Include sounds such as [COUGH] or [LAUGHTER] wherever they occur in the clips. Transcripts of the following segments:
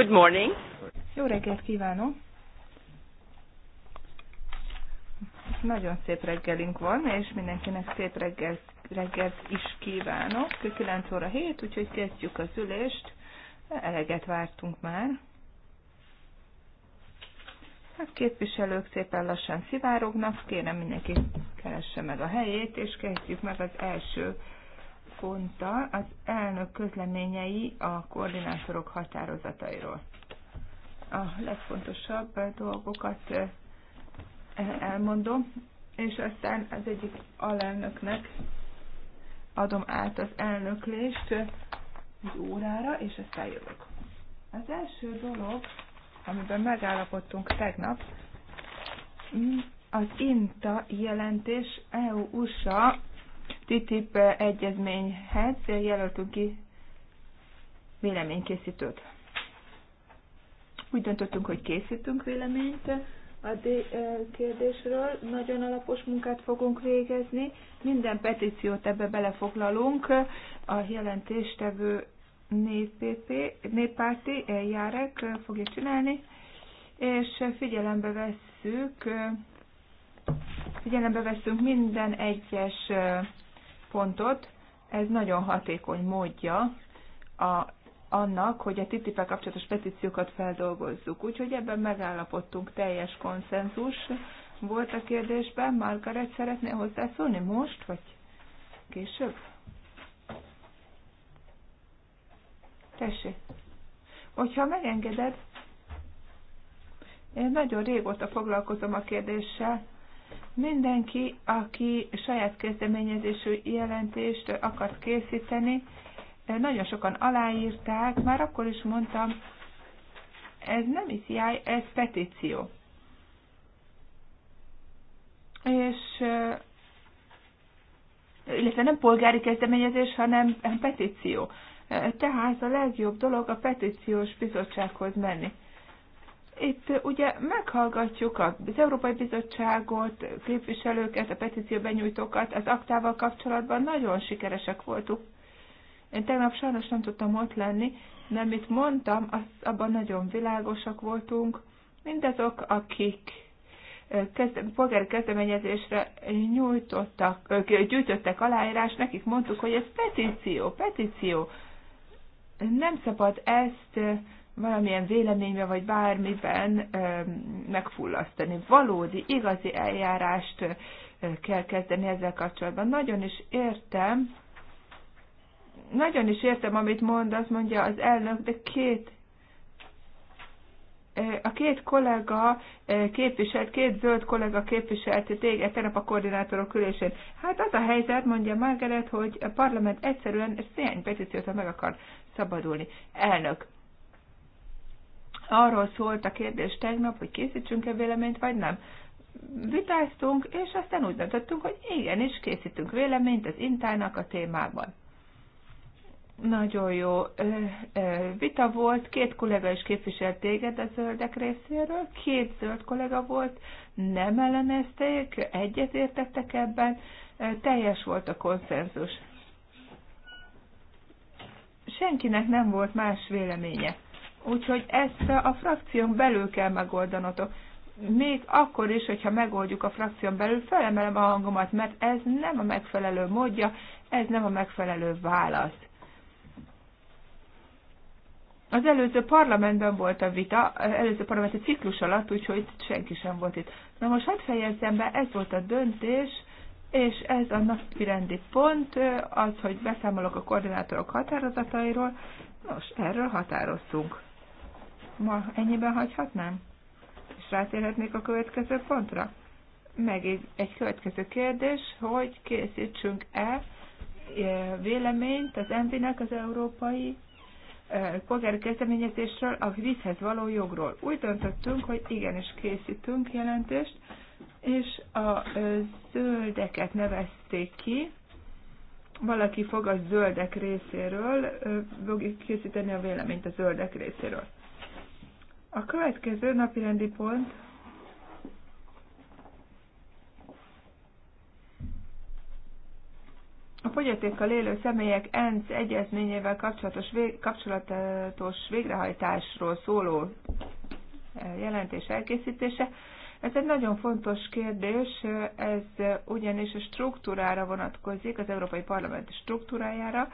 Good morning. Jó reggelt kívánok. Nagyon szép reggelünk van, és mindenkinek szép reggel, reggelt is kívánok. 9 óra 7, úgyhogy kezdjük az ülést. Eleget vártunk már. A hát képviselők szépen lassan szivárognak, kérem mindenki keresse meg a helyét, és kezdjük meg az első ponta az elnök közleményei a koordinátorok határozatairól. A legfontosabb dolgokat eh, elmondom, és aztán az egyik alelnöknek adom át az elnöklést egy órára, és aztán jövök. Az első dolog, amiben megállapodtunk tegnap, mm, az INTA jelentés EU-USA TTIP egyezményhez jelöltünk ki véleménykészítőt. Úgy döntöttünk, hogy készítünk véleményt a eh, kérdésről. Nagyon alapos munkát fogunk végezni. Minden petíciót ebbe belefoglalunk. A jelentéstevő néppP, néppárti eh, járek eh, fogja csinálni, és figyelembe vesszük, figyelembe veszünk minden egyes fontot. Ez nagyon hatékony módja a, annak, hogy a ttip kapcsolatos petíciókat feldolgozzuk. Úgyhogy ebben megállapodtunk teljes konszenzus. Volt a kérdésben, Margaret szeretné hozzászólni most, vagy később? Tessék. Hogyha megengeded, én nagyon régóta foglalkozom a kérdéssel, Mindenki, aki saját kezdeményezésű jelentést akart készíteni, eh, nagyon sokan aláírták, már akkor is mondtam, ez nem ICI, ez petíció. És eh, illetve nem polgári kezdeményezés, hanem petíció. Eh, tehát a legjobb dolog a petíciós bizottsághoz menni. Itt ugye meghallgatjuk az Európai Bizottságot, képviselőket, a petíció benyújtókat, az aktával kapcsolatban nagyon sikeresek voltunk. Én tegnap sajnos nem tudtam ott lenni, de amit mondtam, az, abban nagyon világosak voltunk. Mindazok, akik kezde, polgári kezdeményezésre nyújtottak, gyűjtöttek aláírás, nekik mondtuk, hogy ez petíció, petíció. Nem szabad ezt valamilyen véleményben vagy bármiben megfullasztani. Valódi, igazi eljárást kell kezdeni ezzel kapcsolatban. Nagyon is értem, nagyon is értem, amit mond, azt mondja az elnök, de két a két kollega képviselt, két zöld kollega képviselt téged tegnap a koordinátorok ülésén. Hát az a helyzet, mondja Margaret, hogy a parlament egyszerűen ezt néhány ha meg akar szabadulni. Elnök, arról szólt a kérdés tegnap, hogy készítsünk-e véleményt, vagy nem. Vitáztunk, és aztán úgy döntöttünk, hogy igenis készítünk véleményt az intának a témában. Nagyon jó vita volt, két kollega is képviselt téged a zöldek részéről, két zöld kollega volt, nem ellenezték, egyetértettek ebben, teljes volt a konszenzus. Senkinek nem volt más véleménye. Úgyhogy ezt a frakción belül kell megoldanatok. Még akkor is, hogyha megoldjuk a frakción belül, felemelem a hangomat, mert ez nem a megfelelő módja, ez nem a megfelelő válasz. Az előző parlamentben volt a vita, előző parlamenti ciklus alatt, úgyhogy senki sem volt itt. Na most hát fejezzem be, ez volt a döntés, és ez a napirendi pont, az, hogy beszámolok a koordinátorok határozatairól. Nos, erről határoztunk ma ennyiben hagyhatnám? És rátérhetnék a következő pontra? Meg egy, egy következő kérdés, hogy készítsünk-e e, véleményt az MV-nek az európai e, polgári kezdeményezésről, a vízhez való jogról. Úgy döntöttünk, hogy igenis készítünk jelentést, és a e, zöldeket nevezték ki, valaki fog a zöldek részéről, fog készíteni a véleményt a zöldek részéről. A következő napi rendi pont a fogyatékkal élő személyek ENC egyezményével kapcsolatos, vég, kapcsolatos végrehajtásról szóló eh, jelentés elkészítése. Ez egy nagyon fontos kérdés, ez ugyanis a struktúrára vonatkozik, az Európai Parlament struktúrájára.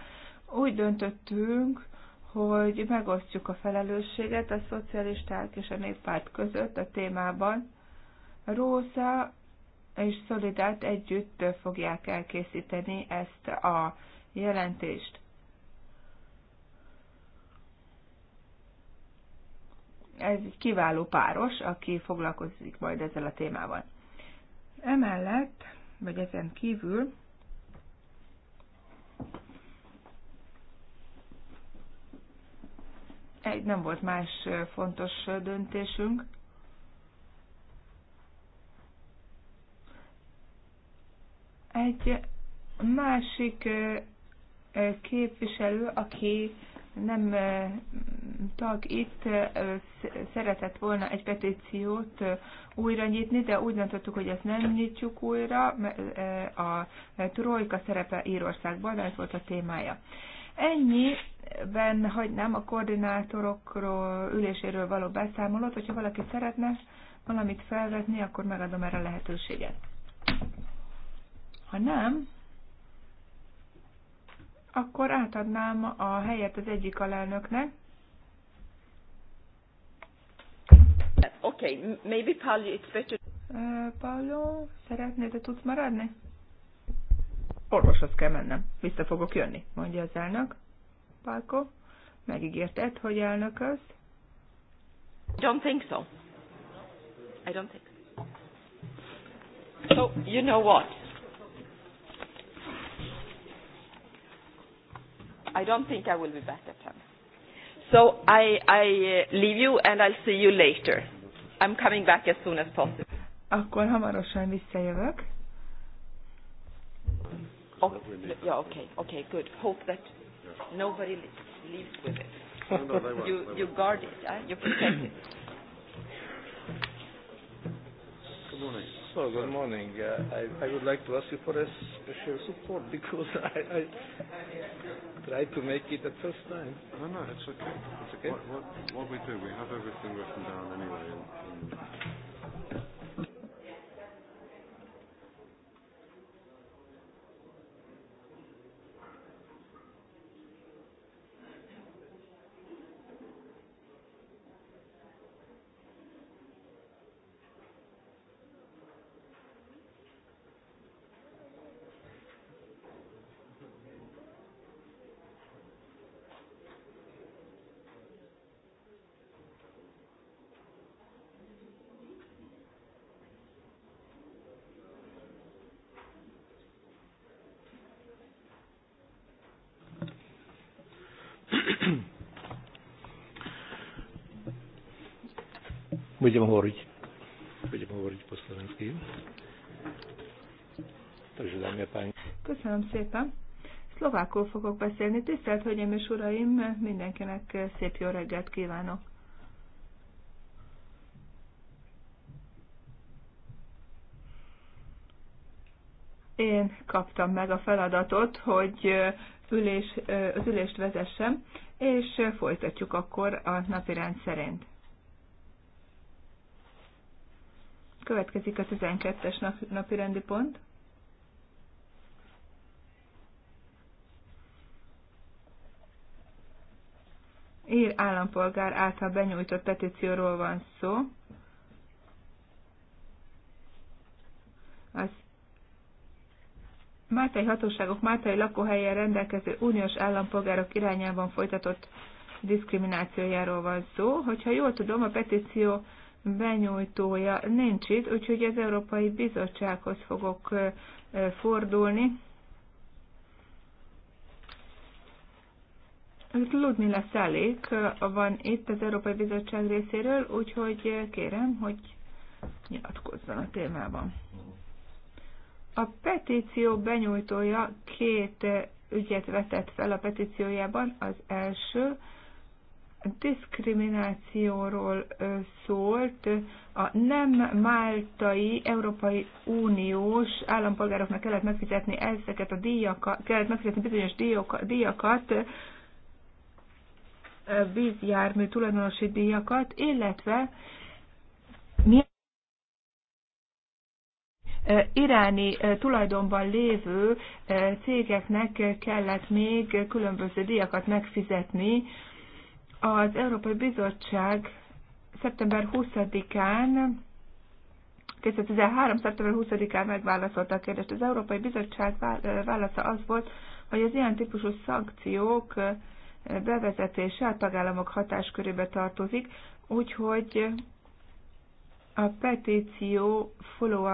Úgy döntöttünk, hogy megosztjuk a felelősséget a szocialisták és a néppárt között a témában. Rósa és Szolidát együtt fogják elkészíteni ezt a jelentést. Ez egy kiváló páros, aki foglalkozik majd ezzel a témával. Emellett, vagy ezen kívül egy, nem volt más fontos döntésünk. Egy másik képviselő, aki nem tag itt, szeretett volna egy petíciót újra nyitni, de úgy döntöttük, hogy ezt nem nyitjuk újra. A Trojka szerepe Írországban, ez volt a témája. Ennyi Ben hagynám a koordinátorokról üléséről való beszámolót, hogyha valaki szeretne valamit felvetni, akkor megadom erre lehetőséget. Ha nem, akkor átadnám a helyet az egyik alelnöknek. Okay, maybe Paul, it's better. Uh, Paolo, szeretnéd, de tudsz maradni? orvoshoz kell mennem. Vissza fogok jönni, mondja az elnök. Pálko, megígérted, hogy az? Don't think so. I don't think. So, you know what? I don't think I will be back at 10. So I, I uh, leave you and I'll see you later. I'm coming back as soon as possible. Akkor hamarosan visszajövök. Okay. Oh, yeah, okay, okay, good. Hope that yeah. nobody leaves with it. [LAUGHS] You, you guard it, eh? you protect it. [COUGHS] Good morning. So, good morning. Uh, I, I would like to ask you for a special support [LAUGHS] because I, I tried to make it the first time. No, no, it's okay. It's okay. What, what, what we do, we have everything written down anyway. And, and Budeme hovoriť. Budeme hovoriť po slovensky. Takže dámy a páni. Köszönöm szépen. Szlovákul fogok beszélni. Tisztelt Hölgyeim és Uraim, mindenkinek szép jó reggelt kívánok. Én kaptam meg a feladatot, hogy ülés, az ülést vezessem, és folytatjuk akkor a rend szerint. Következik a 12-es nap, napi rendi pont. Ír állampolgár által benyújtott petícióról van szó. Az Mártai hatóságok Mártai lakóhelyen rendelkező uniós állampolgárok irányában folytatott diszkriminációjáról van szó. Hogyha jól tudom, a petíció benyújtója nincs itt, úgyhogy az Európai Bizottsághoz fogok fordulni. Ludmila Szelék van itt az Európai Bizottság részéről, úgyhogy kérem, hogy nyilatkozzon a témában. A petíció benyújtója két ügyet vetett fel a petíciójában. Az első diszkriminációról szólt a nem máltai Európai Uniós állampolgároknak kellett megfizetni ezeket a díjakat, kellett megfizetni bizonyos díjakat, vízjármű tulajdonosi díjakat, illetve iráni tulajdonban lévő cégeknek kellett még különböző díjakat megfizetni, az Európai Bizottság szeptember 20-án 2013. szeptember 20-án megválaszolta a kérdést. Az Európai Bizottság válasza az volt, hogy az ilyen típusú szankciók bevezetése a tagállamok hatáskörébe tartozik, úgyhogy a petíció follow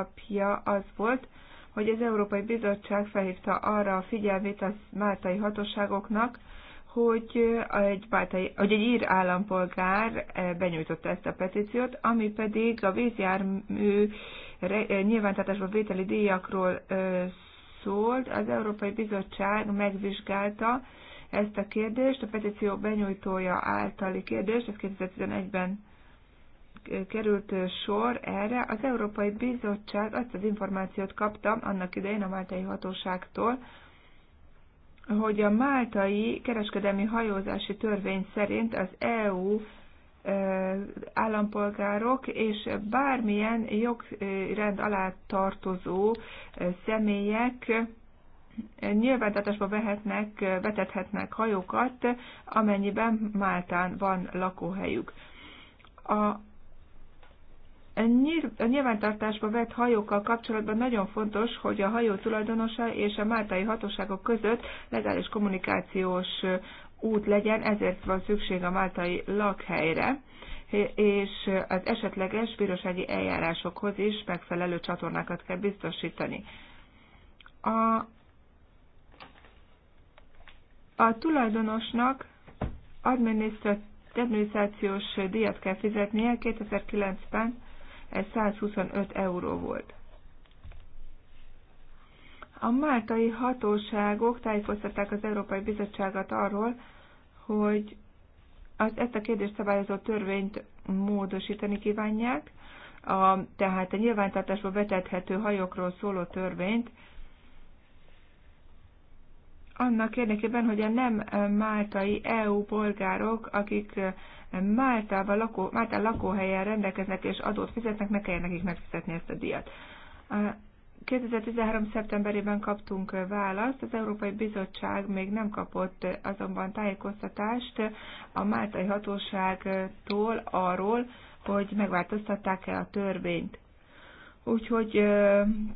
az volt, hogy az Európai Bizottság felhívta arra a figyelmét a máltai hatóságoknak, hogy egy, bátai, hogy egy ír állampolgár benyújtotta ezt a petíciót, ami pedig a vízjármű nyilvántartásba vételi díjakról szólt. Az Európai Bizottság megvizsgálta ezt a kérdést, a petíció benyújtója általi kérdést, ez 2011-ben került sor erre. Az Európai Bizottság azt az információt kapta annak idején a Máltai Hatóságtól, hogy a máltai kereskedelmi hajózási törvény szerint az EU állampolgárok és bármilyen jogrend alá tartozó személyek nyilvántartásba vehetnek, vetethetnek hajókat, amennyiben Máltán van lakóhelyük. A E a nyilvántartásba vett hajókkal kapcsolatban nagyon fontos, hogy a hajó tulajdonosa és a máltai hatóságok között legális kommunikációs út legyen, ezért van szükség a máltai lakhelyre, és az esetleges bírósági eljárásokhoz is megfelelő csatornákat kell biztosítani. A, a tulajdonosnak adminisztrációs díjat kell fizetnie 2009-ben ez 125 euró volt. A máltai hatóságok tájékoztatták az Európai Bizottságot arról, hogy az, ezt a kérdést szabályozó törvényt módosítani kívánják, a, tehát a nyilvántartásba vetethető hajókról szóló törvényt, annak érdekében, hogy a nem máltai EU polgárok, akik Máltában lakó, Máltán lakóhelyen rendelkeznek és adót fizetnek, ne kelljen nekik megfizetni ezt a díjat. 2013. szeptemberében kaptunk választ, az Európai Bizottság még nem kapott azonban tájékoztatást a máltai hatóságtól arról, hogy megváltoztatták-e a törvényt. Úgyhogy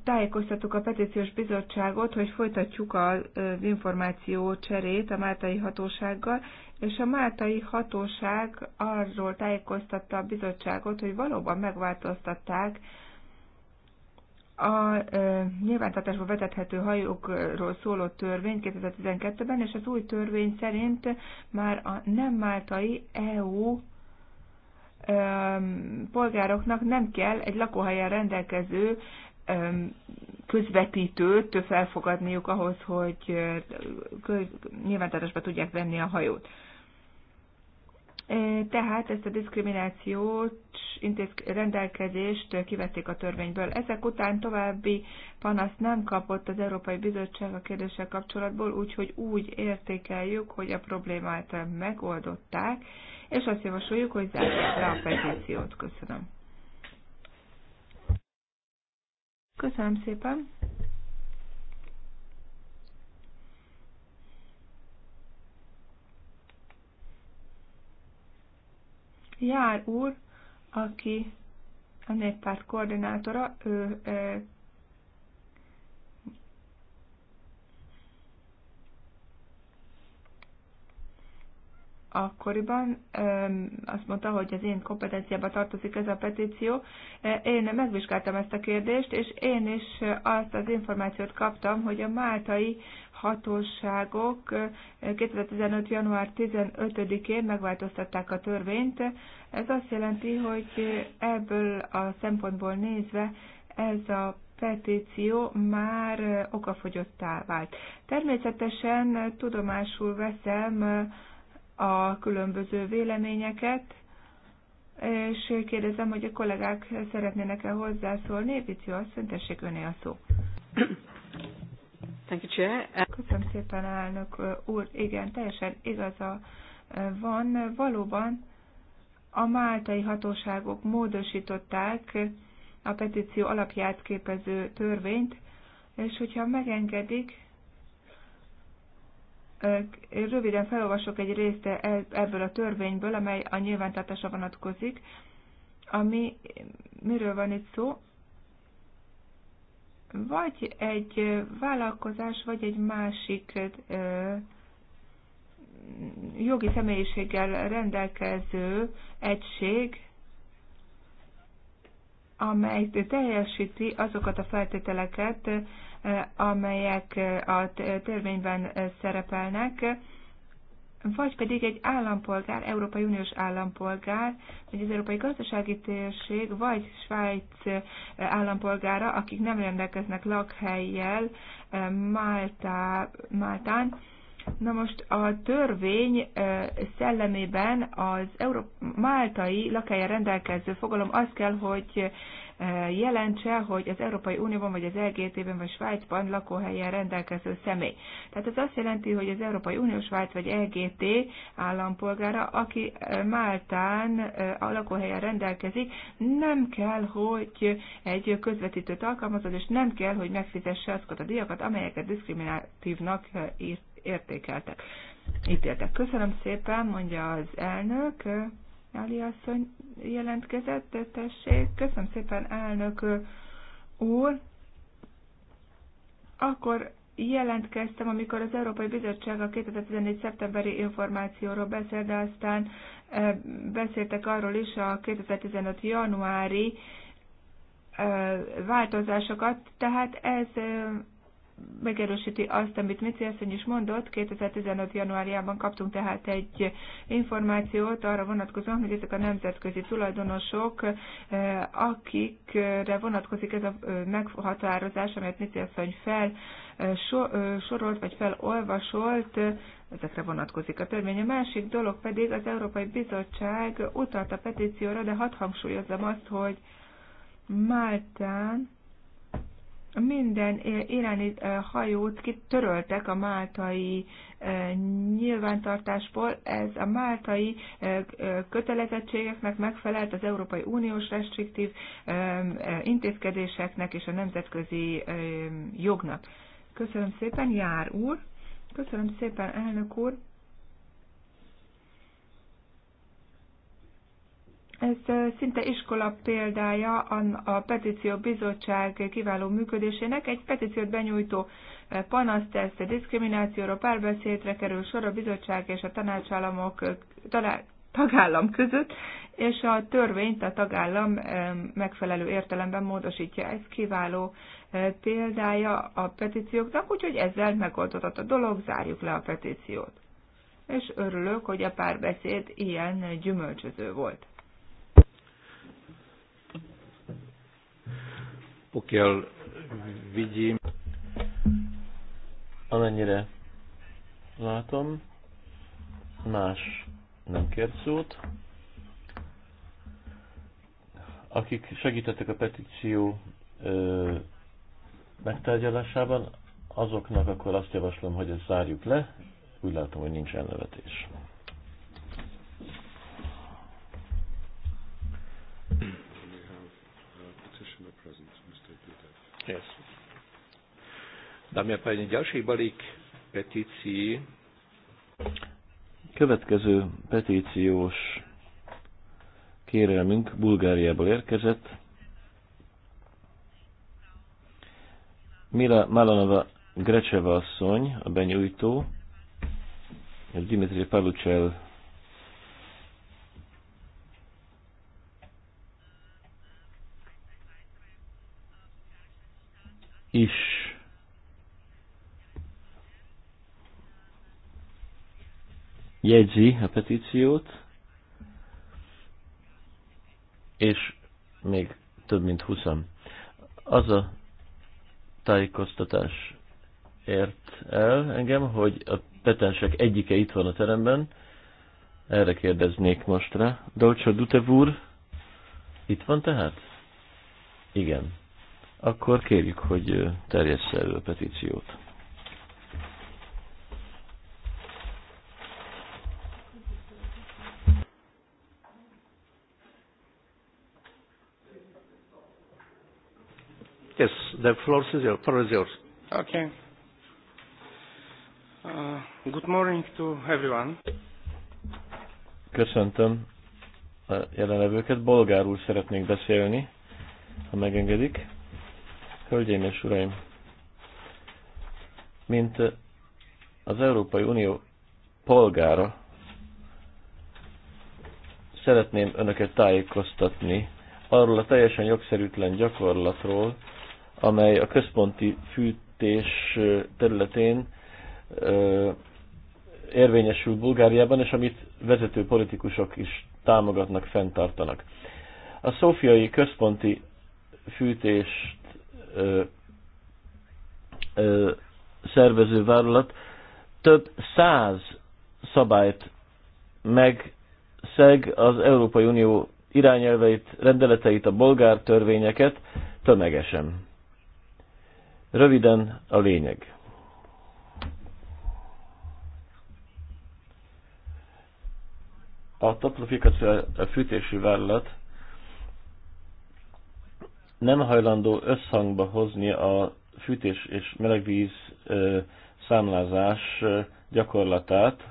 tájékoztattuk a petíciós bizottságot, hogy folytatjuk az információ cserét a máltai hatósággal, és a máltai hatóság arról tájékoztatta a bizottságot, hogy valóban megváltoztatták a e, nyilvántartásba vetethető hajókról szóló törvény 2012-ben, és az új törvény szerint már a nem máltai EU polgároknak nem kell egy lakóhelyen rendelkező közvetítőt felfogadniuk ahhoz, hogy nyilvántartásba tudják venni a hajót. Tehát ezt a diszkriminációt, rendelkezést kivették a törvényből. Ezek után további panaszt nem kapott az Európai Bizottság a kérdéssel kapcsolatból, úgyhogy úgy értékeljük, hogy a problémát megoldották, és azt javasoljuk, hogy zárják le a petíciót. Köszönöm. Köszönöm szépen. Jár úr, aki a néppárt koordinátora, ő akkoriban azt mondta, hogy az én kompetenciába tartozik ez a petíció. E, én megvizsgáltam ezt a kérdést, és én is azt az információt kaptam, hogy a máltai hatóságok 2015. január 15-én megváltoztatták a törvényt. Ez azt jelenti, hogy ebből a szempontból nézve ez a petíció már okafogyottá vált. Természetesen tudomásul veszem a különböző véleményeket, és kérdezem, hogy a kollégák szeretnének-e hozzászólni. Épició, asszony, tessék öné a szó. Köszönöm szépen, elnök úr. Igen, teljesen igaza van. Valóban a máltai hatóságok módosították a petíció alapját képező törvényt, és hogyha megengedik, Röviden felolvasok egy részt e-, ebből a törvényből, amely a nyilvántartásra vonatkozik. Ami, miről van itt szó? Vagy egy vállalkozás, vagy egy másik jogi személyiséggel rendelkező egység, amely teljesíti azokat a feltételeket, amelyek eh, a törvényben eh, szerepelnek, vagy pedig egy állampolgár, Európai Uniós állampolgár, vagy az Európai Gazdasági Térség, vagy Svájc eh, állampolgára, akik nem rendelkeznek lakhelyjel Máltá, Máltán. Na most a törvény szellemében az Európa, máltai lakhelyen rendelkező fogalom az kell, hogy jelentse, hogy az Európai Unióban, vagy az EGT-ben, vagy Svájcban lakóhelyen rendelkező személy. Tehát ez azt jelenti, hogy az Európai Unió, Svájc vagy EGT állampolgára, aki Máltán a lakóhelyen rendelkezik, nem kell, hogy egy közvetítőt alkalmazod, és nem kell, hogy megfizesse azokat a diakat, amelyeket diszkriminatívnak értékeltek. Ítéltek. Köszönöm szépen, mondja az elnök. Áli asszony jelentkezett, tessék. Köszönöm szépen, elnök úr. Akkor jelentkeztem, amikor az Európai Bizottság a 2014. szeptemberi információról beszélt de aztán beszéltek arról is a 2015. januári változásokat, tehát ez megerősíti azt, amit Mici Eszeny is mondott. 2015. januárjában kaptunk tehát egy információt arra vonatkozóan, hogy ezek a nemzetközi tulajdonosok, eh, akikre vonatkozik ez a eh, meghatározás, amelyet Mici Eszeny fel eh, sorolt vagy felolvasolt, ezekre vonatkozik a törvény. A másik dolog pedig az Európai Bizottság utalt a petícióra, de hadd hangsúlyozom azt, hogy Máltán minden eh, iráni eh, hajót kitöröltek a máltai eh, nyilvántartásból. Ez a máltai kötelezettségeknek megfelelt az Európai Uniós restriktív intézkedéseknek és a nemzetközi jognak. Köszönöm szépen, Jár úr! Köszönöm szépen, elnök úr! Ez szinte iskola példája a petíció bizottság kiváló működésének. Egy petíciót benyújtó panaszt tesz, diszkriminációra, párbeszédre kerül sor a bizottság és a tanácsállamok tagállam között, és a törvényt a tagállam megfelelő értelemben módosítja. Ez kiváló példája a petícióknak, úgyhogy ezzel megoldódott a dolog, zárjuk le a petíciót. És örülök, hogy a párbeszéd ilyen gyümölcsöző volt. pokiaľ vidím. Amennyire látom, más nem kért szót. Akik segítettek a petíció ö, megtárgyalásában, azoknak akkor azt javaslom, hogy ezt zárjuk le. Úgy látom, hogy nincs elnevetés. Yes. Dámy a páni, ďalší balík petícií. Következő petíciós kérelmünk Bulgáriából érkezett. Mila Malanova Grecseva asszony, a benyújtó, és Dimitri Palucsel is jegyzi a petíciót, és még több mint 20. Az a tájékoztatás ért el engem, hogy a petensek egyike itt van a teremben. Erre kérdeznék most rá. Dolcsa Dutevúr, itt van tehát? Igen akkor kérjük, hogy terjessz elő a petíciót. Yes, the floor is yours. Floor is yours. Okay. Uh, good morning to everyone. Köszöntöm a jelenlevőket. Bolgárul szeretnék beszélni, ha megengedik. Hölgyeim és Uraim! Mint az Európai Unió polgára szeretném Önöket tájékoztatni arról a teljesen jogszerűtlen gyakorlatról, amely a központi fűtés területén érvényesül Bulgáriában, és amit vezető politikusok is támogatnak, fenntartanak. A szófiai központi fűtés ö, ö, szervező vállalat több száz szabályt megszeg az Európai Unió irányelveit, rendeleteit, a bolgár törvényeket tömegesen. Röviden a lényeg. A taplifikáció a fűtési vállalat nem hajlandó összhangba hozni a fűtés és melegvíz számlázás gyakorlatát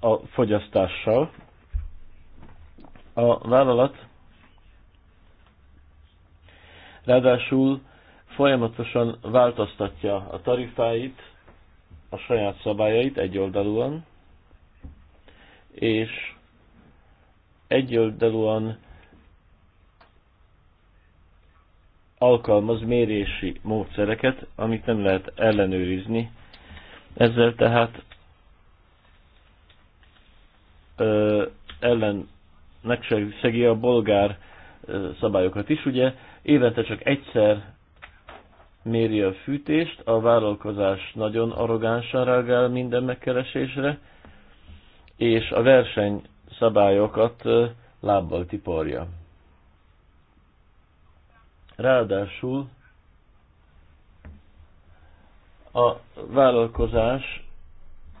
a fogyasztással. A vállalat ráadásul folyamatosan változtatja a tarifáit, a saját szabályait egyoldalúan, és egyoldalúan alkalmaz mérési módszereket, amit nem lehet ellenőrizni. Ezzel tehát ö, ellen megsegi a bolgár ö, szabályokat is. Ugye évente csak egyszer méri a fűtést, a vállalkozás nagyon arrogánsan reagál minden megkeresésre, és a verseny szabályokat lábbal tiporja. Ráadásul a vállalkozás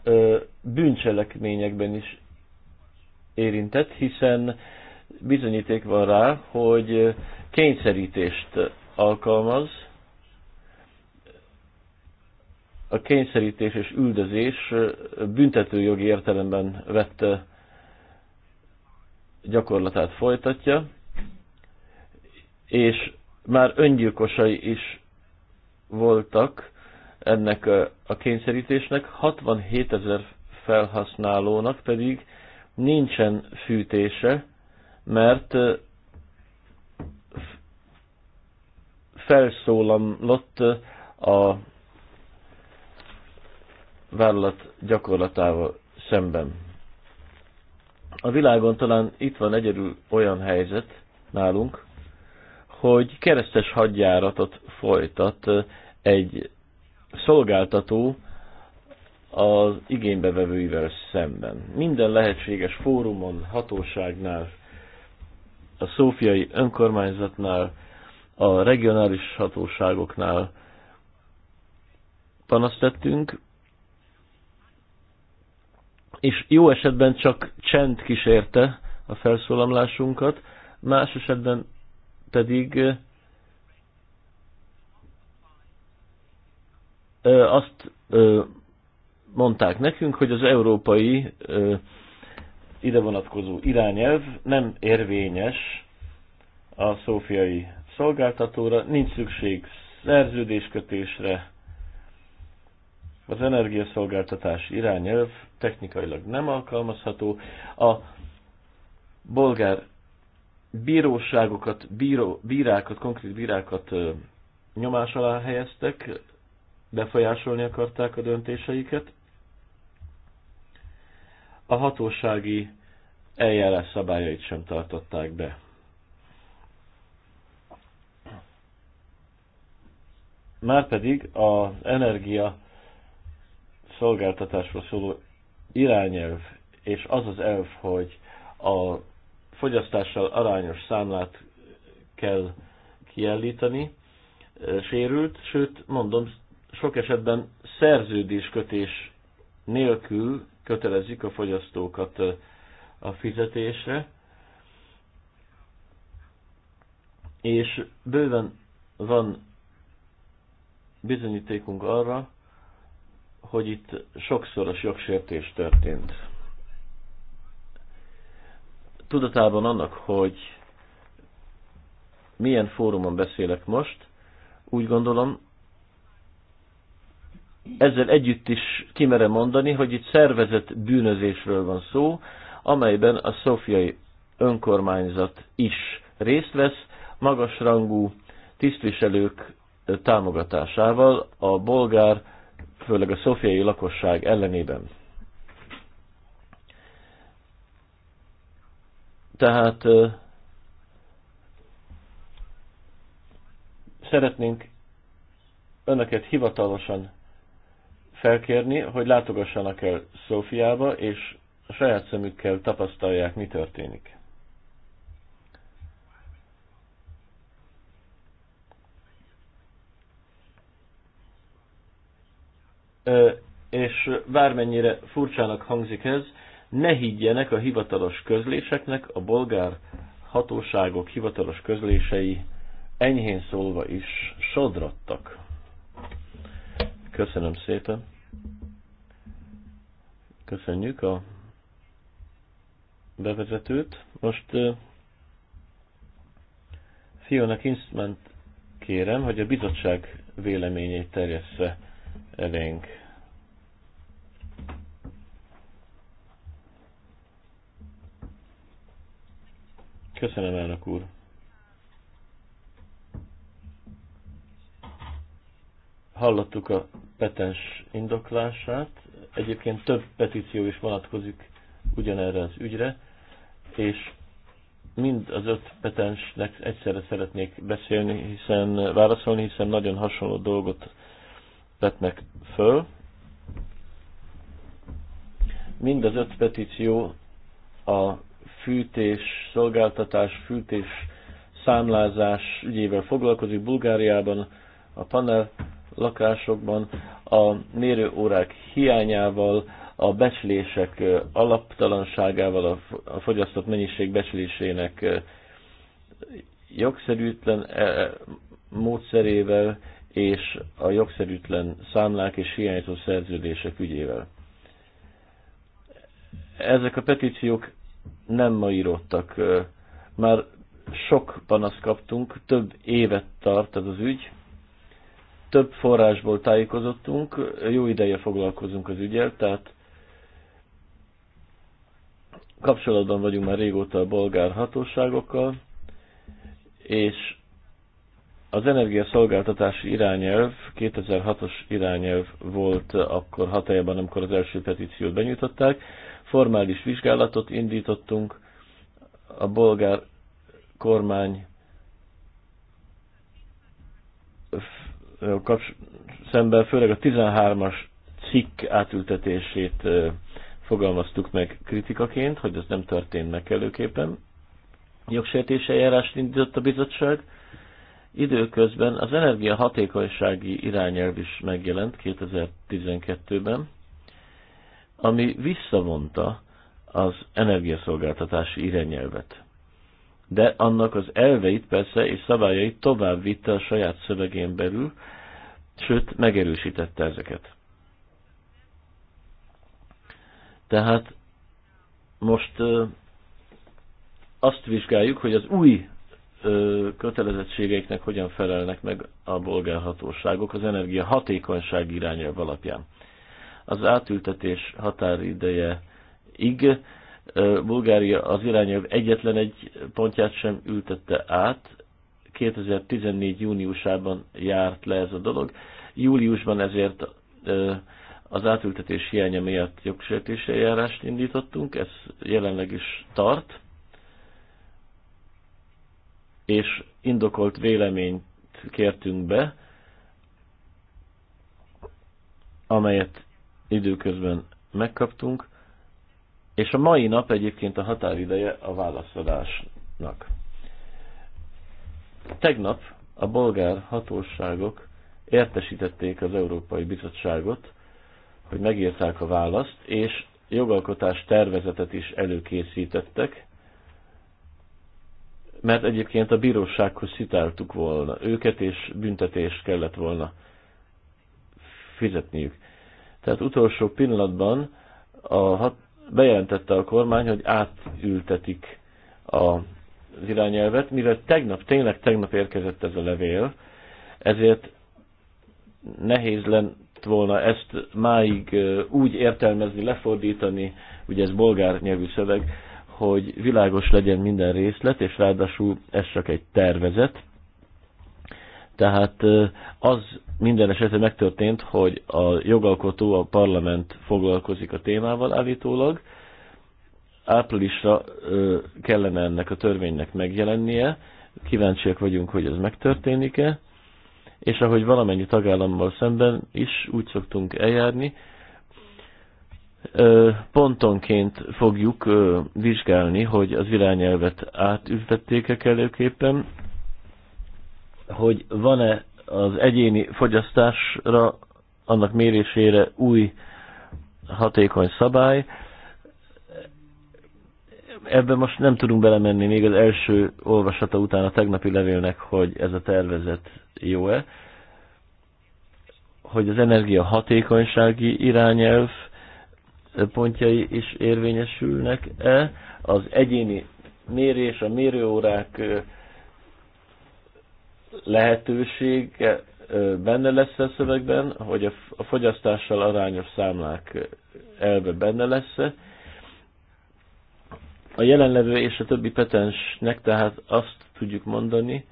ö, bűncselekményekben is érintett, hiszen bizonyíték van rá, hogy kényszerítést alkalmaz. A kényszerítés és üldözés büntetőjogi értelemben vett gyakorlatát folytatja, és már öngyilkosai is voltak ennek a kényszerítésnek, 67 ezer felhasználónak pedig nincsen fűtése, mert felszólamlott a vállalat gyakorlatával szemben. A világon talán itt van egyedül olyan helyzet nálunk, hogy keresztes hadjáratot folytat egy szolgáltató az igénybevevőivel szemben. Minden lehetséges fórumon, hatóságnál, a szófiai önkormányzatnál, a regionális hatóságoknál panaszt tettünk, és jó esetben csak csend kísérte a felszólalásunkat más esetben pedig azt mondták nekünk, hogy az európai ide vonatkozó irányelv nem érvényes a szófiai szolgáltatóra, nincs szükség szerződéskötésre, az energiaszolgáltatás irányelv technikailag nem alkalmazható. A bolgár bíróságokat, bíró, bírákat, konkrét bírákat nyomás alá helyeztek, befolyásolni akarták a döntéseiket. A hatósági eljárás szabályait sem tartották be. Márpedig az energia szolgáltatásról szóló irányelv, és az az elv, hogy a fogyasztással arányos számlát kell kiállítani, sérült, sőt, mondom, sok esetben szerződéskötés nélkül kötelezik a fogyasztókat a fizetésre, és bőven van bizonyítékunk arra, hogy itt sokszoros jogsértés történt tudatában annak, hogy milyen fórumon beszélek most, úgy gondolom, ezzel együtt is kimerem mondani, hogy itt szervezett bűnözésről van szó, amelyben a szofiai önkormányzat is részt vesz, magasrangú tisztviselők támogatásával a bolgár, főleg a szofiai lakosság ellenében. Tehát szeretnénk önöket hivatalosan felkérni, hogy látogassanak el Szófiába, és a saját szemükkel tapasztalják, mi történik. és bármennyire furcsának hangzik ez, ne higgyenek a hivatalos közléseknek, a bolgár hatóságok hivatalos közlései enyhén szólva is sodrattak. Köszönöm szépen. Köszönjük a bevezetőt. Most uh, Fiona Kinsman kérem, hogy a bizottság véleményét terjessze elénk. Köszönöm, elnök úr. Hallottuk a petens indoklását. Egyébként több petíció is vonatkozik ugyanerre az ügyre, és mind az öt petensnek egyszerre szeretnék beszélni, hiszen válaszolni, hiszen nagyon hasonló dolgot vetnek föl. Mind az öt petíció a fűtés, szolgáltatás, fűtés, számlázás ügyével foglalkozik Bulgáriában, a panel lakásokban, a mérőórák hiányával, a becslések alaptalanságával, a fogyasztott mennyiség becslésének jogszerűtlen e, e, módszerével és a jogszerűtlen számlák és hiányzó szerződések ügyével. Ezek a petíciók nem ma íródtak. Már sok panaszt kaptunk, több évet tart ez az ügy, több forrásból tájékozottunk, jó ideje foglalkozunk az ügyel, tehát kapcsolatban vagyunk már régóta a bolgár hatóságokkal, és az energiaszolgáltatási irányelv, 2006-os irányelv volt akkor hatályában, amikor az első petíciót benyújtották formális vizsgálatot indítottunk, a bolgár kormány szemben főleg a 13-as cikk átültetését fogalmaztuk meg kritikaként, hogy ez nem történt meg előképpen. Jogsértése eljárást indított a bizottság. Időközben az energiahatékonysági irányelv is megjelent 2012-ben, ami visszavonta az energiaszolgáltatási irányelvet. De annak az elveit persze és szabályait tovább vitte a saját szövegén belül, sőt megerősítette ezeket. Tehát most azt vizsgáljuk, hogy az új kötelezettségeiknek hogyan felelnek meg a bolgárhatóságok az energia hatékonyság irányelv alapján az átültetés határideje ig. Bulgária az irányelv egyetlen egy pontját sem ültette át, 2014. júniusában járt le ez a dolog. Júliusban ezért az átültetés hiánya miatt jogsértési eljárást indítottunk, ez jelenleg is tart, és indokolt véleményt kértünk be, amelyet időközben megkaptunk, és a mai nap egyébként a határideje a válaszadásnak. Tegnap a bolgár hatóságok értesítették az Európai Bizottságot, hogy megírták a választ, és jogalkotás tervezetet is előkészítettek, mert egyébként a bírósághoz szitáltuk volna őket, és büntetést kellett volna fizetniük. Tehát utolsó pillanatban a hat, bejelentette a kormány, hogy átültetik a, az irányelvet, mivel tegnap, tényleg tegnap érkezett ez a levél, ezért nehéz lett volna ezt máig úgy értelmezni, lefordítani, ugye ez bolgár nyelvű szöveg, hogy világos legyen minden részlet, és ráadásul ez csak egy tervezet, tehát az minden esetre megtörtént, hogy a jogalkotó, a parlament foglalkozik a témával állítólag. Áprilisra kellene ennek a törvénynek megjelennie. Kíváncsiak vagyunk, hogy ez megtörténik-e. És ahogy valamennyi tagállammal szemben is úgy szoktunk eljárni, pontonként fogjuk vizsgálni, hogy az irányelvet átüvették e kellőképpen, hogy van-e az egyéni fogyasztásra, annak mérésére új hatékony szabály. Ebben most nem tudunk belemenni még az első olvasata után a tegnapi levélnek, hogy ez a tervezet jó-e. Hogy az energia hatékonysági irányelv pontjai is érvényesülnek-e, az egyéni mérés, a mérőórák, lehetőség benne lesz a szövegben, hogy a fogyasztással arányos számlák elve benne lesz -e. A jelenlevő és a többi petensnek tehát azt tudjuk mondani,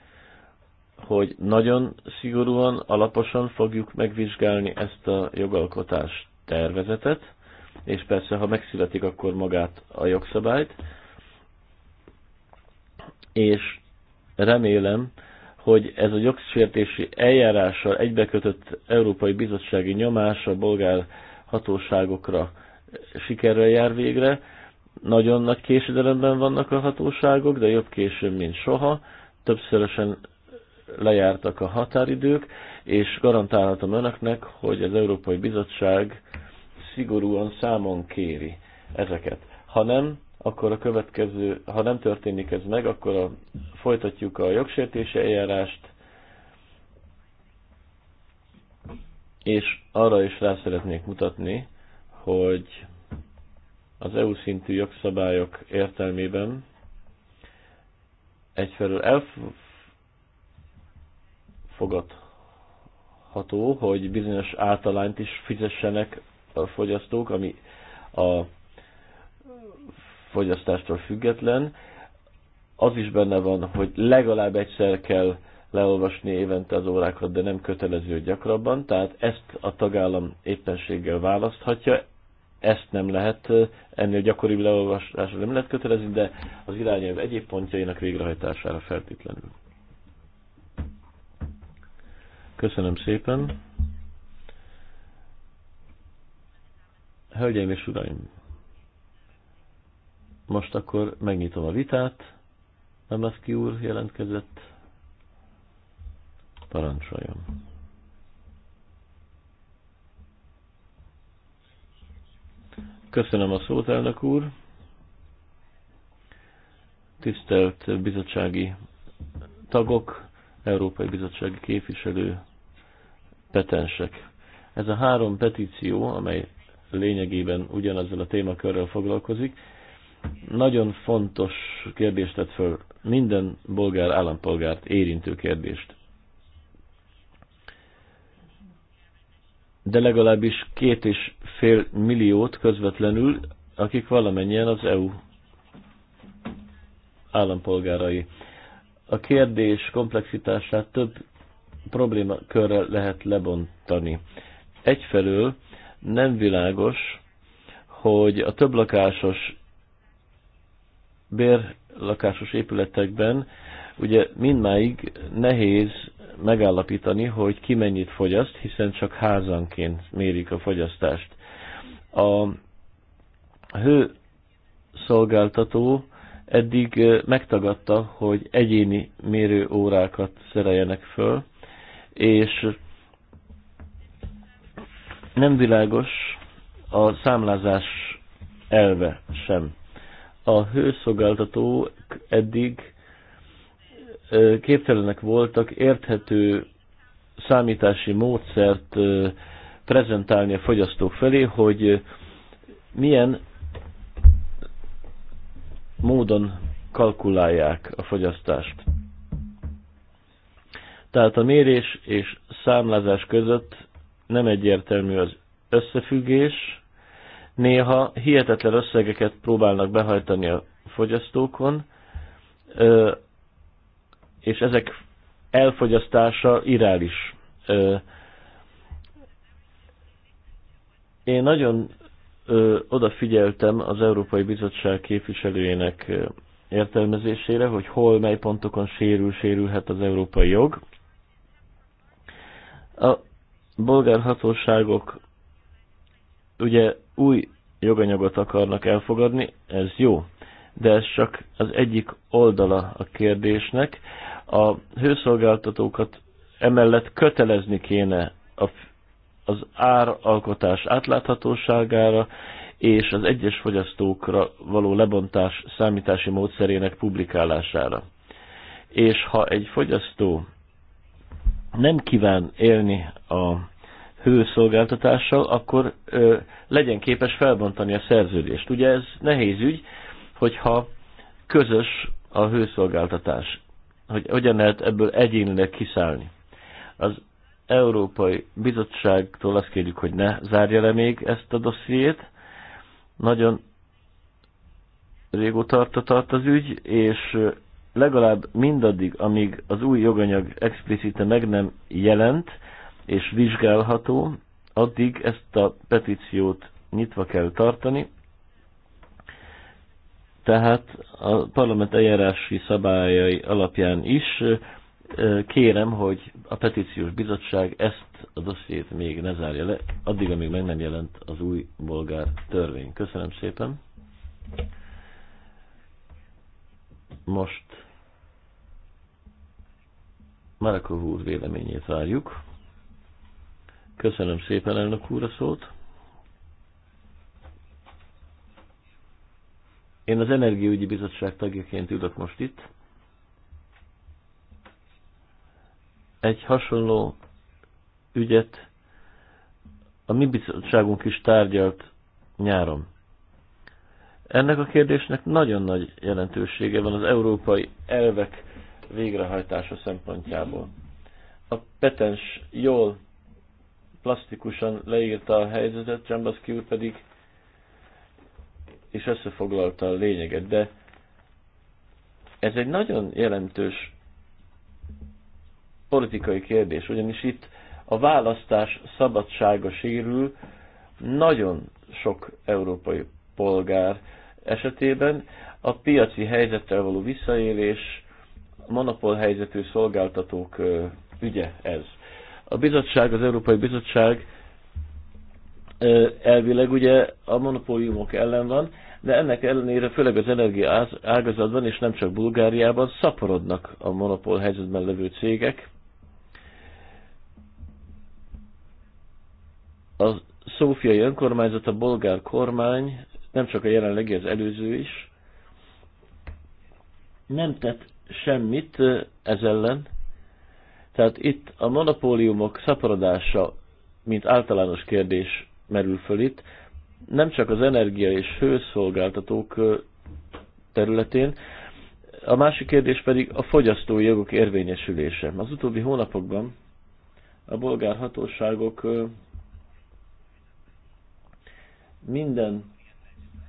hogy nagyon szigorúan, alaposan fogjuk megvizsgálni ezt a jogalkotás tervezetet, és persze, ha megszületik, akkor magát a jogszabályt, és remélem, hogy ez a jogsértési eljárással egybekötött Európai Bizottsági nyomás a bolgár hatóságokra sikerrel jár végre. Nagyon nagy késedelemben vannak a hatóságok, de jobb későn, mint soha. Többszörösen lejártak a határidők, és garantálhatom önöknek, hogy az Európai Bizottság szigorúan számon kéri ezeket. Ha nem, akkor a következő, ha nem történik ez meg, akkor a, folytatjuk a jogsértési eljárást, és arra is rá szeretnék mutatni, hogy az EU szintű jogszabályok értelmében egyfelől elfogadható, hogy bizonyos általányt is fizessenek a fogyasztók, ami a fogyasztástól független. Az is benne van, hogy legalább egyszer kell leolvasni évente az órákat, de nem kötelező gyakrabban, tehát ezt a tagállam éppenséggel választhatja, ezt nem lehet, ennél gyakoribb leolvasásra nem lehet kötelezni, de az irányelv egyéb pontjainak végrehajtására feltétlenül. Köszönöm szépen. Hölgyeim és Uraim! Most akkor megnyitom a vitát. Lemeszki úr jelentkezett. Parancsoljon. Köszönöm a szót, elnök úr. Tisztelt bizottsági tagok, Európai Bizottsági képviselő, petensek. Ez a három petíció, amely lényegében ugyanazzal a témakörrel foglalkozik, nagyon fontos kérdést tett föl, minden bolgár állampolgárt érintő kérdést. De legalábbis két és fél milliót közvetlenül, akik valamennyien az EU állampolgárai. A kérdés komplexitását több problémakörre lehet lebontani. Egyfelől nem világos, hogy a többlakásos bérlakásos épületekben ugye mindmáig nehéz megállapítani, hogy ki mennyit fogyaszt, hiszen csak házanként mérik a fogyasztást. A hő szolgáltató eddig megtagadta, hogy egyéni mérőórákat szereljenek föl, és nem világos a számlázás elve sem a hőszolgáltatók eddig képtelenek voltak érthető számítási módszert prezentálni a fogyasztók felé, hogy milyen módon kalkulálják a fogyasztást. Tehát a mérés és számlázás között nem egyértelmű az összefüggés, Néha hihetetlen összegeket próbálnak behajtani a fogyasztókon, és ezek elfogyasztása irális. Én nagyon odafigyeltem az Európai Bizottság képviselőjének értelmezésére, hogy hol, mely pontokon sérül, sérülhet az európai jog. A bolgár hatóságok ugye új joganyagot akarnak elfogadni, ez jó, de ez csak az egyik oldala a kérdésnek. A hőszolgáltatókat emellett kötelezni kéne a, az áralkotás átláthatóságára és az egyes fogyasztókra való lebontás számítási módszerének publikálására. És ha egy fogyasztó nem kíván élni a hőszolgáltatással, akkor ö, legyen képes felbontani a szerződést. Ugye ez nehéz ügy, hogyha közös a hőszolgáltatás, hogy hogyan lehet ebből egyénileg kiszállni. Az Európai Bizottságtól azt kérjük, hogy ne zárja le még ezt a dossziét. Nagyon régóta tart az ügy, és legalább mindaddig, amíg az új joganyag explicite meg nem jelent, és vizsgálható, addig ezt a petíciót nyitva kell tartani. Tehát a parlament eljárási szabályai alapján is kérem, hogy a petíciós bizottság ezt a dossziét még ne zárja le, addig, amíg meg nem jelent az új bolgár törvény. Köszönöm szépen. Most Marakov úr véleményét várjuk. Köszönöm szépen, elnök úr, a szót. Én az Energiaügyi Bizottság tagjaként ülök most itt. Egy hasonló ügyet a mi bizottságunk is tárgyalt nyáron. Ennek a kérdésnek nagyon nagy jelentősége van az európai elvek végrehajtása szempontjából. A petens jól plastikusan leírta a helyzetet, Csambaszki úr pedig és összefoglalta a lényeget, de ez egy nagyon jelentős politikai kérdés, ugyanis itt a választás szabadsága sérül nagyon sok európai polgár esetében. A piaci helyzettel való visszaélés, monopól helyzetű szolgáltatók ügye ez. A bizottság, az Európai Bizottság elvileg ugye a monopóliumok ellen van, de ennek ellenére főleg az energia ágazatban, és nem csak Bulgáriában szaporodnak a monopól helyzetben levő cégek. A szófiai önkormányzat, a bolgár kormány, nem csak a jelenlegi, az előző is, nem tett semmit ez ellen, tehát itt a monopóliumok szaporodása, mint általános kérdés merül föl itt, nem csak az energia és hőszolgáltatók területén, a másik kérdés pedig a fogyasztói jogok érvényesülése. Az utóbbi hónapokban a bolgár hatóságok minden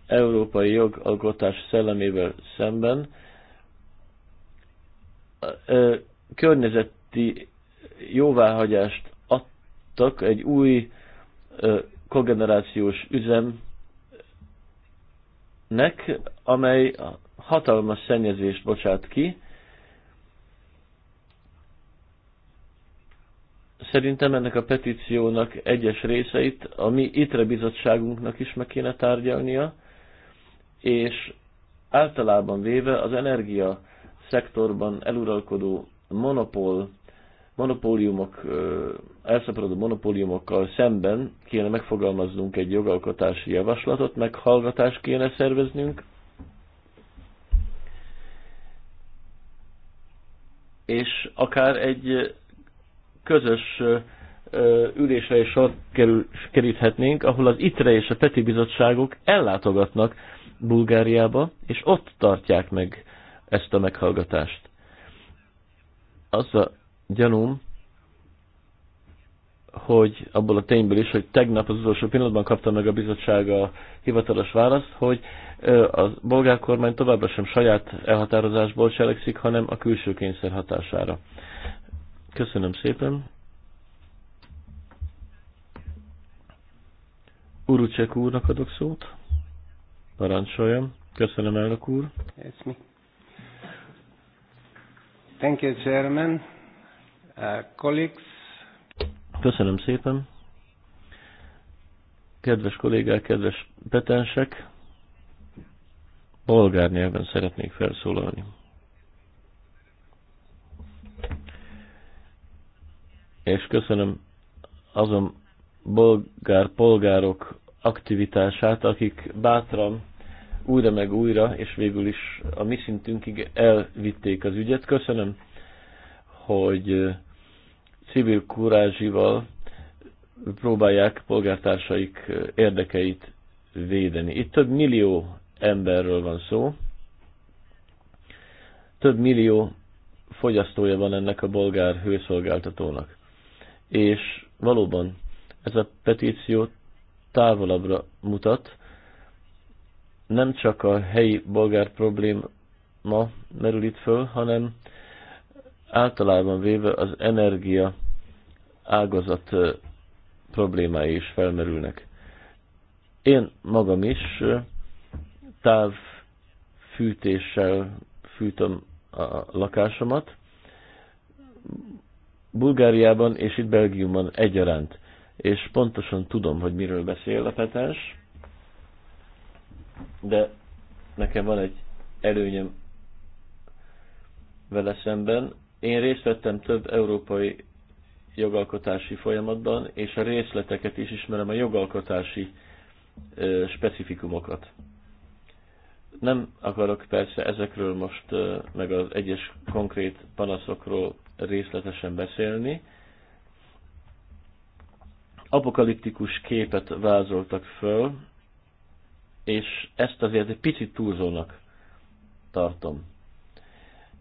európai jogalkotás szellemével szemben környezet ti jóváhagyást adtak egy új kogenerációs üzemnek, amely hatalmas szennyezést bocsát ki. Szerintem ennek a petíciónak egyes részeit a mi ITRE bizottságunknak is meg kéne tárgyalnia, és általában véve az energia szektorban eluralkodó monopól monopóliumok, elszaporodó monopóliumokkal szemben kéne megfogalmaznunk egy jogalkotási javaslatot, meghallgatást kéne szerveznünk, és akár egy közös ülésre is sor keríthetnénk, ahol az ITRE és a PETI bizottságok ellátogatnak Bulgáriába, és ott tartják meg ezt a meghallgatást. Az a gyanúm, hogy abból a tényből is, hogy tegnap az utolsó pillanatban kapta meg a bizottság a hivatalos választ, hogy a bolgár kormány továbbra sem saját elhatározásból cselekszik, hanem a külső kényszer hatására. Köszönöm szépen. Urucsek úrnak adok szót. Parancsoljam. Köszönöm, elnök úr. Thank you, Chairman. Uh, colleagues. Köszönöm szépen. Kedves kollégák, kedves petensek, bolgár nyelven szeretnék felszólalni. És köszönöm azon bolgár polgárok aktivitását, akik bátran újra meg újra, és végül is a mi szintünkig elvitték az ügyet. Köszönöm hogy civil kurázsival próbálják polgártársaik érdekeit védeni. Itt több millió emberről van szó, több millió fogyasztója van ennek a bolgár hőszolgáltatónak. És valóban ez a petíció távolabbra mutat, nem csak a helyi bolgár probléma merül itt föl, hanem általában véve az energia ágazat problémái is felmerülnek. Én magam is távfűtéssel fűtöm a lakásomat, Bulgáriában és itt Belgiumban egyaránt, és pontosan tudom, hogy miről beszél a petens, de nekem van egy előnyem vele szemben, én részt vettem több európai jogalkotási folyamatban, és a részleteket is ismerem, a jogalkotási ö, specifikumokat. Nem akarok persze ezekről most, ö, meg az egyes konkrét panaszokról részletesen beszélni. Apokaliptikus képet vázoltak föl, és ezt azért egy picit túlzónak tartom.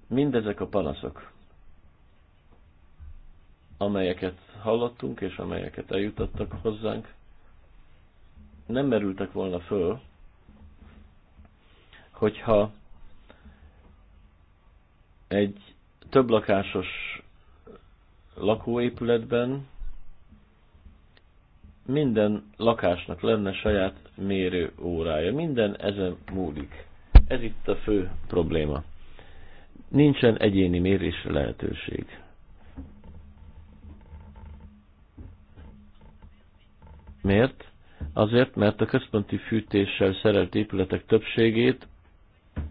Mindezek a panaszok amelyeket hallottunk és amelyeket eljutottak hozzánk, nem merültek volna föl, hogyha egy többlakásos lakóépületben minden lakásnak lenne saját mérő órája. Minden ezen múlik. Ez itt a fő probléma. Nincsen egyéni mérés lehetőség. Miért? Azért, mert a központi fűtéssel szerelt épületek többségét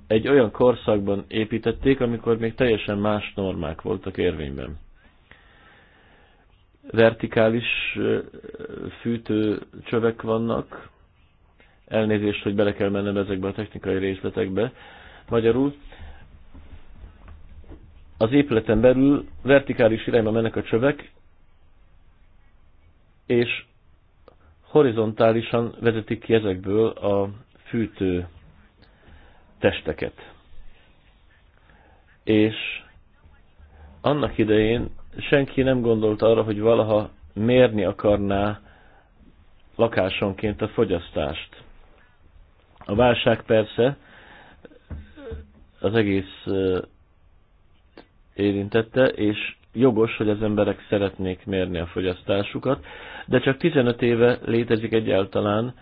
egy olyan korszakban építették, amikor még teljesen más normák voltak érvényben. Vertikális fűtőcsövek vannak, elnézést, hogy bele kell mennem ezekbe a technikai részletekbe. Magyarul az épületen belül vertikális irányba mennek a csövek, és horizontálisan vezetik ki ezekből a fűtő testeket. És annak idején senki nem gondolt arra, hogy valaha mérni akarná lakásonként a fogyasztást. A válság persze az egész érintette, és jogos, hogy az emberek szeretnék mérni a fogyasztásukat, de csak 15 éve létezik egyáltalán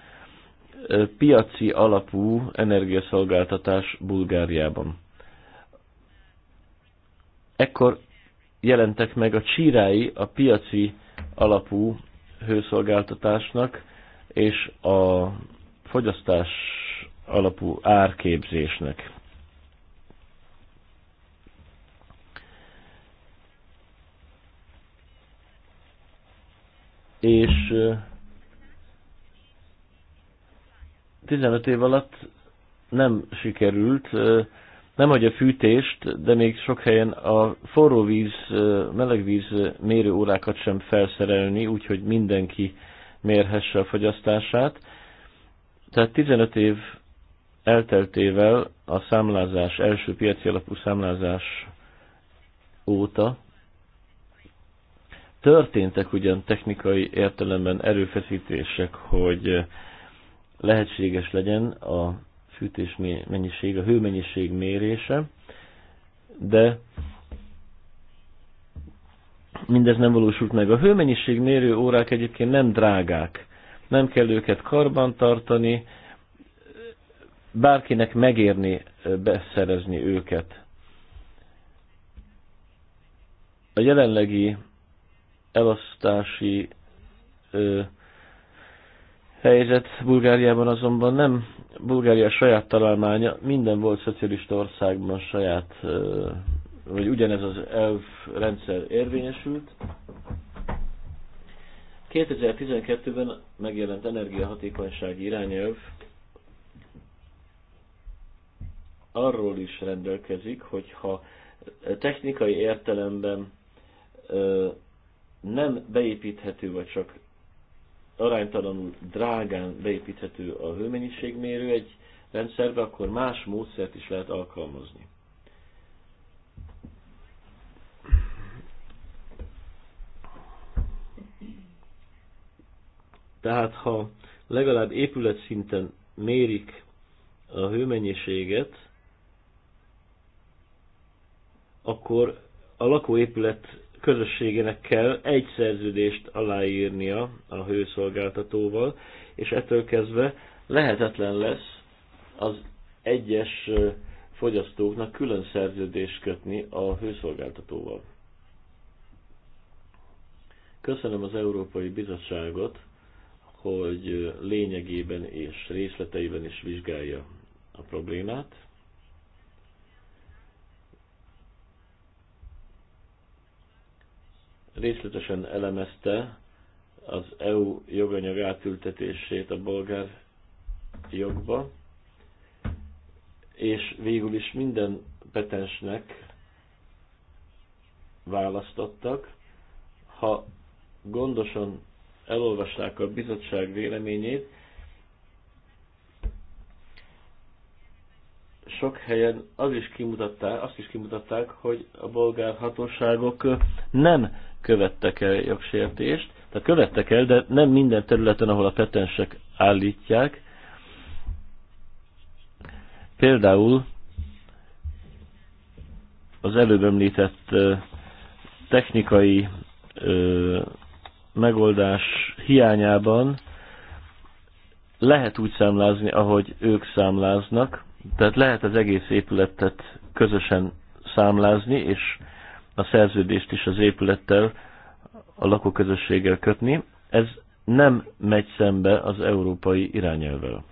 piaci alapú energiaszolgáltatás Bulgáriában. Ekkor jelentek meg a csírái a piaci alapú hőszolgáltatásnak és a fogyasztás alapú árképzésnek. és 15 év alatt nem sikerült, nem hogy a fűtést, de még sok helyen a forró víz, meleg mérő mérőórákat sem felszerelni, úgyhogy mindenki mérhesse a fogyasztását. Tehát 15 év elteltével a számlázás, első piaci alapú számlázás óta Történtek ugyan technikai értelemben erőfeszítések, hogy lehetséges legyen a fűtés mennyiség, a hőmennyiség mérése, de mindez nem valósult meg. A hőmennyiség mérő órák egyébként nem drágák, nem kell őket karbantartani, bárkinek megérni beszerezni őket. A jelenlegi elosztási ö, helyzet Bulgáriában azonban nem. Bulgária saját találmánya, minden volt szocialista országban saját, ö, vagy ugyanez az elv rendszer érvényesült. 2012-ben megjelent energiahatékonysági irányelv arról is rendelkezik, hogyha technikai értelemben ö, nem beépíthető, vagy csak aránytalanul drágán beépíthető a hőmennyiségmérő egy rendszerbe, akkor más módszert is lehet alkalmazni. Tehát ha legalább épület szinten mérik a hőmennyiséget, akkor a lakóépület közösségének kell egy szerződést aláírnia a hőszolgáltatóval, és ettől kezdve lehetetlen lesz az egyes fogyasztóknak külön szerződést kötni a hőszolgáltatóval. Köszönöm az Európai Bizottságot, hogy lényegében és részleteiben is vizsgálja a problémát. részletesen elemezte az EU joganyag átültetését a bolgár jogba, és végül is minden petensnek választottak. Ha gondosan elolvasták a bizottság véleményét, sok helyen az is kimutatták, azt is kimutatták, hogy a bolgár hatóságok nem követtek el jogsértést, tehát követtek el, de nem minden területen, ahol a petensek állítják. Például az előbb említett technikai megoldás hiányában lehet úgy számlázni, ahogy ők számláznak, tehát lehet az egész épületet közösen számlázni, és a szerződést is az épülettel, a lakóközösséggel kötni. Ez nem megy szembe az európai irányelvvel.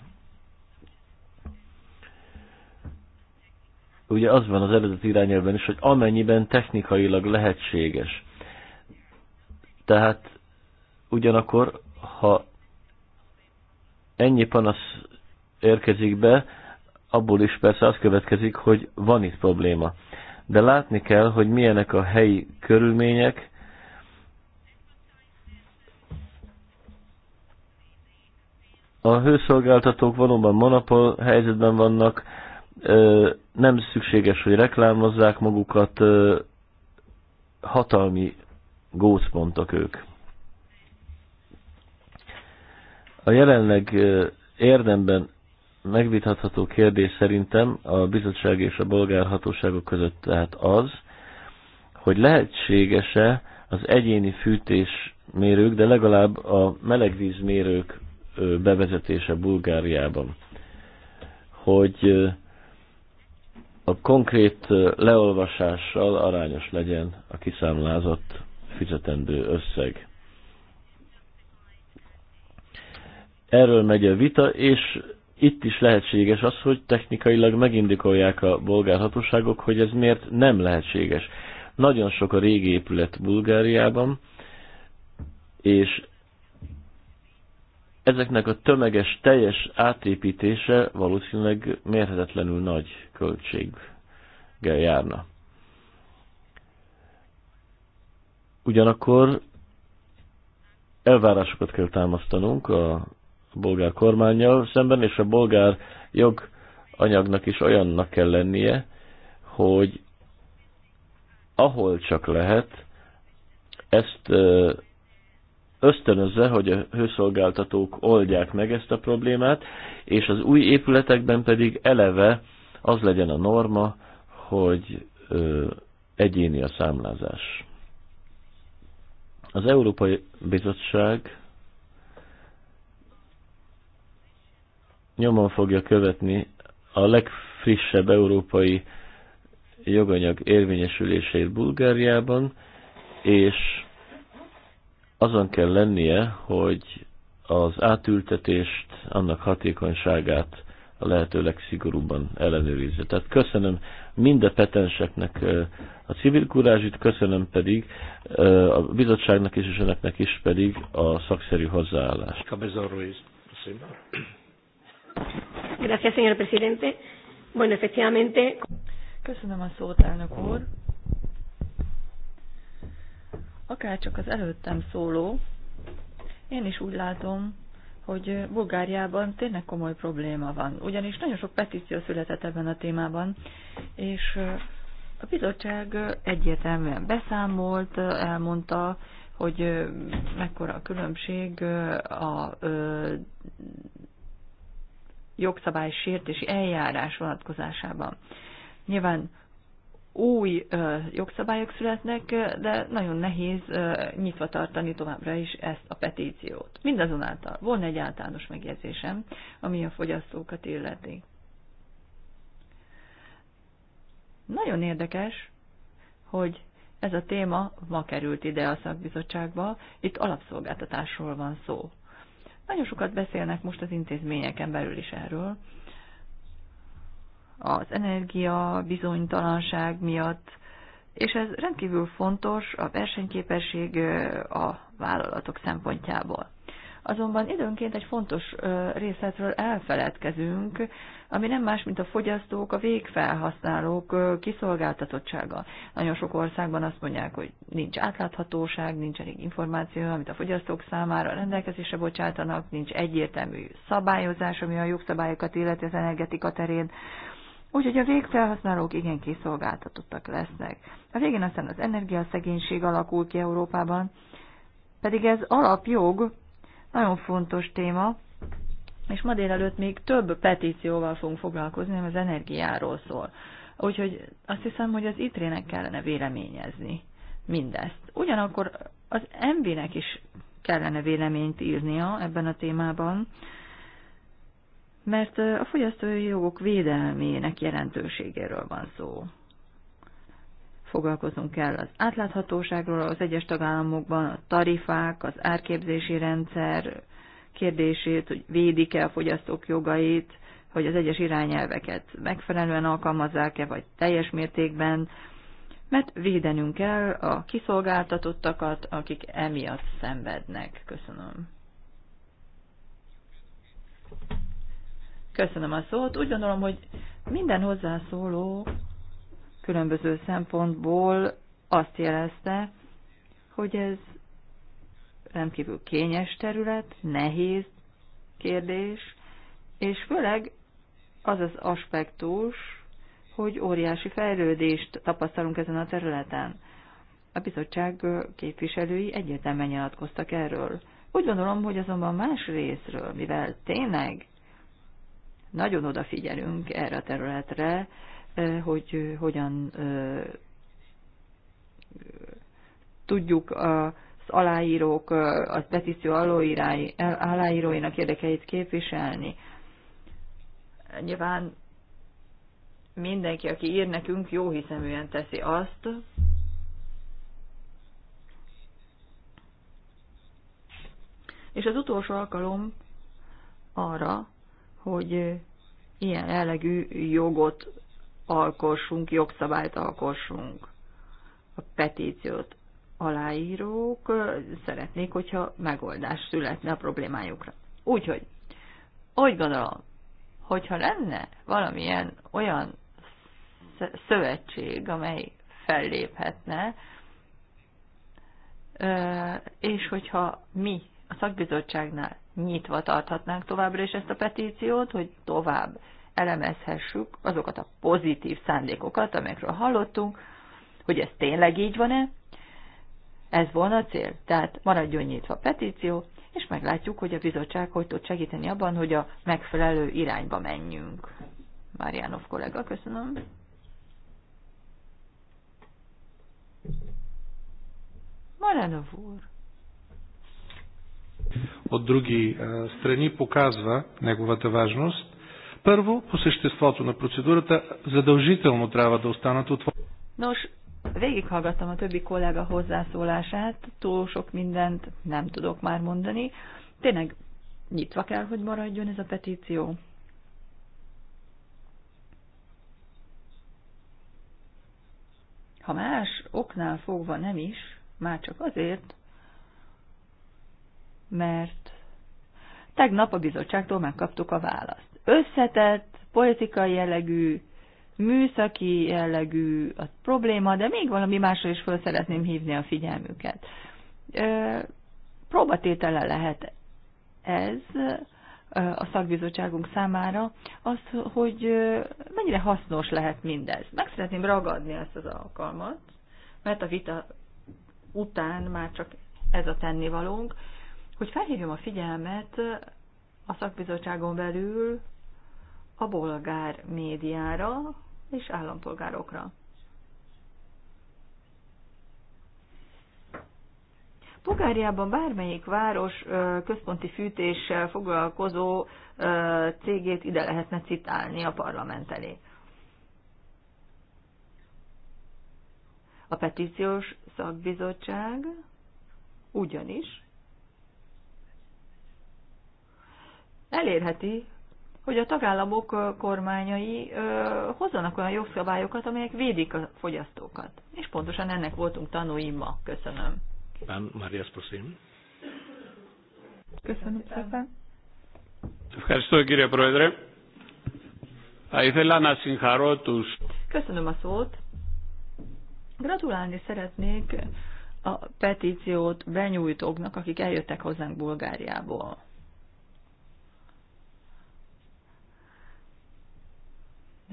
Ugye az van az eredeti irányelvben is, hogy amennyiben technikailag lehetséges. Tehát ugyanakkor, ha ennyi panasz érkezik be, abból is persze az következik, hogy van itt probléma. De látni kell, hogy milyenek a helyi körülmények, a hőszolgáltatók valóban monopól helyzetben vannak, nem szükséges, hogy reklámozzák magukat, hatalmi gócpontok ők. A jelenleg érdemben megvitatható kérdés szerintem a bizottság és a bolgárhatóságok között tehát az, hogy lehetséges-e az egyéni fűtésmérők, de legalább a melegvízmérők bevezetése Bulgáriában. Hogy a konkrét leolvasással arányos legyen a kiszámlázott fizetendő összeg. Erről megy a vita, és itt is lehetséges az, hogy technikailag megindikolják a bolgárhatóságok, hogy ez miért nem lehetséges. Nagyon sok a régi épület Bulgáriában, és ezeknek a tömeges, teljes átépítése valószínűleg mérhetetlenül nagy költséggel járna. Ugyanakkor elvárásokat kell támasztanunk a bolgár kormányjal szemben, és a bolgár joganyagnak is olyannak kell lennie, hogy ahol csak lehet, ezt ösztönözze, hogy a hőszolgáltatók oldják meg ezt a problémát, és az új épületekben pedig eleve az legyen a norma, hogy ö, egyéni a számlázás. Az Európai Bizottság nyomon fogja követni a legfrissebb európai joganyag érvényesülését Bulgáriában, és azon kell lennie, hogy az átültetést, annak hatékonyságát a lehető legszigorúbban ellenőrizze. Tehát köszönöm mind a petenseknek a civil kurázsit, köszönöm pedig a bizottságnak is, és önöknek is pedig a szakszerű hozzáállást. Köszönöm. Gracias, señor presidente. Bueno, efectivamente. Köszönöm a szót, elnök úr. Akárcsak az előttem szóló, én is úgy látom, hogy Bulgáriában tényleg komoly probléma van. Ugyanis nagyon sok petíció született ebben a témában, és a bizottság egyértelműen beszámolt, elmondta, hogy mekkora a különbség a jogszabály sértési eljárás vonatkozásában. Nyilván új ö, jogszabályok születnek, de nagyon nehéz ö, nyitva tartani továbbra is ezt a petíciót. Mindazonáltal volna egy általános megjegyzésem, ami a fogyasztókat illeti. Nagyon érdekes, hogy ez a téma ma került ide a szakbizottságba, itt alapszolgáltatásról van szó. Nagyon sokat beszélnek most az intézményeken belül is erről. Az energia bizonytalanság miatt, és ez rendkívül fontos a versenyképesség a vállalatok szempontjából azonban időnként egy fontos részletről elfeledkezünk, ami nem más, mint a fogyasztók, a végfelhasználók kiszolgáltatottsága. Nagyon sok országban azt mondják, hogy nincs átláthatóság, nincs elég információ, amit a fogyasztók számára rendelkezésre bocsátanak, nincs egyértelmű szabályozás, ami a jogszabályokat illeti az energetika terén. Úgyhogy a végfelhasználók igen kiszolgáltatottak lesznek. A végén aztán az energiaszegénység alakul ki Európában, pedig ez alapjog, nagyon fontos téma, és ma délelőtt még több petícióval fogunk foglalkozni, ami az energiáról szól. Úgyhogy azt hiszem, hogy az ITRE-nek kellene véleményezni mindezt. Ugyanakkor az MV-nek is kellene véleményt írnia ebben a témában, mert a fogyasztói jogok védelmének jelentőségéről van szó foglalkozunk kell az átláthatóságról az egyes tagállamokban, a tarifák, az árképzési rendszer kérdését, hogy védik-e a fogyasztók jogait, hogy az egyes irányelveket megfelelően alkalmazzák-e, vagy teljes mértékben, mert védenünk kell a kiszolgáltatottakat, akik emiatt szenvednek. Köszönöm. Köszönöm a szót. Úgy gondolom, hogy minden hozzászóló különböző szempontból azt jelezte, hogy ez rendkívül kényes terület, nehéz kérdés, és főleg az az aspektus, hogy óriási fejlődést tapasztalunk ezen a területen. A bizottság képviselői egyértelműen nyilatkoztak erről. Úgy gondolom, hogy azonban más részről, mivel tényleg nagyon odafigyelünk erre a területre, hogy hogyan tudjuk az aláírók, a petíció aláíróinak érdekeit képviselni. Nyilván mindenki, aki ír nekünk, jó hiszeműen teszi azt, És az utolsó alkalom arra, hogy ilyen jellegű jogot alkossunk, jogszabályt alkossunk. A petíciót aláírók szeretnék, hogyha megoldás születne a problémájukra. Úgyhogy, úgy gondolom, hogyha lenne valamilyen olyan szövetség, amely felléphetne, és hogyha mi a szakbizottságnál nyitva tarthatnánk továbbra is ezt a petíciót, hogy tovább elemezhessük azokat a pozitív szándékokat, amelyekről hallottunk, hogy ez tényleg így van-e, ez volna a cél. Tehát maradjon nyitva a petíció, és meglátjuk, hogy a bizottság hogy tud segíteni abban, hogy a megfelelő irányba menjünk. Márjánov kollega, köszönöm. Maranov úr. От други страни показва неговата важност Първо, по съществото на процедурата, задължително трябва да останат отворени. Nos, végighallgattam a többi kollega hozzászólását, túl sok mindent nem tudok már mondani. Tényleg nyitva kell, hogy maradjon ez a petíció. Ha más oknál fogva nem is, már csak azért, mert tegnap a bizottságtól megkaptuk a választ összetett, politikai jellegű, műszaki jellegű a probléma, de még valami másra is föl szeretném hívni a figyelmüket. Próbatétele lehet ez a szakbizottságunk számára, az, hogy mennyire hasznos lehet mindez. Meg szeretném ragadni ezt az alkalmat, mert a vita után már csak ez a tennivalónk, hogy felhívjam a figyelmet a szakbizottságon belül a bolgár médiára és állampolgárokra. Bulgáriában bármelyik város központi fűtéssel foglalkozó cégét ide lehetne citálni a parlament elé. A petíciós szakbizottság ugyanis elérheti hogy a tagállamok kormányai hozzanak olyan jogszabályokat, amelyek védik a fogyasztókat. És pontosan ennek voltunk tanúi ma. Köszönöm. Bán Mária Köszönöm szépen. Köszönöm a szót. Gratulálni szeretnék a petíciót benyújtóknak, akik eljöttek hozzánk Bulgáriából.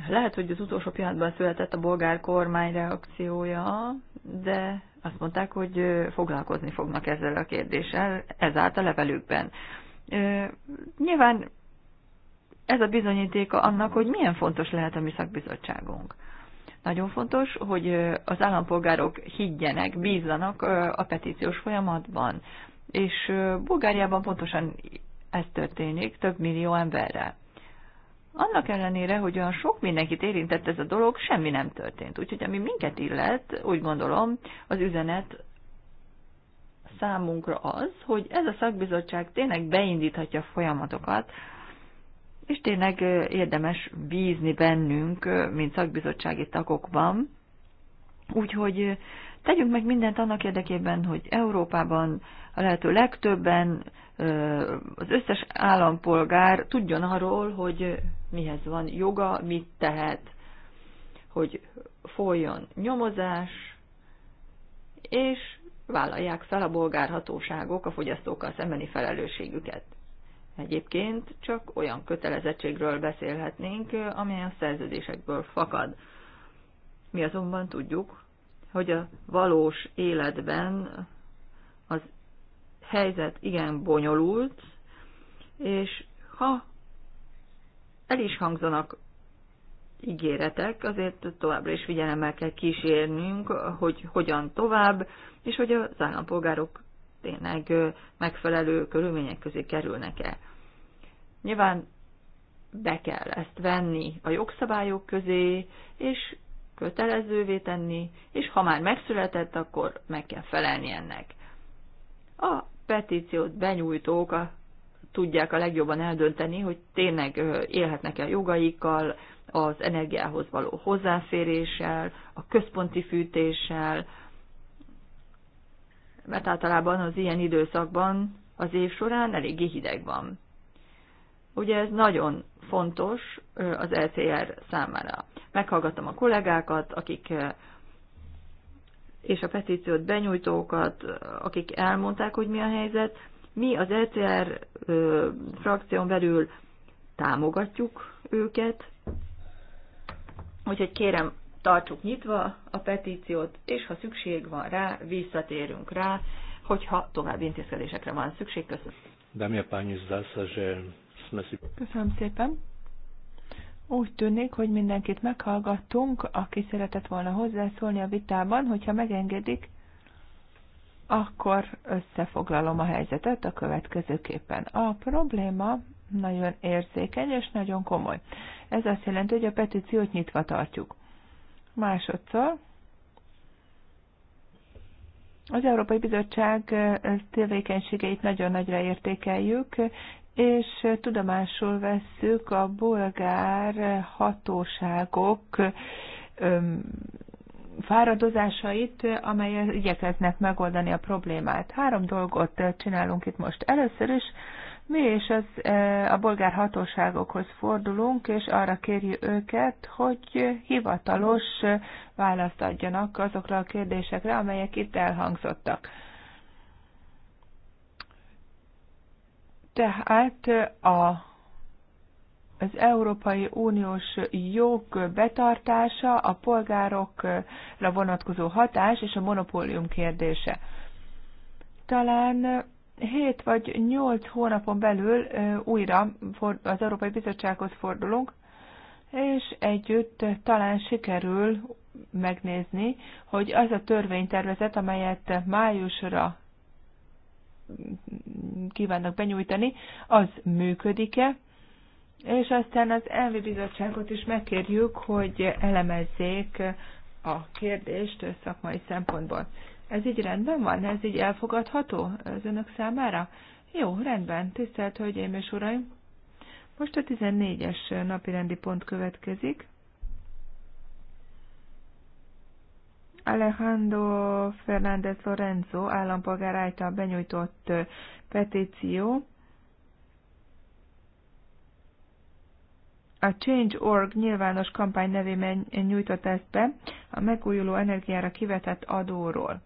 Lehet, hogy az utolsó pillanatban született a bolgár kormány reakciója, de azt mondták, hogy foglalkozni fognak ezzel a kérdéssel, ezáltal levelükben. Nyilván ez a bizonyítéka annak, hogy milyen fontos lehet a mi szakbizottságunk. Nagyon fontos, hogy az állampolgárok higgyenek, bízzanak a petíciós folyamatban. És Bulgáriában pontosan ez történik több millió emberrel annak ellenére, hogy olyan sok mindenkit érintett ez a dolog, semmi nem történt. Úgyhogy ami minket illet, úgy gondolom, az üzenet számunkra az, hogy ez a szakbizottság tényleg beindíthatja a folyamatokat, és tényleg érdemes bízni bennünk, mint szakbizottsági tagokban. Úgyhogy tegyünk meg mindent annak érdekében, hogy Európában a lehető legtöbben az összes állampolgár tudjon arról, hogy mihez van joga, mit tehet, hogy folyjon nyomozás, és vállalják fel a bolgárhatóságok a fogyasztókkal szembeni felelősségüket. Egyébként csak olyan kötelezettségről beszélhetnénk, amely a szerződésekből fakad. Mi azonban tudjuk, hogy a valós életben helyzet igen bonyolult, és ha el is hangzanak ígéretek, azért továbbra is figyelemmel kell kísérnünk, hogy hogyan tovább, és hogy az állampolgárok tényleg megfelelő körülmények közé kerülnek-e. Nyilván be kell ezt venni a jogszabályok közé, és kötelezővé tenni, és ha már megszületett, akkor meg kell felelni ennek. A petíciót benyújtók a, tudják a legjobban eldönteni, hogy tényleg élhetnek-e a jogaikkal, az energiához való hozzáféréssel, a központi fűtéssel, mert általában az ilyen időszakban az év során eléggé hideg van. Ugye ez nagyon fontos az LCR e számára. Meghallgattam a kollégákat, akik és a petíciót benyújtókat, akik elmondták, hogy mi a helyzet. Mi az ECR ö, frakción belül támogatjuk őket, úgyhogy kérem, tartsuk nyitva a petíciót, és ha szükség van rá, visszatérünk rá, hogyha további intézkedésekre van szükség. Köszönöm. Köszönöm szépen. Úgy tűnik, hogy mindenkit meghallgattunk, aki szeretett volna hozzászólni a vitában, hogyha megengedik, akkor összefoglalom a helyzetet a következőképpen. A probléma nagyon érzékeny és nagyon komoly. Ez azt jelenti, hogy a petíciót nyitva tartjuk. Másodszor, az Európai Bizottság tevékenységeit nagyon nagyra értékeljük, és tudomásul vesszük a bolgár hatóságok fáradozásait, amelyek igyekeznek megoldani a problémát. Három dolgot csinálunk itt most. Először is mi is az, e, a bolgár hatóságokhoz fordulunk, és arra kérjük őket, hogy hivatalos választ adjanak azokra a kérdésekre, amelyek itt elhangzottak. Tehát a az Európai Uniós jog betartása, a polgárokra vonatkozó hatás és a monopólium kérdése. Talán 7 vagy 8 hónapon belül újra az Európai Bizottsághoz fordulunk, és együtt talán sikerül megnézni, hogy az a törvénytervezet, amelyet májusra kívánnak benyújtani, az működik-e, és aztán az elvi bizottságot is megkérjük, hogy elemezzék a kérdést szakmai szempontból. Ez így rendben van? Ez így elfogadható az önök számára? Jó, rendben, tisztelt Hölgyeim és Uraim! Most a 14-es napi rendi pont következik. Alejandro Fernández Lorenzo állampolgár által benyújtott petíció a Change.org nyilvános kampány nevében nyújtott ezt be a megújuló energiára kivetett adóról.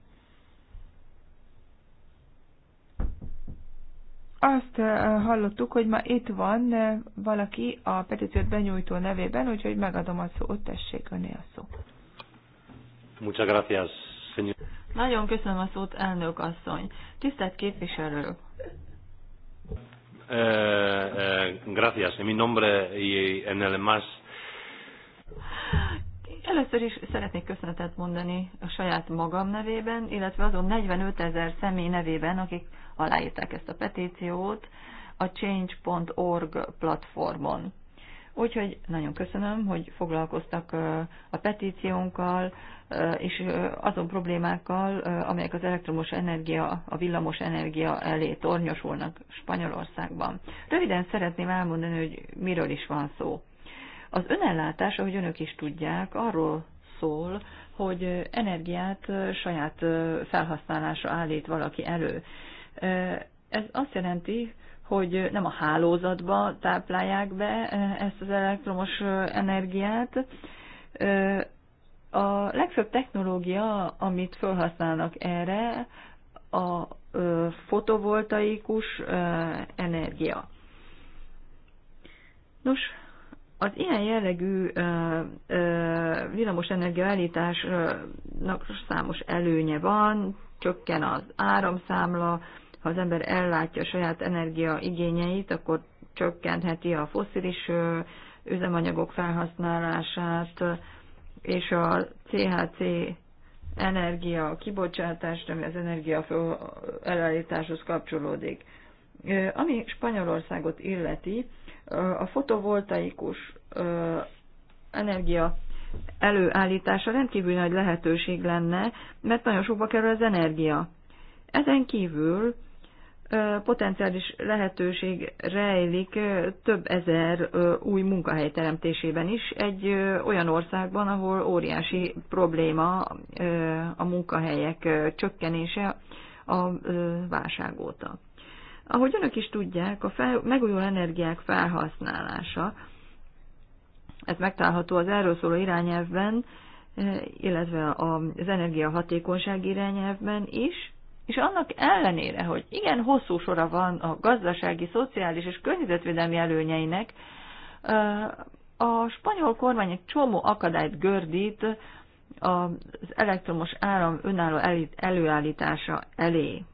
Azt hallottuk, hogy ma itt van valaki a petíciót benyújtó nevében, úgyhogy megadom a szót, tessék öné a szót. Muchas gracias, señor. Nagyon köszönöm a szót, elnök asszony. Tisztelt képviselő. Eh, eh, gracias. mi nombre y en el más Először is szeretnék köszönetet mondani a saját magam nevében, illetve azon 45 ezer személy nevében, akik aláírták ezt a petíciót a change.org platformon. Úgyhogy nagyon köszönöm, hogy foglalkoztak a petíciónkkal és azon problémákkal, amelyek az elektromos energia, a villamos energia elé tornyosulnak Spanyolországban. Röviden szeretném elmondani, hogy miről is van szó. Az önellátás, ahogy önök is tudják, arról szól, hogy energiát saját felhasználásra állít valaki elő. Ez azt jelenti, hogy nem a hálózatba táplálják be eh, ezt az elektromos eh, energiát. Eh, a legfőbb technológia, amit felhasználnak erre, a fotovoltaikus energia. Nos, az ilyen jellegű villamos energiaállításnak számos előnye van, csökken az áramszámla, ha az ember ellátja a saját energia igényeit, akkor csökkentheti a foszilis üzemanyagok felhasználását, és a CHC energia kibocsátást, ami az energia elállításhoz kapcsolódik. Ami Spanyolországot illeti, a fotovoltaikus energia előállítása rendkívül nagy lehetőség lenne, mert nagyon sokba kerül az energia. Ezen kívül potenciális lehetőség rejlik több ezer új munkahely teremtésében is, egy olyan országban, ahol óriási probléma a munkahelyek csökkenése a válság óta. Ahogy önök is tudják, a fel, megújuló energiák felhasználása, ez megtalálható az erről szóló irányelvben, illetve az energiahatékonyság irányelvben is, és annak ellenére, hogy igen hosszú sora van a gazdasági, szociális és környezetvédelmi előnyeinek, a spanyol kormány egy csomó akadályt gördít az elektromos áram önálló előállítása elé.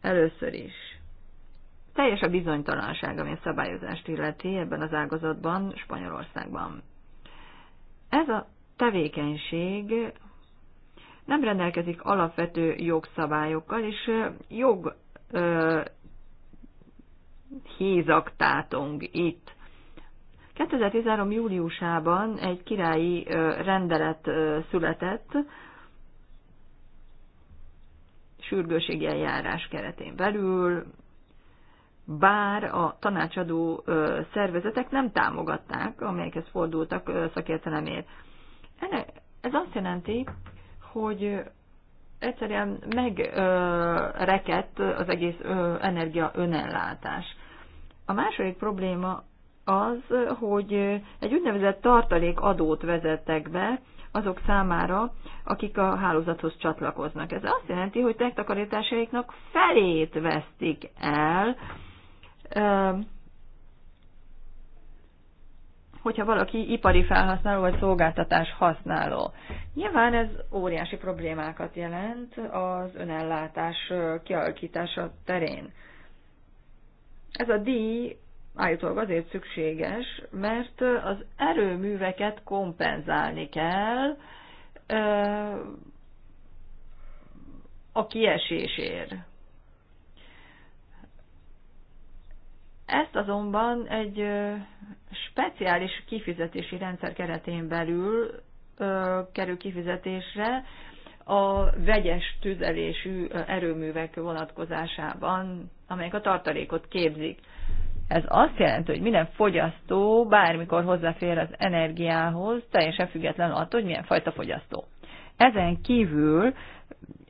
Először is. Teljes a bizonytalanság, ami a szabályozást illeti ebben az ágazatban, Spanyolországban. Ez a tevékenység nem rendelkezik alapvető jogszabályokkal, és jog ö, hézak itt. 2013. júliusában egy királyi rendelet született, sürgőségi eljárás keretén belül, bár a tanácsadó szervezetek nem támogatták, amelyekhez fordultak szakértelemért. Ez azt jelenti, hogy egyszerűen megrekedt az egész energia önellátás. A második probléma az, hogy egy úgynevezett tartalékadót vezettek be azok számára, akik a hálózathoz csatlakoznak. Ez azt jelenti, hogy tektakarításaiknak felét vesztik el, hogyha valaki ipari felhasználó vagy szolgáltatás használó. Nyilván ez óriási problémákat jelent az önellátás kialakítása terén. Ez a díj állítólag azért szükséges, mert az erőműveket kompenzálni kell a kiesésért. Ezt azonban egy speciális kifizetési rendszer keretén belül kerül kifizetésre a vegyes tüzelésű erőművek vonatkozásában, amelyek a tartalékot képzik. Ez azt jelenti, hogy minden fogyasztó bármikor hozzáfér az energiához, teljesen független attól, hogy milyen fajta fogyasztó. Ezen kívül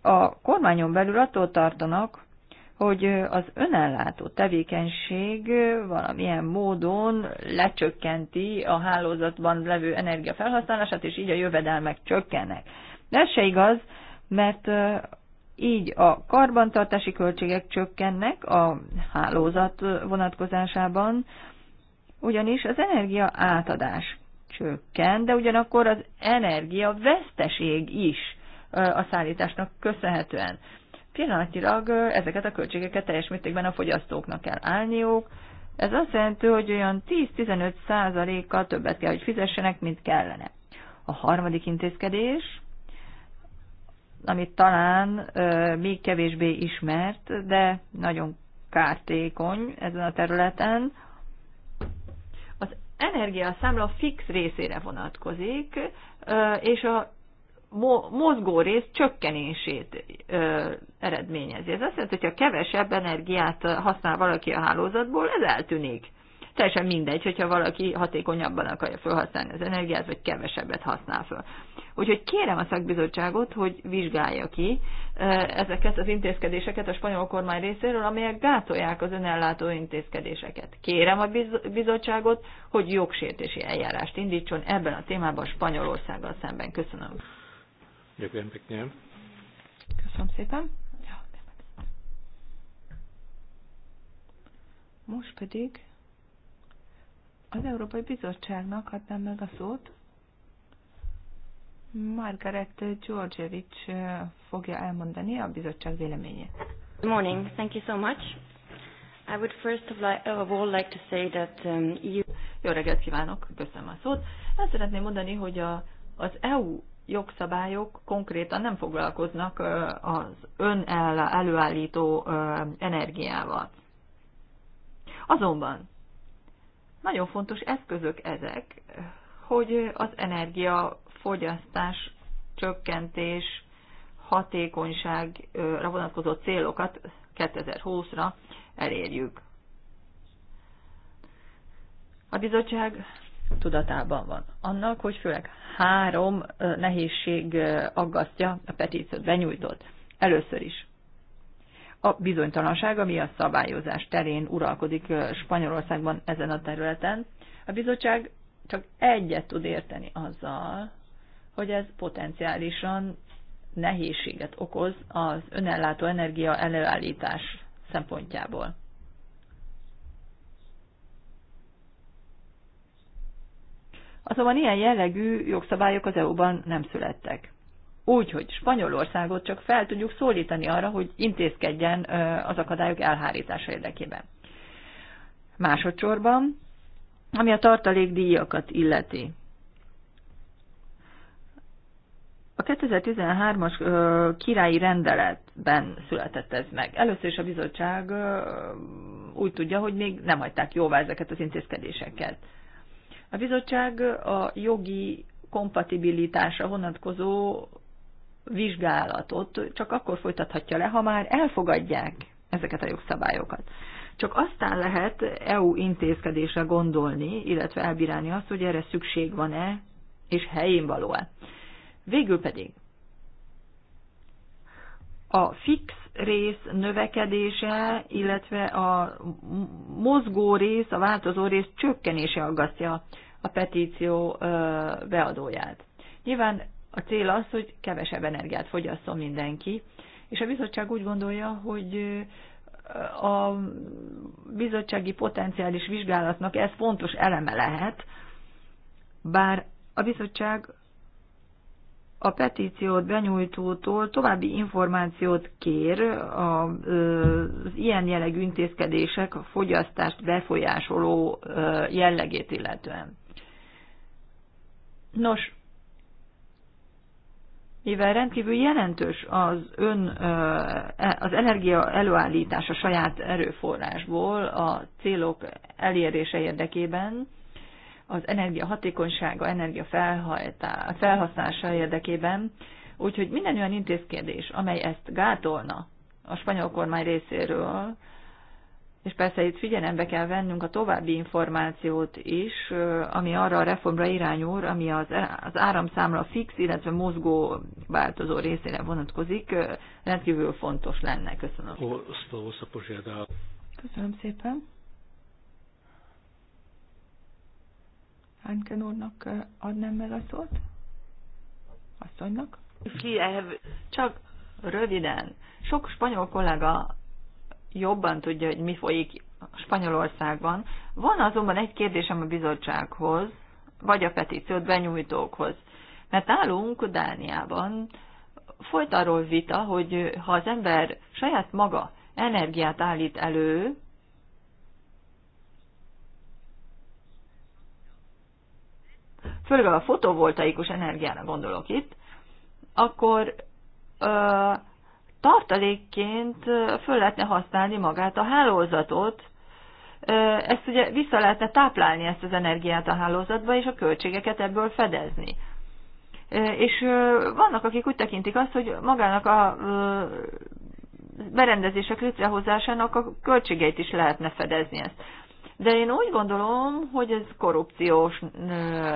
a kormányon belül attól tartanak, hogy az önellátó tevékenység valamilyen módon lecsökkenti a hálózatban levő energiafelhasználását, és így a jövedelmek csökkennek. De ez se igaz, mert így a karbantartási költségek csökkennek a hálózat vonatkozásában, ugyanis az energia átadás csökken, de ugyanakkor az energia veszteség is a szállításnak köszönhetően pillanatilag ezeket a költségeket teljes mértékben a fogyasztóknak kell állniuk. Ez azt jelenti, hogy olyan 10-15%-kal többet kell, hogy fizessenek, mint kellene. A harmadik intézkedés, amit talán ö, még kevésbé ismert, de nagyon kártékony ezen a területen, az energiaszámla fix részére vonatkozik, és a mozgó rész csökkenését ö, eredményezi. Ez azt jelenti, hogyha kevesebb energiát használ valaki a hálózatból, ez eltűnik. Teljesen mindegy, hogyha valaki hatékonyabban akarja felhasználni az energiát, vagy kevesebbet használ föl. Úgyhogy kérem a szakbizottságot, hogy vizsgálja ki ezeket az intézkedéseket a spanyol kormány részéről, amelyek gátolják az önellátó intézkedéseket. Kérem a bizottságot, hogy jogsértési eljárást indítson ebben a témában Spanyolországgal szemben. Köszönöm. Ďakujem pekne. Köszönöm szépen. Most pedig az Európai Bizottságnak adnám meg a szót. Margaret Georgievics fogja elmondani a bizottság véleményét. Good morning. Thank you so much. I would first of all like to say that um, EU... Jó reggelt kívánok, köszönöm a szót. El szeretném mondani, hogy a, az EU jogszabályok konkrétan nem foglalkoznak az ön előállító energiával. Azonban nagyon fontos eszközök ezek, hogy az energiafogyasztás csökkentés hatékonyságra vonatkozó célokat 2020-ra elérjük. A bizottság tudatában van. Annak, hogy főleg három nehézség aggasztja a petíciót benyújtott. Először is a bizonytalanság, ami a szabályozás terén uralkodik Spanyolországban ezen a területen. A bizottság csak egyet tud érteni azzal, hogy ez potenciálisan nehézséget okoz az önellátó energia előállítás szempontjából. Azonban ilyen jellegű jogszabályok az EU-ban nem születtek. Úgy, hogy Spanyolországot csak fel tudjuk szólítani arra, hogy intézkedjen az akadályok elhárítása érdekében. Másodszorban, ami a tartalékdíjakat illeti. A 2013-as királyi rendeletben született ez meg. Először is a bizottság úgy tudja, hogy még nem hagyták jóvá ezeket az intézkedéseket. A bizottság a jogi kompatibilitása vonatkozó vizsgálatot csak akkor folytathatja le, ha már elfogadják ezeket a jogszabályokat. Csak aztán lehet EU intézkedésre gondolni, illetve elbírálni azt, hogy erre szükség van-e, és helyén való-e. Végül pedig a fix rész növekedése, illetve a mozgó rész, a változó rész csökkenése aggasztja a petíció beadóját. Nyilván a cél az, hogy kevesebb energiát fogyasszon mindenki, és a bizottság úgy gondolja, hogy a bizottsági potenciális vizsgálatnak ez fontos eleme lehet, bár a bizottság a petíciót benyújtótól további információt kér az ilyen jellegű intézkedések a fogyasztást befolyásoló jellegét illetően. Nos, mivel rendkívül jelentős az ön e, az energia előállítása saját erőforrásból a célok elérése érdekében, az energia hatékonysága, energia felhajtá, felhasználása érdekében. Úgyhogy minden olyan intézkedés, amely ezt gátolna a spanyol kormány részéről, és persze itt figyelembe kell vennünk a további információt is, ami arra a reformra irányul, ami az, az áramszámla fix, illetve mozgó változó részére vonatkozik, rendkívül fontos lenne. Köszönöm. Köszönöm szépen. Anken úrnak adnám meg a szót? Asszonynak? Csak röviden. Sok spanyol kollega jobban tudja, hogy mi folyik Spanyolországban. Van azonban egy kérdésem a bizottsághoz, vagy a petíciót benyújtókhoz. Mert állunk Dániában folyt arról vita, hogy ha az ember saját maga energiát állít elő, főleg a fotovoltaikus energiára gondolok itt, akkor ö, tartalékként föl lehetne használni magát a hálózatot, ezt ugye vissza lehetne táplálni ezt az energiát a hálózatba, és a költségeket ebből fedezni. És vannak, akik úgy tekintik azt, hogy magának a berendezések létrehozásának a költségeit is lehetne fedezni ezt de én úgy gondolom, hogy ez korrupciós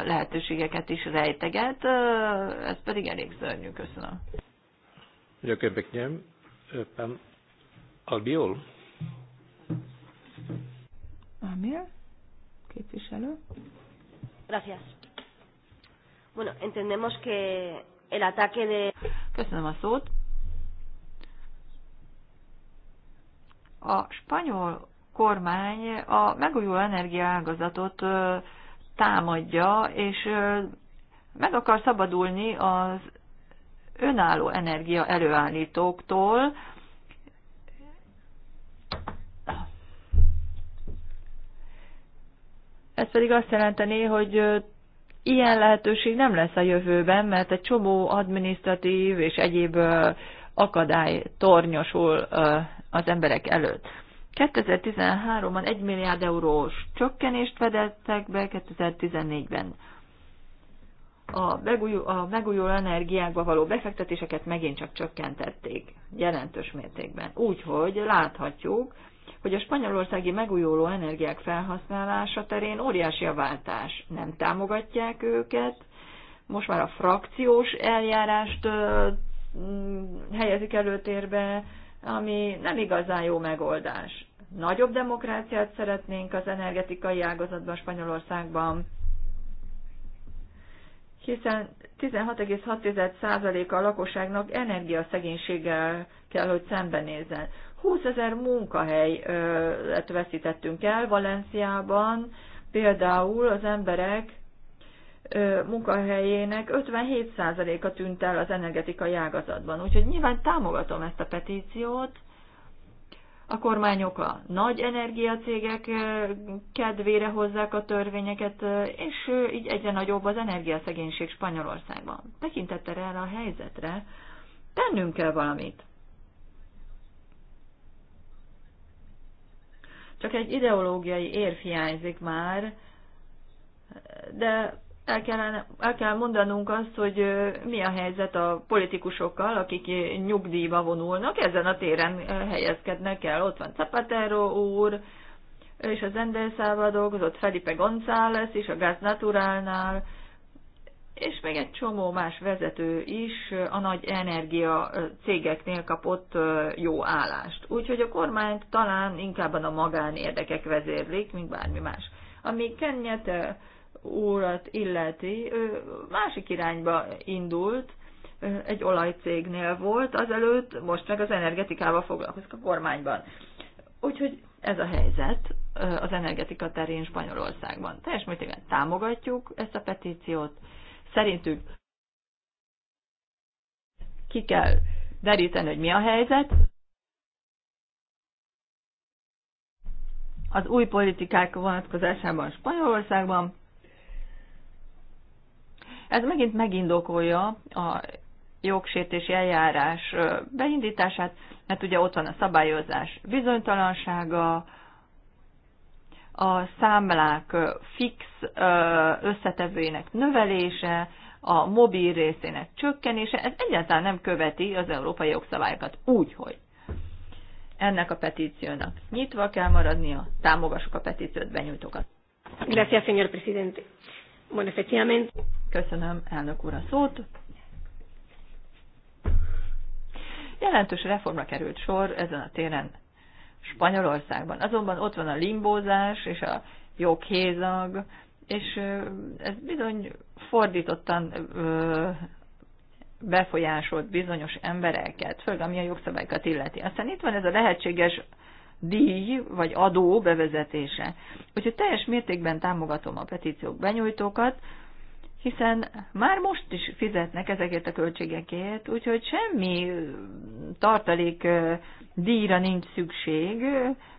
lehetőségeket is rejteget, ez pedig elég szörnyű. Köszönöm. Ďakujem pekne. öppen Albiol. Amir, képviselő. Gracias. Bueno, entendemos que el ataque de... Köszönöm a szót. A spanyol kormány a megújuló energiaágazatot támadja, és meg akar szabadulni az önálló energia előállítóktól, Ez pedig azt jelenteni, hogy ilyen lehetőség nem lesz a jövőben, mert egy csomó administratív és egyéb akadály tornyosul az emberek előtt. 2013-ban 1 milliárd eurós csökkenést fedeztek be, 2014-ben a, megújul, a megújuló energiákba való befektetéseket megint csak csökkentették jelentős mértékben. Úgyhogy láthatjuk, hogy a spanyolországi megújuló energiák felhasználása terén óriási a váltás. Nem támogatják őket, most már a frakciós eljárást mm, helyezik előtérbe, ami nem igazán jó megoldás. Nagyobb demokráciát szeretnénk az energetikai ágazatban Spanyolországban, hiszen 16,6% a lakosságnak energiaszegénységgel kell, hogy szembenézzen. 20 ezer munkahelyet veszítettünk el Valenciában, például az emberek munkahelyének 57%-a tűnt el az energetikai ágazatban. Úgyhogy nyilván támogatom ezt a petíciót. A kormányok a nagy energiacégek kedvére hozzák a törvényeket, és így egyre nagyobb az energiaszegénység Spanyolországban. Tekintettel erre a helyzetre, tennünk kell valamit. Csak egy ideológiai érv hiányzik már, de el kell, el kell mondanunk azt, hogy mi a helyzet a politikusokkal, akik nyugdíjba vonulnak, ezen a téren helyezkednek el. Ott van Zapatero úr, és az Endelszával dolgozott Felipe González is a Gaz Naturálnál, és még egy csomó más vezető is a nagy energia cégeknél kapott jó állást. Úgyhogy a kormányt talán inkább a magánérdekek vezérlik, mint bármi más. Ami Kenyet úrat illeti, ő másik irányba indult, egy olajcégnél volt azelőtt, most meg az energetikával foglalkozik a kormányban. Úgyhogy ez a helyzet az energetika terén Spanyolországban. Teljes mértékben támogatjuk ezt a petíciót. Szerintük ki kell deríteni, hogy mi a helyzet. Az új politikák vonatkozásában Spanyolországban ez megint megindokolja a jogsértési eljárás beindítását, mert ugye ott van a szabályozás bizonytalansága, a számlák fix összetevőjének növelése, a mobil részének csökkenése, ez egyáltalán nem követi az európai jogszabályokat úgy, hogy ennek a petíciónak nyitva kell maradnia, támogassuk a petíciót, benyújtokat. Gracias, señor presidente. Bueno, efectivamente. Köszönöm, elnök úr, a szót. Jelentős reformra került sor ezen a téren Spanyolországban. Azonban ott van a limbózás és a joghézag, és ez bizony fordítottan befolyásolt bizonyos embereket, főleg ami a jogszabályokat illeti. Aztán itt van ez a lehetséges díj vagy adó bevezetése. Úgyhogy teljes mértékben támogatom a petíciók benyújtókat, hiszen már most is fizetnek ezekért a költségekért, úgyhogy semmi tartalék díjra nincs szükség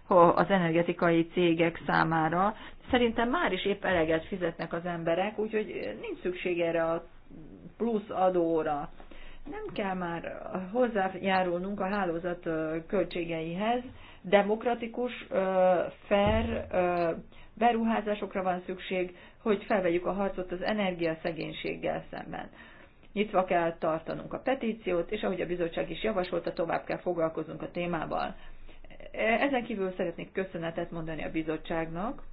az energetikai cégek számára. Szerintem már is épp eleget fizetnek az emberek, úgyhogy nincs szükség erre a plusz adóra. Nem kell már hozzájárulnunk a hálózat költségeihez, demokratikus, fair beruházásokra van szükség, hogy felvegyük a harcot az energiaszegénységgel szemben. Nyitva kell tartanunk a petíciót, és ahogy a bizottság is javasolta, tovább kell foglalkoznunk a témával. E, ezen kívül szeretnék köszönetet mondani a bizottságnak,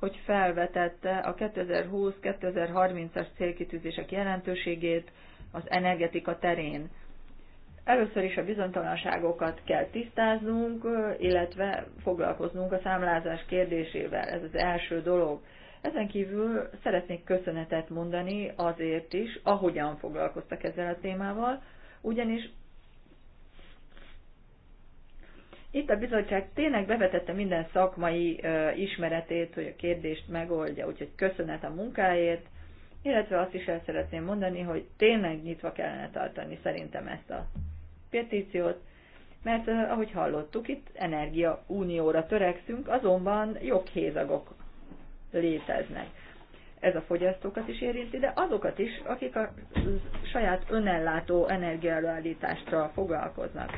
hogy felvetette a 2020-2030-as célkitűzések jelentőségét az energetika terén. Először is a bizonytalanságokat kell tisztáznunk, illetve foglalkoznunk a számlázás kérdésével. Ez az első dolog. Ezen kívül szeretnék köszönetet mondani azért is, ahogyan foglalkoztak ezzel a témával, ugyanis itt a bizottság tényleg bevetette minden szakmai ismeretét, hogy a kérdést megoldja, úgyhogy köszönet a munkáért, illetve azt is el szeretném mondani, hogy tényleg nyitva kellene tartani szerintem ezt a petíciót, mert ahogy hallottuk, itt energia unióra törekszünk, azonban joghézagok léteznek. Ez a fogyasztókat is érinti, de azokat is, akik a saját önellátó energiaelőállításra foglalkoznak.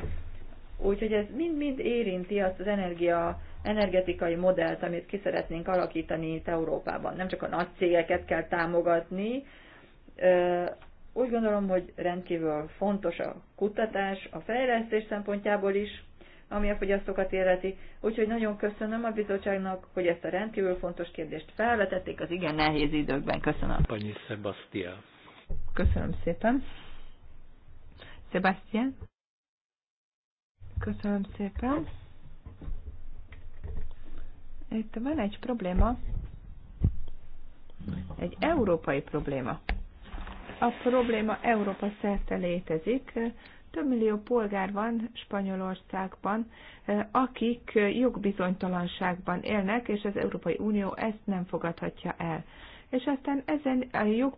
Úgyhogy ez mind-mind érinti azt az energia, energetikai modellt, amit ki szeretnénk alakítani itt Európában. Nem csak a nagy cégeket kell támogatni, úgy gondolom, hogy rendkívül fontos a kutatás a fejlesztés szempontjából is, ami a fogyasztókat életi. Úgyhogy nagyon köszönöm a bizottságnak, hogy ezt a rendkívül fontos kérdést felvetették az igen nehéz időkben. Köszönöm. Panyi Sebastia. Köszönöm szépen. Sebastian. Köszönöm szépen. Itt van egy probléma, egy európai probléma a probléma Európa szerte létezik. Több millió polgár van Spanyolországban, akik jogbizonytalanságban élnek, és az Európai Unió ezt nem fogadhatja el. És aztán ezen a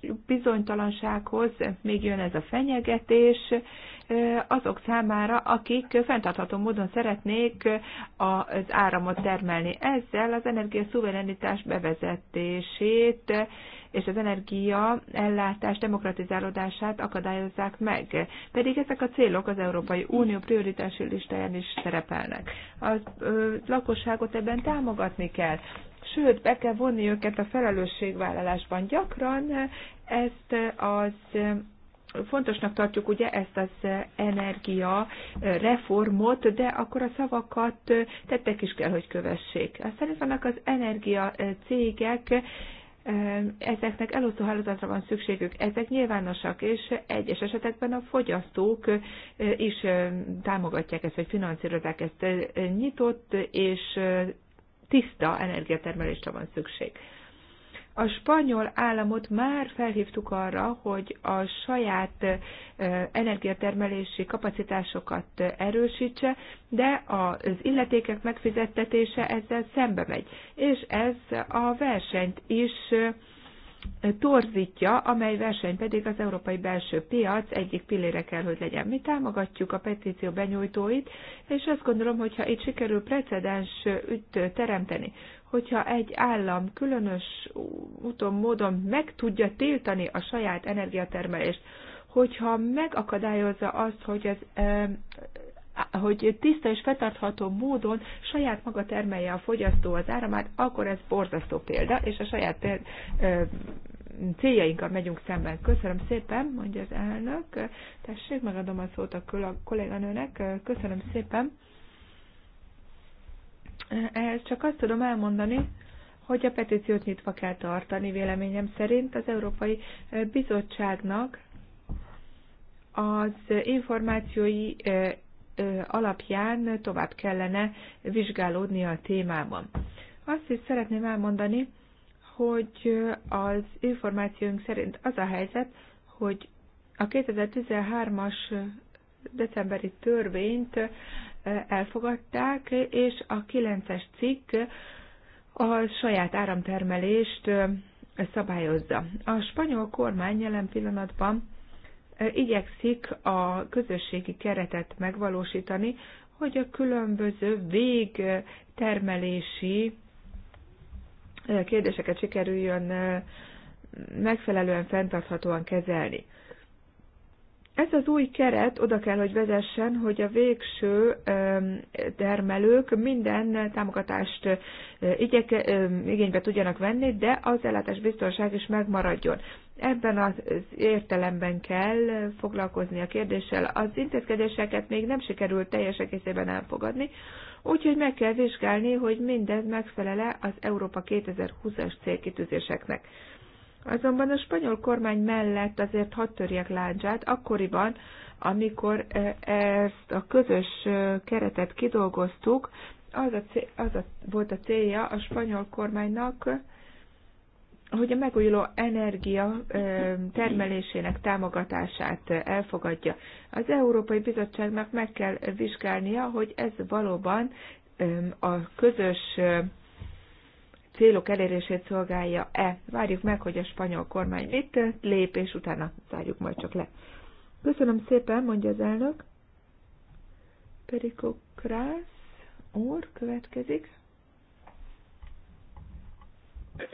jogbizonytalansághoz még jön ez a fenyegetés azok számára, akik fenntartható módon szeretnék az áramot termelni. Ezzel az energia szuverenitás bevezetését és az energia ellátás demokratizálódását akadályozzák meg. Pedig ezek a célok az Európai Unió prioritási listáján is szerepelnek. A lakosságot ebben támogatni kell, sőt, be kell vonni őket a felelősségvállalásban. Gyakran ezt az fontosnak tartjuk ugye ezt az energia reformot, de akkor a szavakat tettek is kell, hogy kövessék. Aztán itt vannak az energia cégek, ezeknek elosztó hálózatra van szükségük. Ezek nyilvánosak, és egyes esetekben a fogyasztók is támogatják ezt, vagy finanszírozák ezt. Nyitott és tiszta energiatermelésre van szükség. A spanyol államot már felhívtuk arra, hogy a saját energiatermelési kapacitásokat erősítse, de az illetékek megfizettetése ezzel szembe megy. És ez a versenyt is torzítja, amely verseny pedig az európai belső piac egyik pillére kell, hogy legyen. Mi támogatjuk a petíció benyújtóit, és azt gondolom, hogy ha itt sikerül precedens üt teremteni, hogyha egy állam különös úton, módon meg tudja tiltani a saját energiatermelést, hogyha megakadályozza azt, hogy ez, hogy tiszta és fetartható módon saját maga termelje a fogyasztó az áramát, akkor ez borzasztó példa, és a saját céljainkkal megyünk szemben. Köszönöm szépen, mondja az elnök. Tessék, megadom a szót a kolléganőnek. Köszönöm szépen. Ehhez csak azt tudom elmondani, hogy a petíciót nyitva kell tartani, véleményem szerint az Európai eh, Bizottságnak az információi eh, eh, alapján tovább kellene vizsgálódni a témában. Azt is szeretném elmondani, hogy az információink szerint az a helyzet, hogy a 2013-as decemberi törvényt elfogadták, és a 9-es cikk a saját áramtermelést szabályozza. A spanyol kormány jelen pillanatban igyekszik a közösségi keretet megvalósítani, hogy a különböző végtermelési kérdéseket sikerüljön megfelelően fenntarthatóan kezelni. Ez az új keret oda kell, hogy vezessen, hogy a végső termelők minden támogatást igénybe tudjanak venni, de az ellátás biztonság is megmaradjon. Ebben az értelemben kell foglalkozni a kérdéssel. Az intézkedéseket még nem sikerült teljes egészében elfogadni, úgyhogy meg kell vizsgálni, hogy mindez megfelele az Európa 2020-as célkitűzéseknek. Azonban a spanyol kormány mellett azért hadd törjek láncsát, akkoriban, amikor e, ezt a közös e, keretet kidolgoztuk, az, a, cél, az a, volt a célja a spanyol kormánynak, hogy a megújuló energia e, termelésének támogatását elfogadja. Az Európai Bizottságnak meg kell vizsgálnia, hogy ez valóban a közös célok elérését szolgálja-e. Várjuk meg, hogy a spanyol kormány mit lép, és utána zárjuk majd csak le. Köszönöm szépen, mondja az elnök. Perikokrász úr következik.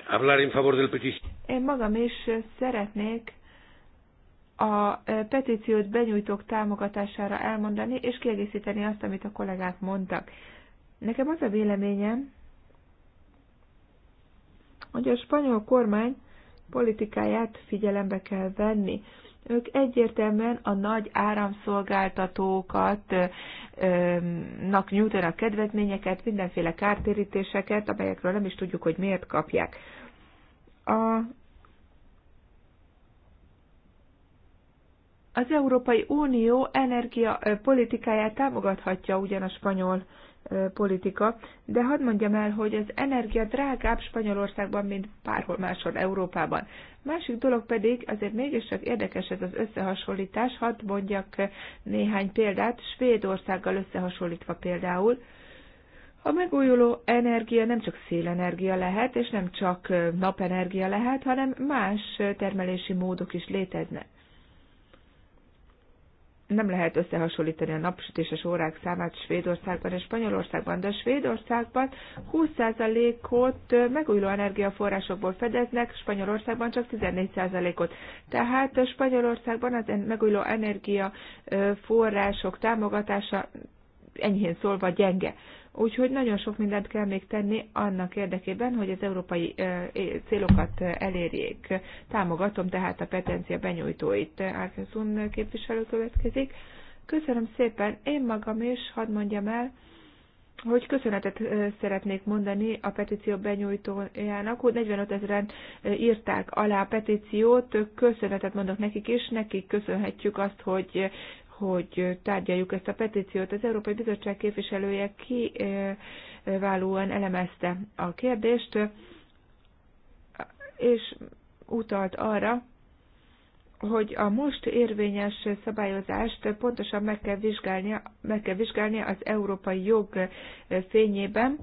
Hablar en favor del Én magam is szeretnék a e, petíciót benyújtók támogatására elmondani, és kiegészíteni azt, amit a kollégák mondtak. Nekem az a véleményem, hogy a spanyol kormány politikáját figyelembe kell venni. Ők egyértelműen a nagy áramszolgáltatókat nak nyújtanak kedvezményeket, mindenféle kártérítéseket, amelyekről nem is tudjuk, hogy miért kapják. A Az Európai Unió energiapolitikáját támogathatja ugyan a spanyol politika, de hadd mondjam el, hogy az energia drágább Spanyolországban, mint bárhol máshol Európában. Másik dolog pedig, azért mégiscsak érdekes ez az összehasonlítás, hadd mondjak néhány példát, Svédországgal összehasonlítva például, a megújuló energia nem csak szélenergia lehet, és nem csak napenergia lehet, hanem más termelési módok is léteznek nem lehet összehasonlítani a napsütéses órák számát Svédországban és Spanyolországban, de Svédországban 20%-ot megújuló energiaforrásokból fedeznek, Spanyolországban csak 14%-ot. Tehát Spanyolországban az megújuló energiaforrások támogatása enyhén szólva gyenge. Úgyhogy nagyon sok mindent kell még tenni annak érdekében, hogy az európai célokat elérjék. Támogatom tehát a petencia benyújtóit. Árkezun képviselő következik. Köszönöm szépen. Én magam is, hadd mondjam el, hogy köszönetet szeretnék mondani a petíció benyújtójának, hogy 45 ezeren írták alá a petíciót, köszönetet mondok nekik is, nekik köszönhetjük azt, hogy, hogy tárgyaljuk ezt a petíciót. Az Európai Bizottság képviselője kiválóan elemezte a kérdést, és utalt arra, hogy a most érvényes szabályozást pontosan meg kell vizsgálnia, meg kell vizsgálnia az európai jog fényében,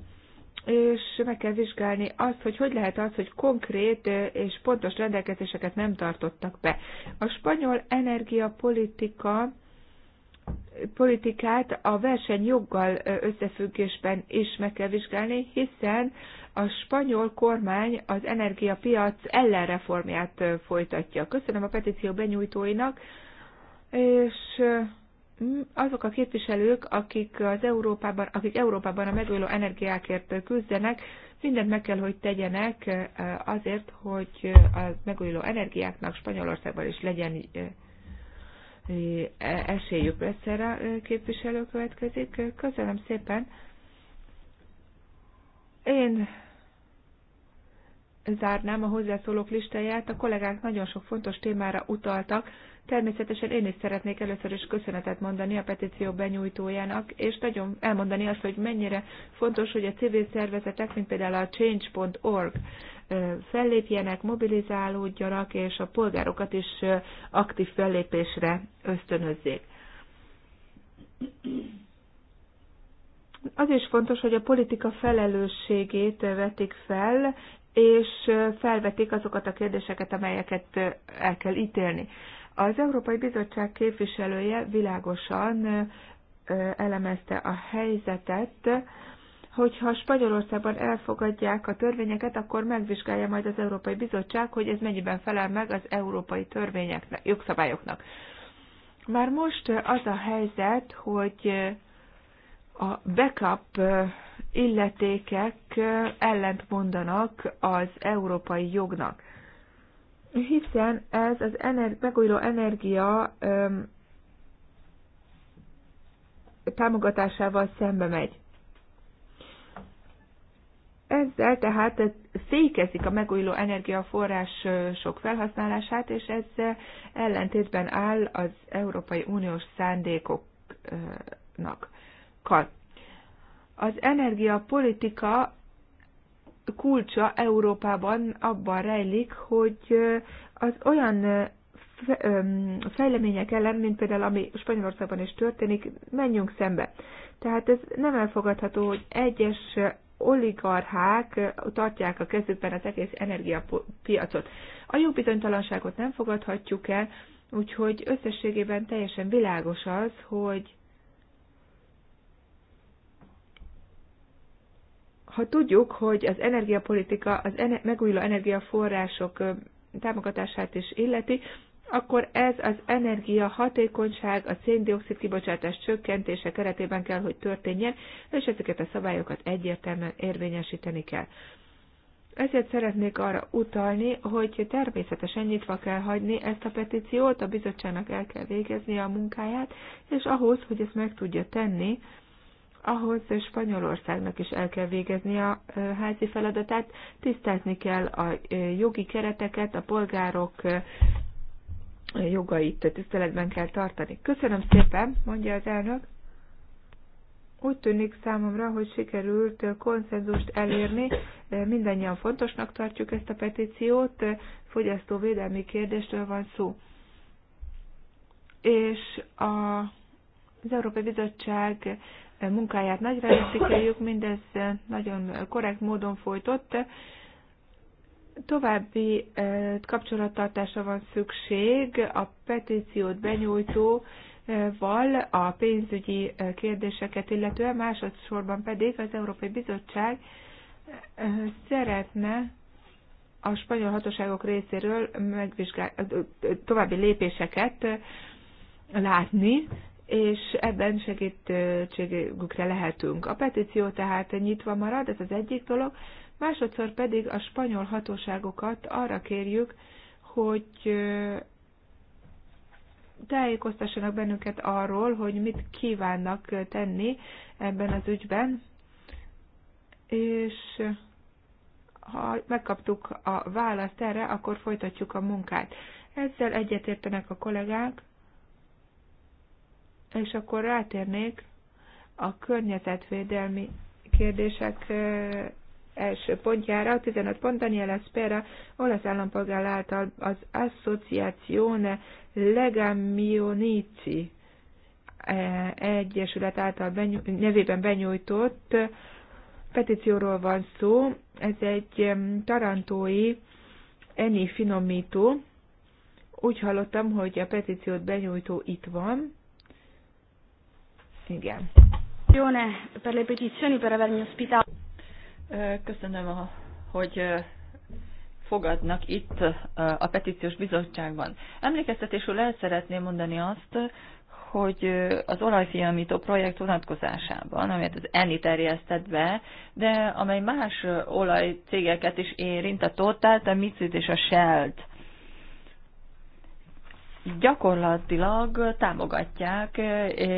és meg kell vizsgálni azt, hogy hogy lehet az, hogy konkrét és pontos rendelkezéseket nem tartottak be. A spanyol energiapolitika politikát a versenyjoggal összefüggésben is meg kell vizsgálni, hiszen a spanyol kormány az energiapiac ellenreformját folytatja. Köszönöm a petíció benyújtóinak, és azok a képviselők, akik, az Európában, akik Európában a megújuló energiákért küzdenek, mindent meg kell, hogy tegyenek azért, hogy a megújuló energiáknak Spanyolországban is legyen esélyük lesz erre a képviselő következik. Köszönöm szépen. Én zárnám a hozzászólók listáját. A kollégák nagyon sok fontos témára utaltak. Természetesen én is szeretnék először is köszönetet mondani a petíció benyújtójának, és nagyon elmondani azt, hogy mennyire fontos, hogy a civil szervezetek, mint például a Change.org fellépjenek, mobilizálódjanak, és a polgárokat is aktív fellépésre ösztönözzék. Az is fontos, hogy a politika felelősségét vetik fel, és felvetik azokat a kérdéseket, amelyeket el kell ítélni. Az Európai Bizottság képviselője világosan elemezte a helyzetet, hogyha Spanyolországban elfogadják a törvényeket, akkor megvizsgálja majd az Európai Bizottság, hogy ez mennyiben felel meg az európai törvényeknek, jogszabályoknak. Már most az a helyzet, hogy a backup illetékek ellent mondanak az európai jognak, hiszen ez az ener- megújuló energia öm, támogatásával szembe megy. Ezzel tehát fékezik a megújuló energiaforrások felhasználását, és ez ellentétben áll az Európai Uniós szándékoknak. Az energiapolitika kulcsa Európában abban rejlik, hogy az olyan fejlemények ellen, mint például ami Spanyolországban is történik, menjünk szembe. Tehát ez nem elfogadható, hogy egyes oligarchák tartják a kezükben az egész energiapiacot. A jó bizonytalanságot nem fogadhatjuk el, úgyhogy összességében teljesen világos az, hogy ha tudjuk, hogy az energiapolitika az megújuló energiaforrások támogatását is illeti, akkor ez az energia hatékonyság, a széndiokszid kibocsátás csökkentése keretében kell, hogy történjen, és ezeket a szabályokat egyértelműen érvényesíteni kell. Ezért szeretnék arra utalni, hogy természetesen nyitva kell hagyni ezt a petíciót, a bizottságnak el kell végeznie a munkáját, és ahhoz, hogy ezt meg tudja tenni, ahhoz Spanyolországnak is el kell végezni a házi feladatát, tisztázni kell a jogi kereteket, a polgárok jogait tiszteletben kell tartani. Köszönöm szépen, mondja az elnök. Úgy tűnik számomra, hogy sikerült konszenzust elérni. Mindennyian fontosnak tartjuk ezt a petíciót. Fogyasztóvédelmi kérdésről van szó. És a, az Európai Bizottság munkáját nagyra értékeljük, mindez nagyon korrekt módon folytott További kapcsolattartásra van szükség a petíciót benyújtó val a pénzügyi kérdéseket, illetően másodszorban pedig az Európai Bizottság szeretne a spanyol hatóságok részéről megvizsgál, további lépéseket látni, és ebben segítségükre lehetünk. A petíció tehát nyitva marad, ez az egyik dolog másodszor pedig a spanyol hatóságokat arra kérjük, hogy tájékoztassanak bennünket arról, hogy mit kívánnak tenni ebben az ügyben, és ha megkaptuk a választ erre, akkor folytatjuk a munkát. Ezzel egyetértenek a kollégák, és akkor rátérnék a környezetvédelmi kérdések első pontjára, 15 pont Daniel Espera, olasz állampolgár által az Associazione Legamionici eh, egyesület által benyú, nevében benyújtott petícióról van szó. Ez egy tarantói eni finomító. Úgy hallottam, hogy a petíciót benyújtó itt van. Igen. Per le petizioni per avermi ospitato. Köszönöm, hogy fogadnak itt a petíciós bizottságban. Emlékeztetésül el szeretném mondani azt, hogy az olajfiamító projekt vonatkozásában, amelyet az ENI terjesztett be, de amely más olajcégeket is érint, a Totalt, a Mitsubisit és a Shell-t, gyakorlatilag támogatják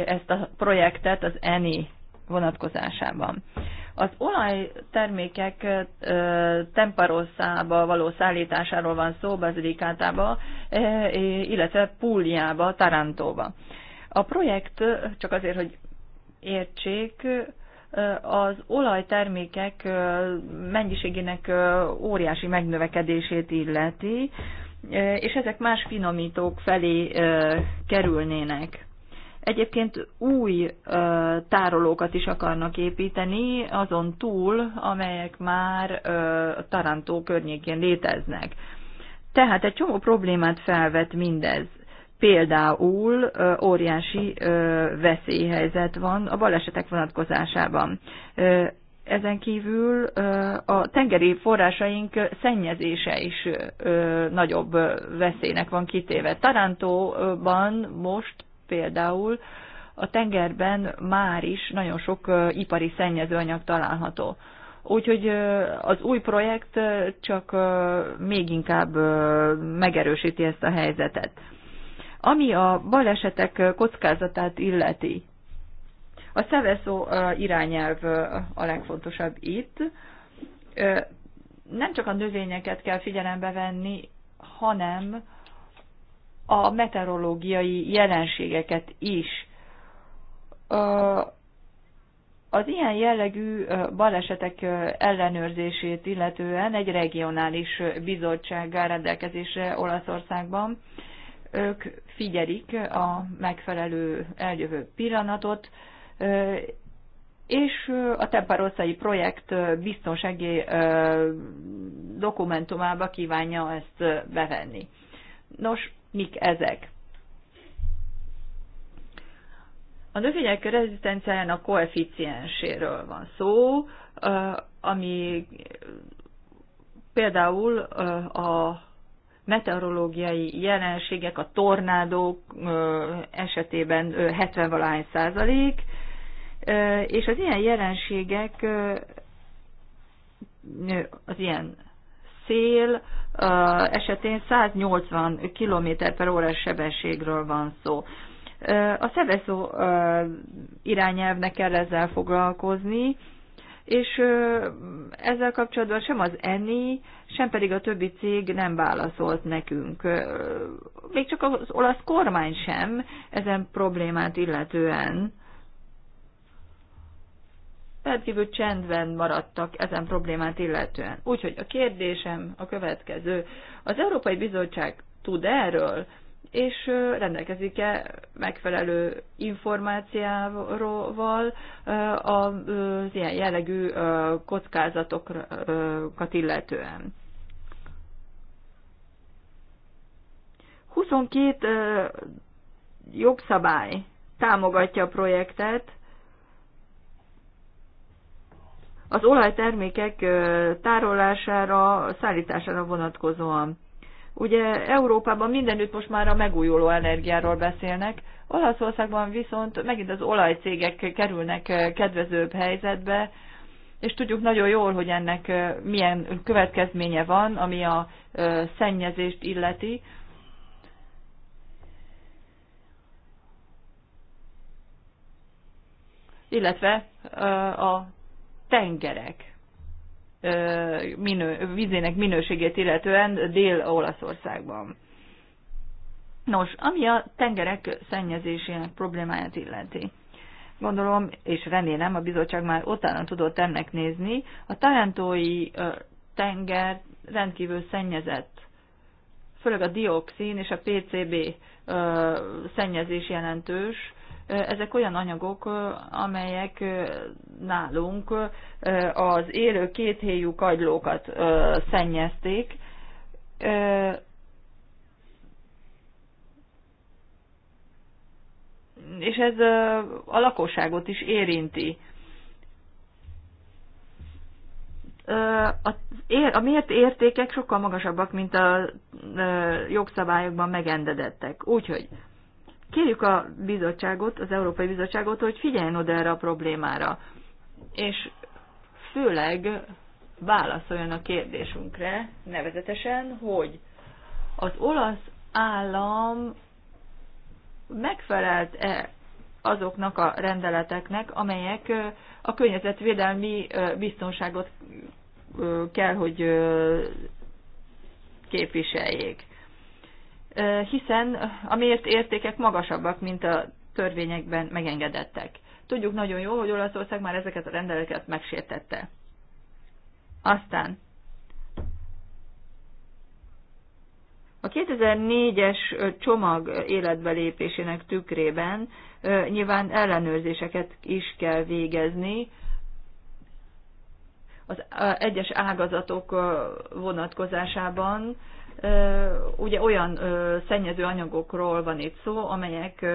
ezt a projektet az ENI vonatkozásában. Az olajtermékek Temparoszába való szállításáról van szó, Bazilikátába, illetve Púliába, Tarantóba. A projekt, csak azért, hogy értsék, az olajtermékek mennyiségének óriási megnövekedését illeti, és ezek más finomítók felé kerülnének. Egyébként új tárolókat is akarnak építeni, azon túl, amelyek már Tarantó környékén léteznek. Tehát egy csomó problémát felvet mindez. Például ö, óriási ö, veszélyhelyzet van a balesetek vonatkozásában. Ö, ezen kívül a tengeri forrásaink szennyezése is nagyobb veszélynek van kitéve. Tarantóban most például a tengerben már is nagyon sok ipari szennyezőanyag található. Úgyhogy az új projekt csak még inkább megerősíti ezt a helyzetet. Ami a balesetek kockázatát illeti, a Szeveszó irányelv a legfontosabb itt. Nem csak a növényeket kell figyelembe venni, hanem a meteorológiai jelenségeket is. Az ilyen jellegű balesetek ellenőrzését illetően egy regionális bizottság rendelkezésre Olaszországban ők figyelik a megfelelő eljövő pillanatot, és a Temparosszai projekt biztonsági dokumentumába kívánja ezt bevenni. Nos, mik ezek. A növények a koeficienséről van szó, ami például a meteorológiai jelenségek, a tornádók esetében 70 valahány százalék, és az ilyen jelenségek, az ilyen szél, esetén 180 km per órás sebességről van szó. A szeveszó irányelvnek kell ezzel foglalkozni, és ezzel kapcsolatban sem az ENI, sem pedig a többi cég nem válaszolt nekünk. Még csak az olasz kormány sem ezen problémát illetően rendkívül csendben maradtak ezen problémát illetően. Úgyhogy a kérdésem a következő. Az Európai Bizottság tud erről, és rendelkezik-e megfelelő információval az ilyen jellegű kockázatokat illetően? 22 jogszabály támogatja a projektet, az olajtermékek tárolására, szállítására vonatkozóan. Ugye Európában mindenütt most már a megújuló energiáról beszélnek, Olaszországban viszont megint az olajcégek kerülnek kedvezőbb helyzetbe, és tudjuk nagyon jól, hogy ennek milyen következménye van, ami a szennyezést illeti. Illetve a tengerek minő, vizének minőségét illetően Dél-Olaszországban. Nos, ami a tengerek szennyezésének problémáját illeti. Gondolom, és remélem, a bizottság már utána tudott ennek nézni, a tarantói tenger rendkívül szennyezett, főleg a dioxin és a PCB szennyezés jelentős, ezek olyan anyagok, amelyek nálunk az élő kéthéjú kagylókat szennyezték. És ez a lakosságot is érinti. a mért értékek sokkal magasabbak, mint a jogszabályokban megengedettek. Úgyhogy Kérjük a bizottságot, az Európai Bizottságot, hogy figyeljen oda erre a problémára, és főleg válaszoljon a kérdésünkre, nevezetesen, hogy az olasz állam megfelelt-e azoknak a rendeleteknek, amelyek a környezetvédelmi biztonságot kell, hogy képviseljék hiszen eh, a mért értékek magasabbak, mint a törvényekben megengedettek. Tudjuk nagyon jó, hogy Olaszország már ezeket a rendeleket megsértette. Aztán a 2004-es csomag életbelépésének tükrében nyilván ellenőrzéseket is kell végezni az egyes ágazatok vonatkozásában, ugye olyan szennyező anyagokról van itt szó, amelyek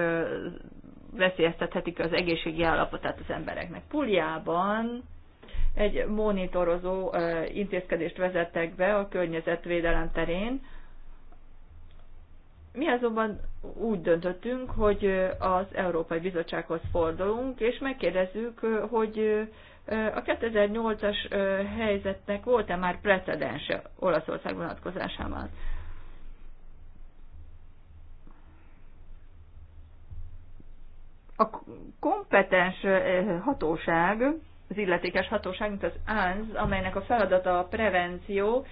veszélyeztethetik az egészségi állapotát az embereknek. Puljában egy monitorozó intézkedést vezettek be a környezetvédelem terén. Mi azonban úgy döntöttünk, hogy az Európai Bizottsághoz fordulunk, és megkérdezzük, hogy a 2008-as helyzetnek volt-e már precedense Olaszország vonatkozásában? A kompetens hatóság, az illetékes hatóság, mint az ANZ, amelynek a feladata a prevenció,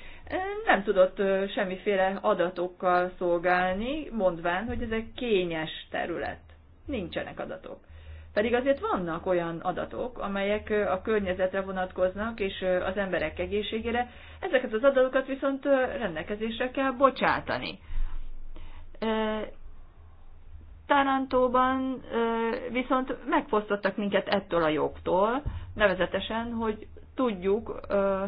nem tudott semmiféle adatokkal szolgálni, mondván, hogy ez egy kényes terület. Nincsenek adatok. Pedig azért vannak olyan adatok, amelyek a környezetre vonatkoznak, és az emberek egészségére. Ezeket az adatokat viszont rendelkezésre kell bocsátani. Tarantóban viszont megfosztottak minket ettől a jogtól, nevezetesen, hogy tudjuk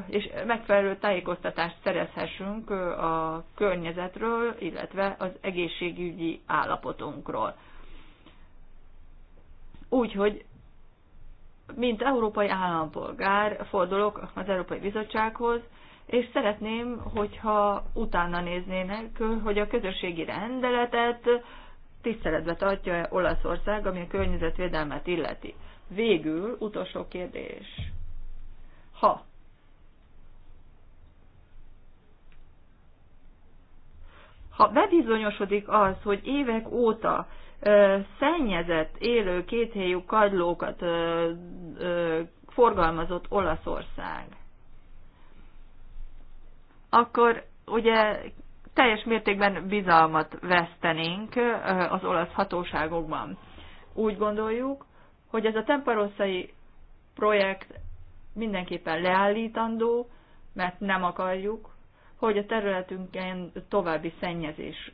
és megfelelő tájékoztatást szerezhessünk a környezetről, illetve az egészségügyi állapotunkról úgy, hogy mint európai állampolgár, fordulok az Európai Bizottsághoz, és szeretném, hogyha utána néznének, hogy a közösségi rendeletet tiszteletbe tartja e Olaszország, ami a környezetvédelmet illeti. Végül, utolsó kérdés. Ha ha bebizonyosodik az, hogy évek óta szennyezett élő kéthéjú kagylókat forgalmazott Olaszország, akkor ugye teljes mértékben bizalmat vesztenénk az olasz hatóságokban. Úgy gondoljuk, hogy ez a temparosszai projekt mindenképpen leállítandó, mert nem akarjuk, hogy a területünken további szennyezés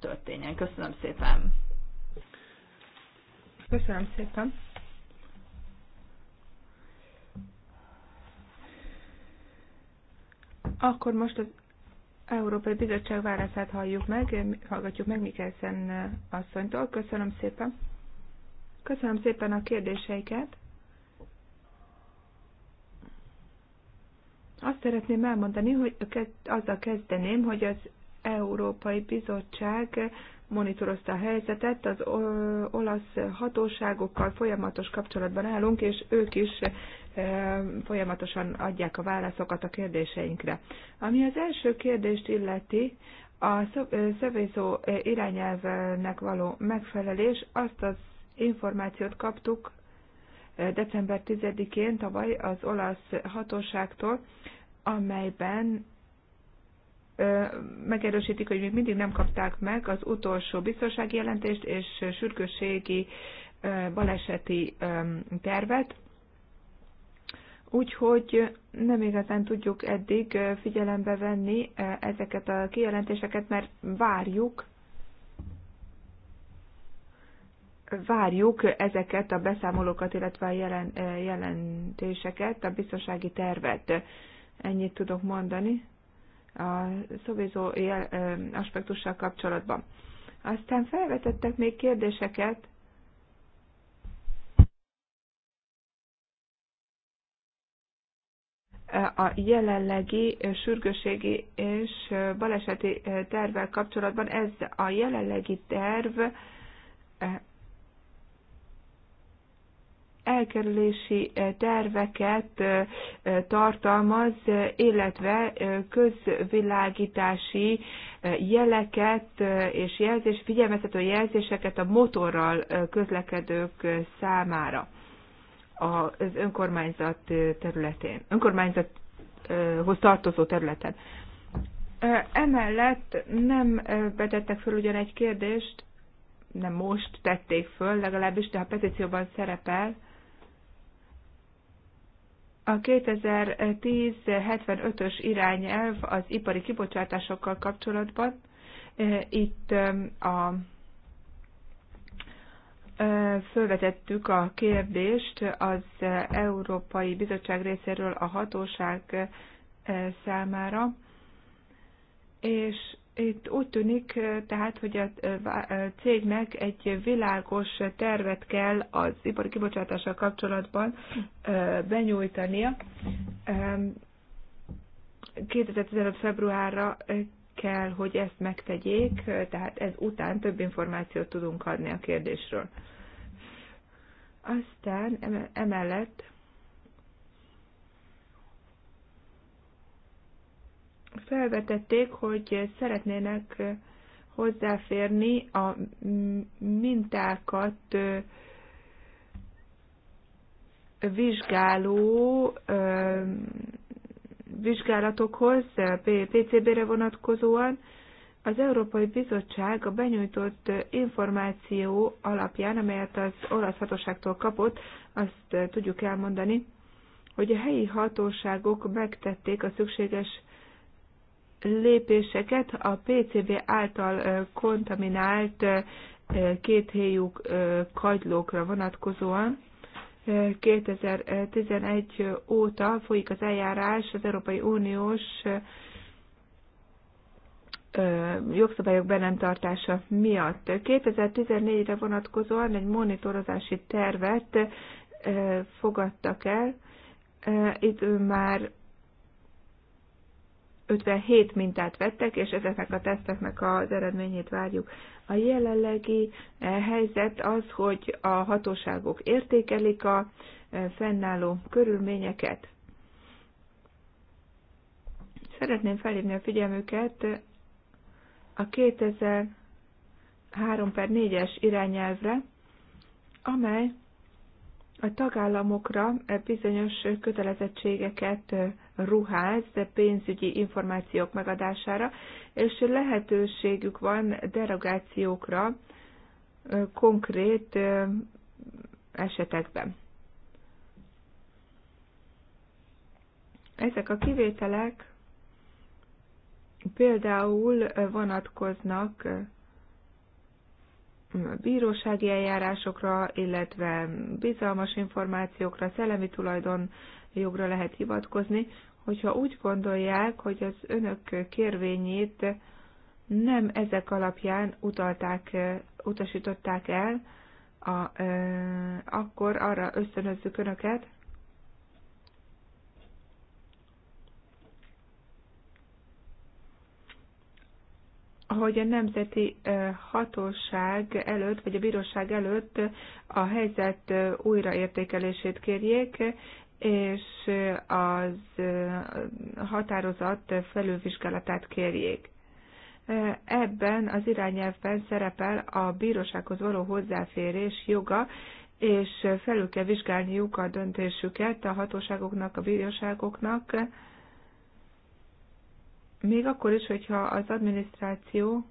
történjen. Köszönöm szépen! Köszönöm szépen. Akkor most az Európai Bizottság válaszát halljuk meg, hallgatjuk meg Mikkelsen asszonytól. Köszönöm szépen. Köszönöm szépen a kérdéseiket. Azt szeretném elmondani, hogy azzal kezdeném, hogy az Európai Bizottság monitorozta a helyzetet, az olasz hatóságokkal folyamatos kapcsolatban állunk, és ők is folyamatosan adják a válaszokat a kérdéseinkre. Ami az első kérdést illeti, a szövészó irányelvnek való megfelelés, azt az információt kaptuk december 10-én tavaly az olasz hatóságtól, amelyben megerősítik, hogy még mindig nem kapták meg az utolsó biztonsági jelentést és sürgősségi baleseti tervet, Úgyhogy nem igazán tudjuk eddig figyelembe venni ezeket a kijelentéseket, mert várjuk, várjuk ezeket a beszámolókat, illetve a jelentéseket, a biztonsági tervet. Ennyit tudok mondani a szovézó aspektussal kapcsolatban. Aztán felvetettek még kérdéseket, a jelenlegi sürgőségi és baleseti tervvel kapcsolatban ez a jelenlegi terv elkerülési eh, terveket eh, eh, tartalmaz, illetve közvilágítási jeleket és jelzés, figyelmeztető jelzéseket a motorral közlekedők számára az önkormányzat területén, önkormányzathoz tartozó területen. Emellett nem vetettek föl ugyan egy kérdést, nem most tették föl legalábbis, de a petícióban szerepel, a 2010-75-ös irányelv az ipari kibocsátásokkal kapcsolatban e, itt a fölvetettük a kérdést az Európai Bizottság részéről a hatóság számára, és itt úgy tűnik tehát, hogy a cégnek egy világos tervet kell az ipari kibocsátással kapcsolatban benyújtania. 2015. februárra kell, hogy ezt megtegyék, tehát ez után több információt tudunk adni a kérdésről. Aztán emellett felvetették, hogy szeretnének hozzáférni a mintákat vizsgáló vizsgálatokhoz, PCB-re vonatkozóan, az Európai Bizottság a benyújtott információ alapján, amelyet az olasz hatóságtól kapott, azt tudjuk elmondani, hogy a helyi hatóságok megtették a szükséges lépéseket a PCB által kontaminált két kéthéjú kagylókra vonatkozóan. 2011 óta folyik az eljárás az Európai Uniós jogszabályok be nem tartása miatt. 2014-re vonatkozóan egy monitorozási tervet fogadtak el. Itt már 57 mintát vettek, és ezeknek a teszteknek az eredményét várjuk. A jelenlegi eh, helyzet az, hogy a hatóságok értékelik a eh, fennálló körülményeket. Szeretném felhívni a figyelmüket a 2003 per 4-es irányelvre, amely a tagállamokra eh, bizonyos kötelezettségeket ruház pénzügyi információk megadására, és lehetőségük van derogációkra konkrét esetekben. Ezek a kivételek például vonatkoznak bírósági eljárásokra, illetve bizalmas információkra, szellemi tulajdon jogra lehet hivatkozni, hogyha úgy gondolják, hogy az önök kérvényét nem ezek alapján utalták, utasították el, a, e, akkor arra ösztönözzük önöket, hogy a nemzeti hatóság előtt, vagy a bíróság előtt a helyzet újraértékelését kérjék, és az határozat felülvizsgálatát kérjék. Ebben az irányelvben szerepel a bírósághoz való hozzáférés joga, és felül kell vizsgálniuk a döntésüket a hatóságoknak, a bíróságoknak, még akkor is, hogyha az adminisztráció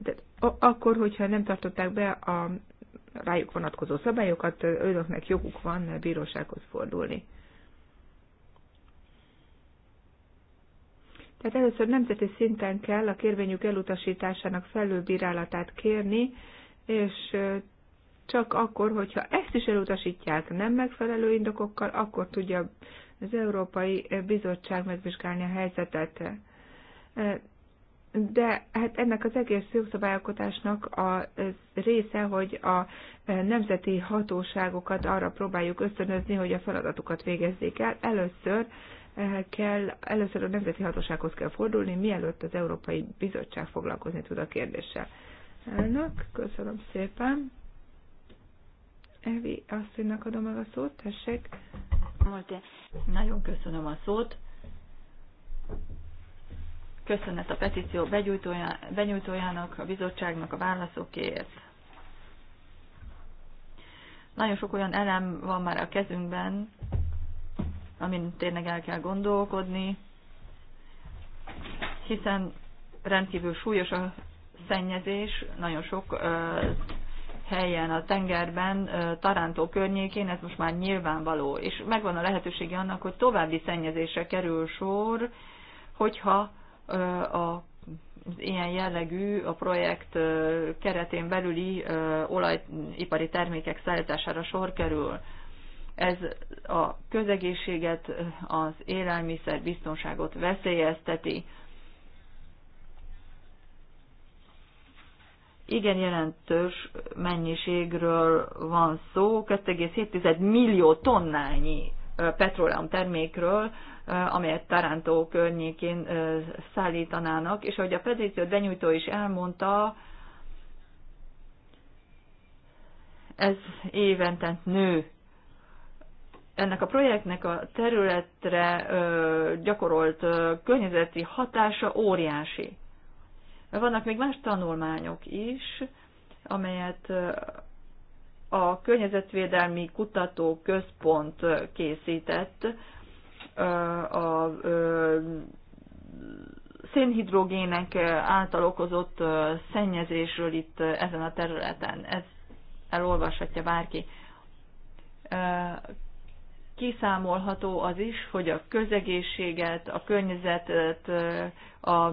de akkor, hogyha nem tartották be a rájuk vonatkozó szabályokat, önöknek joguk van bírósághoz fordulni. Tehát először nemzeti szinten kell a kérvényük elutasításának felülbírálatát kérni, és csak akkor, hogyha ezt is elutasítják nem megfelelő indokokkal, akkor tudja az Európai Bizottság megvizsgálni a helyzetet de hát ennek az egész jogszabályalkotásnak a része, hogy a e, nemzeti hatóságokat arra próbáljuk ösztönözni, hogy a feladatukat végezzék el. Először e, kell, először a nemzeti hatósághoz kell fordulni, mielőtt az Európai Bizottság foglalkozni tud a kérdéssel. Elnök, köszönöm szépen. Evi asszonynak adom meg a szót, tessék. Nagyon köszönöm a szót. Köszönet a petíció benyújtójának, a bizottságnak a válaszokért. Nagyon sok olyan elem van már a kezünkben, amin tényleg el kell gondolkodni, hiszen rendkívül súlyos a szennyezés, nagyon sok ö, helyen a tengerben, ö, Tarántó környékén, ez most már nyilvánvaló, és megvan a lehetősége annak, hogy további szennyezésre kerül sor, hogyha a ilyen jellegű a projekt keretén belüli olajipari termékek szállítására sor kerül. Ez a közegészséget, az élelmiszer biztonságot veszélyezteti. Igen jelentős mennyiségről van szó, 2,7 millió tonnányi petróleum termékről, Eh, amelyet Tarantó környékén eh, szállítanának, és ahogy a petíció benyújtó is elmondta, ez évente nő. Ennek a projektnek a területre eh, gyakorolt környezeti hatása óriási. Vannak még más tanulmányok is, amelyet a Környezetvédelmi Kutató Központ készített, a szénhidrogének által okozott szennyezésről itt ezen a területen. Ez elolvashatja bárki. Kiszámolható az is, hogy a közegészséget, a környezetet, a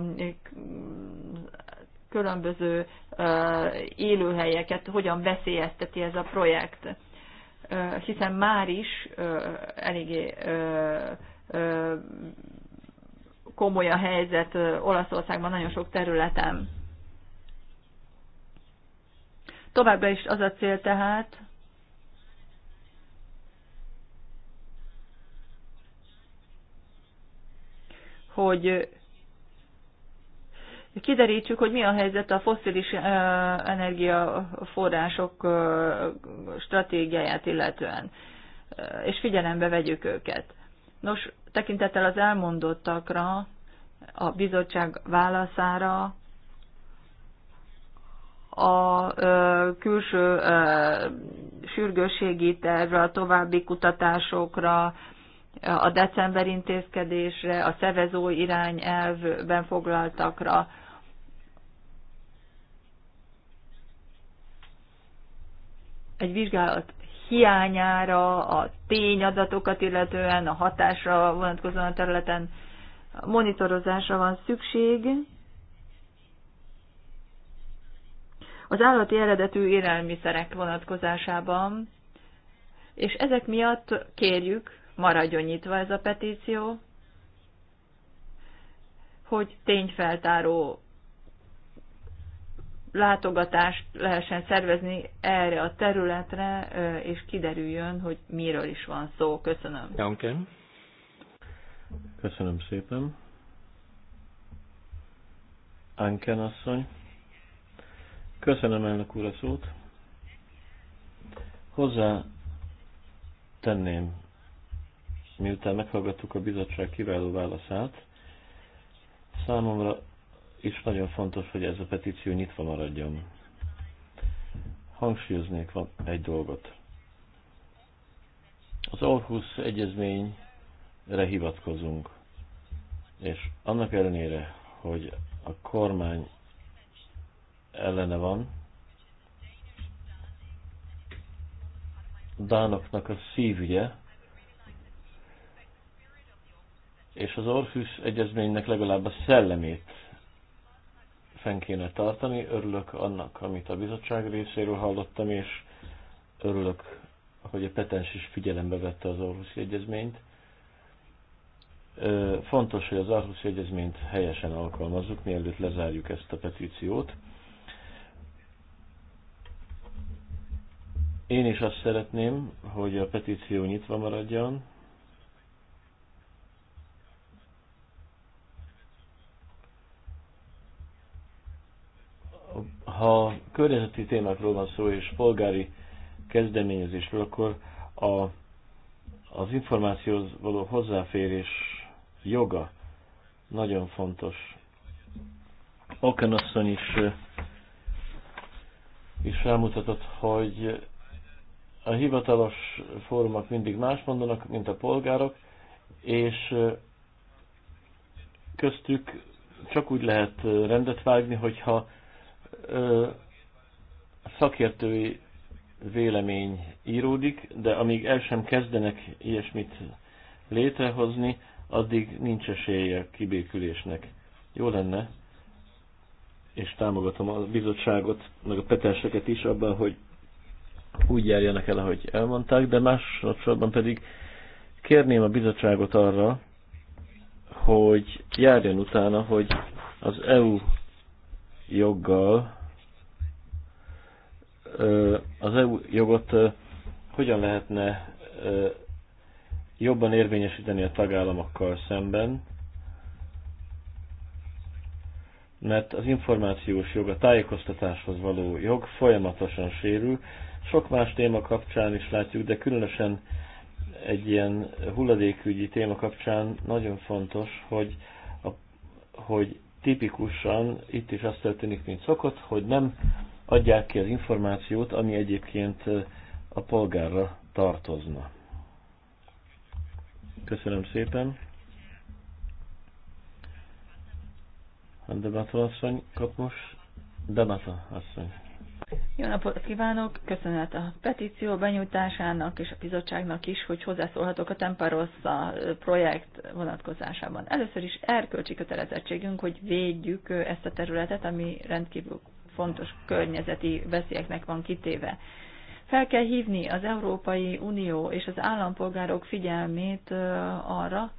különböző élőhelyeket hogyan veszélyezteti ez a projekt. Hiszen már is eléggé komoly a helyzet Olaszországban nagyon sok területen. Továbbra is az a cél tehát, hogy kiderítsük, hogy mi a helyzet a foszilis energiaforrások stratégiáját illetően, és figyelembe vegyük őket. Nos, tekintettel az elmondottakra, a bizottság válaszára, a külső sürgősségi tervre, a további kutatásokra, a december intézkedésre, a szevezó irányelvben foglaltakra. Egy vizsgálat hiányára, a tényadatokat illetően, a hatásra vonatkozóan a területen monitorozásra van szükség. Az állati eredetű élelmiszerek vonatkozásában, és ezek miatt kérjük, maradjon nyitva ez a petíció, hogy tényfeltáró látogatást lehessen szervezni erre a területre, és kiderüljön, hogy miről is van szó. Köszönöm. Okay. Köszönöm szépen. Anken asszony. Köszönöm elnök úr a szót. Hozzá tenném, miután meghallgattuk a bizottság kiváló válaszát, számomra és nagyon fontos, hogy ez a petíció nyitva maradjon. Hangsúlyoznék van egy dolgot. Az Orhus egyezményre hivatkozunk, és annak ellenére, hogy a kormány ellene van, Dánoknak a szívügye, és az Orhus egyezménynek legalább a szellemét fenn kéne tartani. Örülök annak, amit a bizottság részéről hallottam, és örülök, hogy a petens is figyelembe vette az Orhuszi Egyezményt. Fontos, hogy az Orhuszi Egyezményt helyesen alkalmazzuk, mielőtt lezárjuk ezt a petíciót. Én is azt szeretném, hogy a petíció nyitva maradjon, Ha környezeti témákról van szó és polgári kezdeményezésről, akkor a, az információhoz való hozzáférés joga nagyon fontos. Okenasszony is, is elmutatott, hogy a hivatalos fórumok mindig más mondanak, mint a polgárok, és köztük csak úgy lehet rendet vágni, hogyha szakértői vélemény íródik, de amíg el sem kezdenek ilyesmit létrehozni, addig nincs esélye kibékülésnek. Jó lenne, és támogatom a bizottságot, meg a petenseket is abban, hogy úgy járjanak el, ahogy elmondták, de másodszorban pedig kérném a bizottságot arra, hogy járjon utána, hogy az EU joggal az EU jogot hogyan lehetne jobban érvényesíteni a tagállamokkal szemben, mert az információs jog, a tájékoztatáshoz való jog folyamatosan sérül. Sok más téma kapcsán is látjuk, de különösen egy ilyen hulladékügyi téma kapcsán nagyon fontos, hogy, a, hogy tipikusan itt is az történik, mint szokott, hogy nem adják ki az információt, ami egyébként a polgárra tartozna. Köszönöm szépen. Handemata asszony kap most. Demata asszony. Jó napot kívánok! Köszönet a petíció benyújtásának és a bizottságnak is, hogy hozzászólhatok a Temparosza projekt vonatkozásában. Először is erkölcsi kötelezettségünk, hogy védjük ezt a területet, ami rendkívül fontos környezeti veszélyeknek van kitéve. Fel kell hívni az Európai Unió és az állampolgárok figyelmét arra,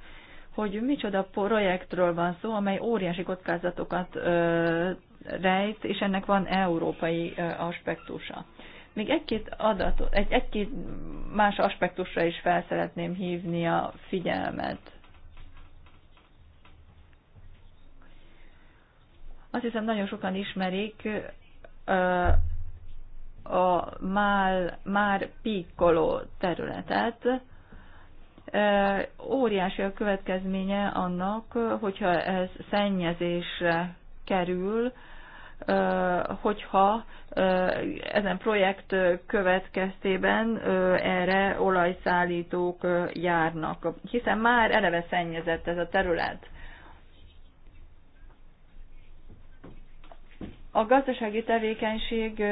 hogy micsoda projektről van szó, amely óriási kockázatokat rejt, és ennek van európai aspektusa. Még egy-két adatot, egy, egy-két más aspektusra is fel szeretném hívni a figyelmet. Azt hiszem, nagyon sokan ismerik a már, már Piccolo területet, Óriási a következménye annak, hogyha ez szennyezésre kerül, hogyha ezen projekt következtében erre olajszállítók járnak, hiszen már eleve szennyezett ez a terület. A gazdasági tevékenység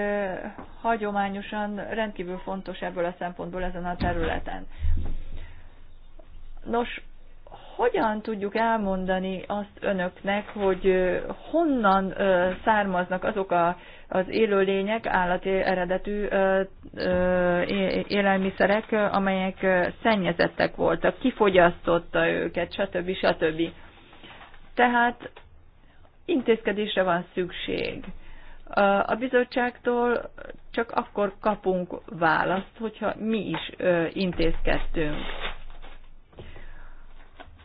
hagyományosan rendkívül fontos ebből a szempontból ezen a területen. Nos, hogyan tudjuk elmondani azt önöknek, hogy honnan származnak azok a, az élőlények, állati eredetű élelmiszerek, amelyek szennyezettek voltak, kifogyasztotta őket, stb. stb. Tehát intézkedésre van szükség. A bizottságtól csak akkor kapunk választ, hogyha mi is intézkedtünk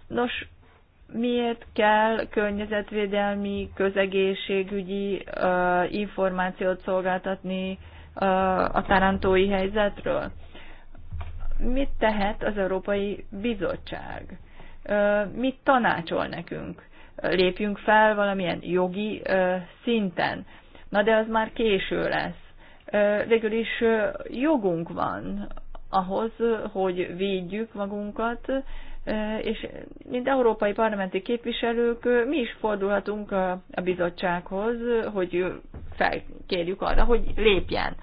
Nos, miért kell környezetvédelmi, közegészségügyi uh, információt szolgáltatni uh, a tarantói helyzetről? Mit tehet az Európai Bizottság? mit tanácsol nekünk? Lépjünk fel valamilyen jogi szinten. Na de az már késő lesz. végül is jogunk van ahhoz, hogy védjük magunkat, és mint európai parlamenti képviselők mi is fordulhatunk a bizottsághoz, hogy felkérjük arra, hogy lépjen.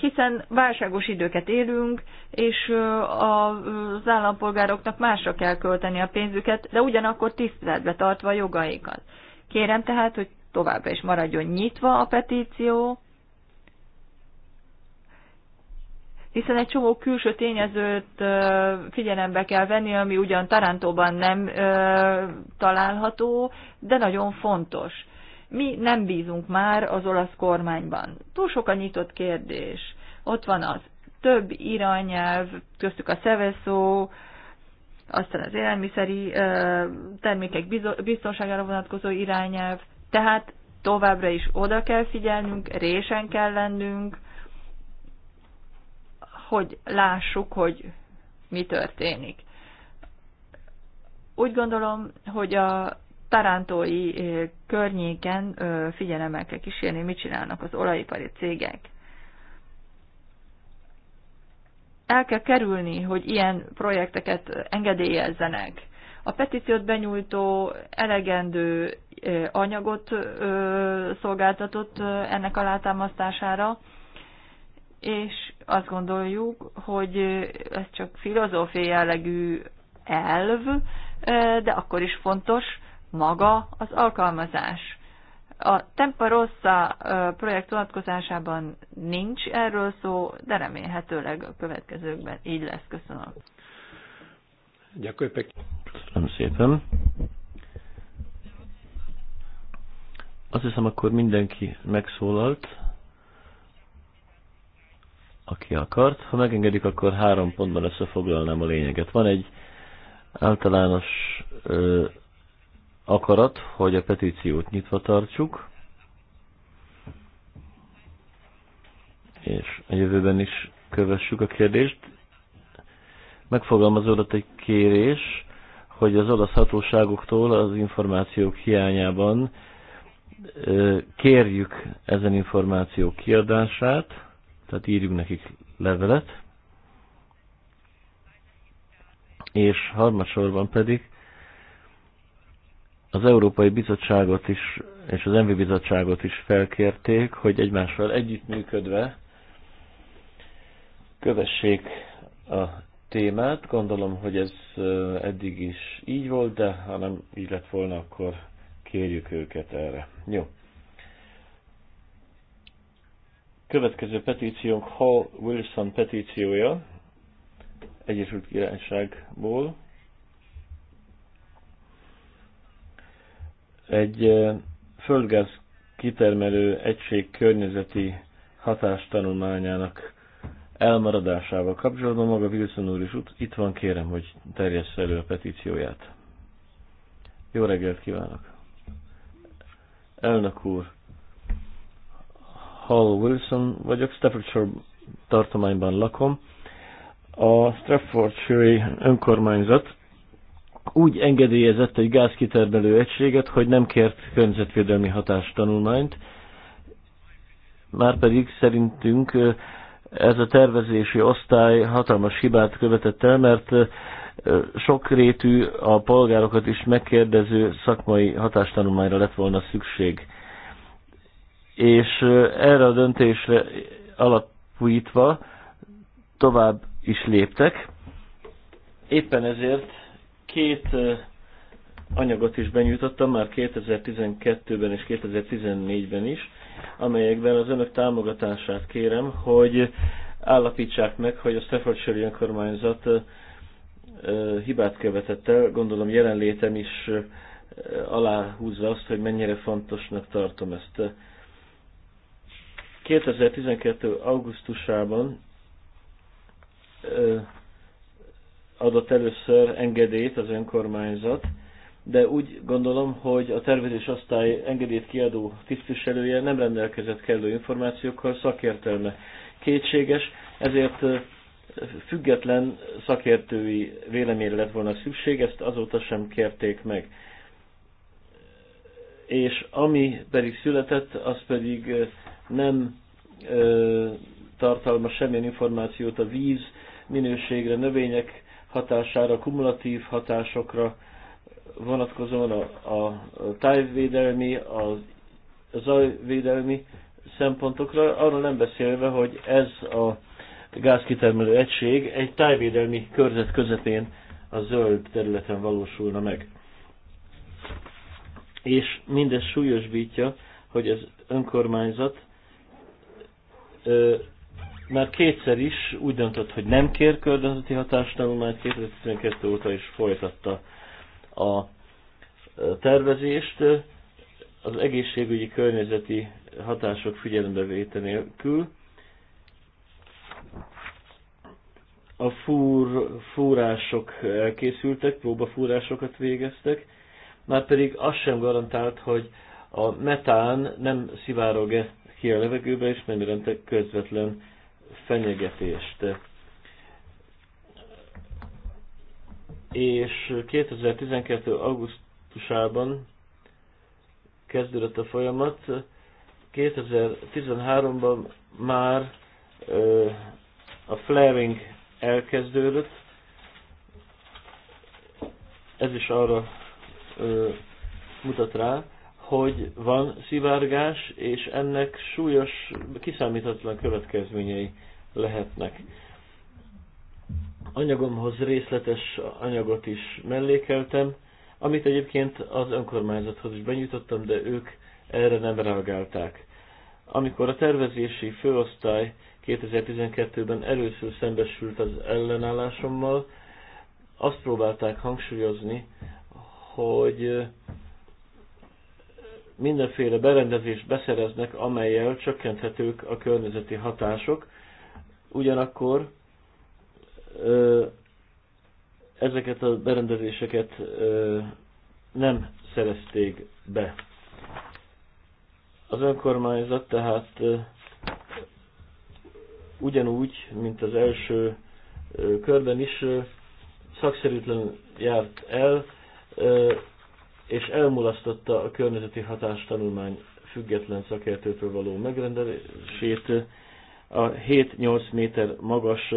Hiszen válságos időket élünk, és az állampolgároknak másra kell költeni a pénzüket, de ugyanakkor tiszteletbe tartva a jogaikat. Kérem tehát, hogy továbbra is maradjon nyitva a petíció, hiszen egy csomó külső tényezőt figyelembe kell venni, ami ugyan Tarantóban nem található, de nagyon fontos. Mi nem bízunk már az olasz kormányban. Túl sok a nyitott kérdés. Ott van az több irányelv, köztük a szeveszó, aztán az élelmiszeri termékek biztonságára vonatkozó irányelv. Tehát továbbra is oda kell figyelnünk, résen kell lennünk, hogy lássuk, hogy mi történik. Úgy gondolom, hogy a tarántói környéken figyelemmel kell kísérni, mit csinálnak az olajipari cégek. El kell kerülni, hogy ilyen projekteket engedélyezzenek. A petíciót benyújtó elegendő anyagot szolgáltatott ennek alátámasztására, és azt gondoljuk, hogy ez csak filozófiai jellegű elv, de akkor is fontos maga az alkalmazás. A Tempa Rossa projekt vonatkozásában nincs erről szó, de remélhetőleg a következőkben így lesz. Köszönöm. Köszönöm szépen. Azt hiszem, akkor mindenki megszólalt aki akart. Ha megengedik, akkor három pontban összefoglalnám a lényeget. Van egy általános ö, akarat, hogy a petíciót nyitva tartsuk, és a jövőben is kövessük a kérdést. Megfogalmazódott egy kérés, hogy az olasz hatóságoktól az információk hiányában kérjük ezen információk kiadását, tehát írjunk nekik levelet, és harmadsorban pedig az Európai Bizottságot is, és az Envi Bizottságot is felkérték, hogy egymással együttműködve kövessék a témát. Gondolom, hogy ez eddig is így volt, de ha nem így lett volna, akkor kérjük őket erre. Jó. Következő petíciónk Hall Wilson petíciója Egyesült Királyságból. Egy földgáz kitermelő egység környezeti hatástanulmányának elmaradásával kapcsolatban maga Wilson úr is itt van, kérem, hogy terjessze elő a petícióját. Jó reggelt kívánok! Elnök úr, Paul Wilson vagyok, Staffordshire tartományban lakom. A Staffordshire önkormányzat úgy engedélyezett egy gázkitermelő egységet, hogy nem kért környezetvédelmi hatástanulmányt, márpedig szerintünk ez a tervezési osztály hatalmas hibát követett el, mert sokrétű a polgárokat is megkérdező szakmai hatástanulmányra lett volna szükség és erre a döntésre alapítva tovább is léptek. Éppen ezért két anyagot is benyújtottam már 2012-ben és 2014-ben is, amelyekben az önök támogatását kérem, hogy állapítsák meg, hogy a Staffordshire önkormányzat hibát követett el, gondolom jelenlétem is aláhúzza azt, hogy mennyire fontosnak tartom ezt. 2012. augusztusában adott először engedélyt az önkormányzat, de úgy gondolom, hogy a tervezés osztály engedélyt kiadó tisztviselője nem rendelkezett kellő információkkal, szakértelme kétséges, ezért független szakértői véleményre lett volna szükség, ezt azóta sem kérték meg. És ami pedig született, az pedig nem ö, tartalmaz semmilyen információt a víz minőségre, növények hatására, kumulatív hatásokra vonatkozóan a, a tájvédelmi, a zajvédelmi szempontokra, arról nem beszélve, hogy ez a gázkitermelő egység egy tájvédelmi körzet közepén a zöld területen valósulna meg. És mindez súlyosbítja, hogy az önkormányzat már kétszer is úgy döntött, hogy nem kér környezeti hatástanulmányt, 2012 óta is folytatta a tervezést az egészségügyi környezeti hatások figyelembevéte nélkül. A fúr, fúrások elkészültek, próbafúrásokat végeztek, már pedig az sem garantált, hogy a metán nem szivárog ki a levegőbe, és nem jelentek közvetlen fenyegetést. És 2012. augusztusában kezdődött a folyamat, 2013-ban már a flaring elkezdődött, ez is arra mutat rá, hogy van szivárgás, és ennek súlyos, kiszámíthatatlan következményei lehetnek. Anyagomhoz részletes anyagot is mellékeltem, amit egyébként az önkormányzathoz is benyújtottam, de ők erre nem reagálták. Amikor a tervezési főosztály 2012-ben először szembesült az ellenállásommal, azt próbálták hangsúlyozni, hogy mindenféle berendezést beszereznek, amelyel csökkenthetők a környezeti hatások. Ugyanakkor ezeket a berendezéseket nem szerezték be. Az önkormányzat tehát ugyanúgy, mint az első körben is szakszerűtlen járt el, és elmulasztotta a környezeti hatástanulmány független szakértőtől való megrendelését. A 7-8 méter magas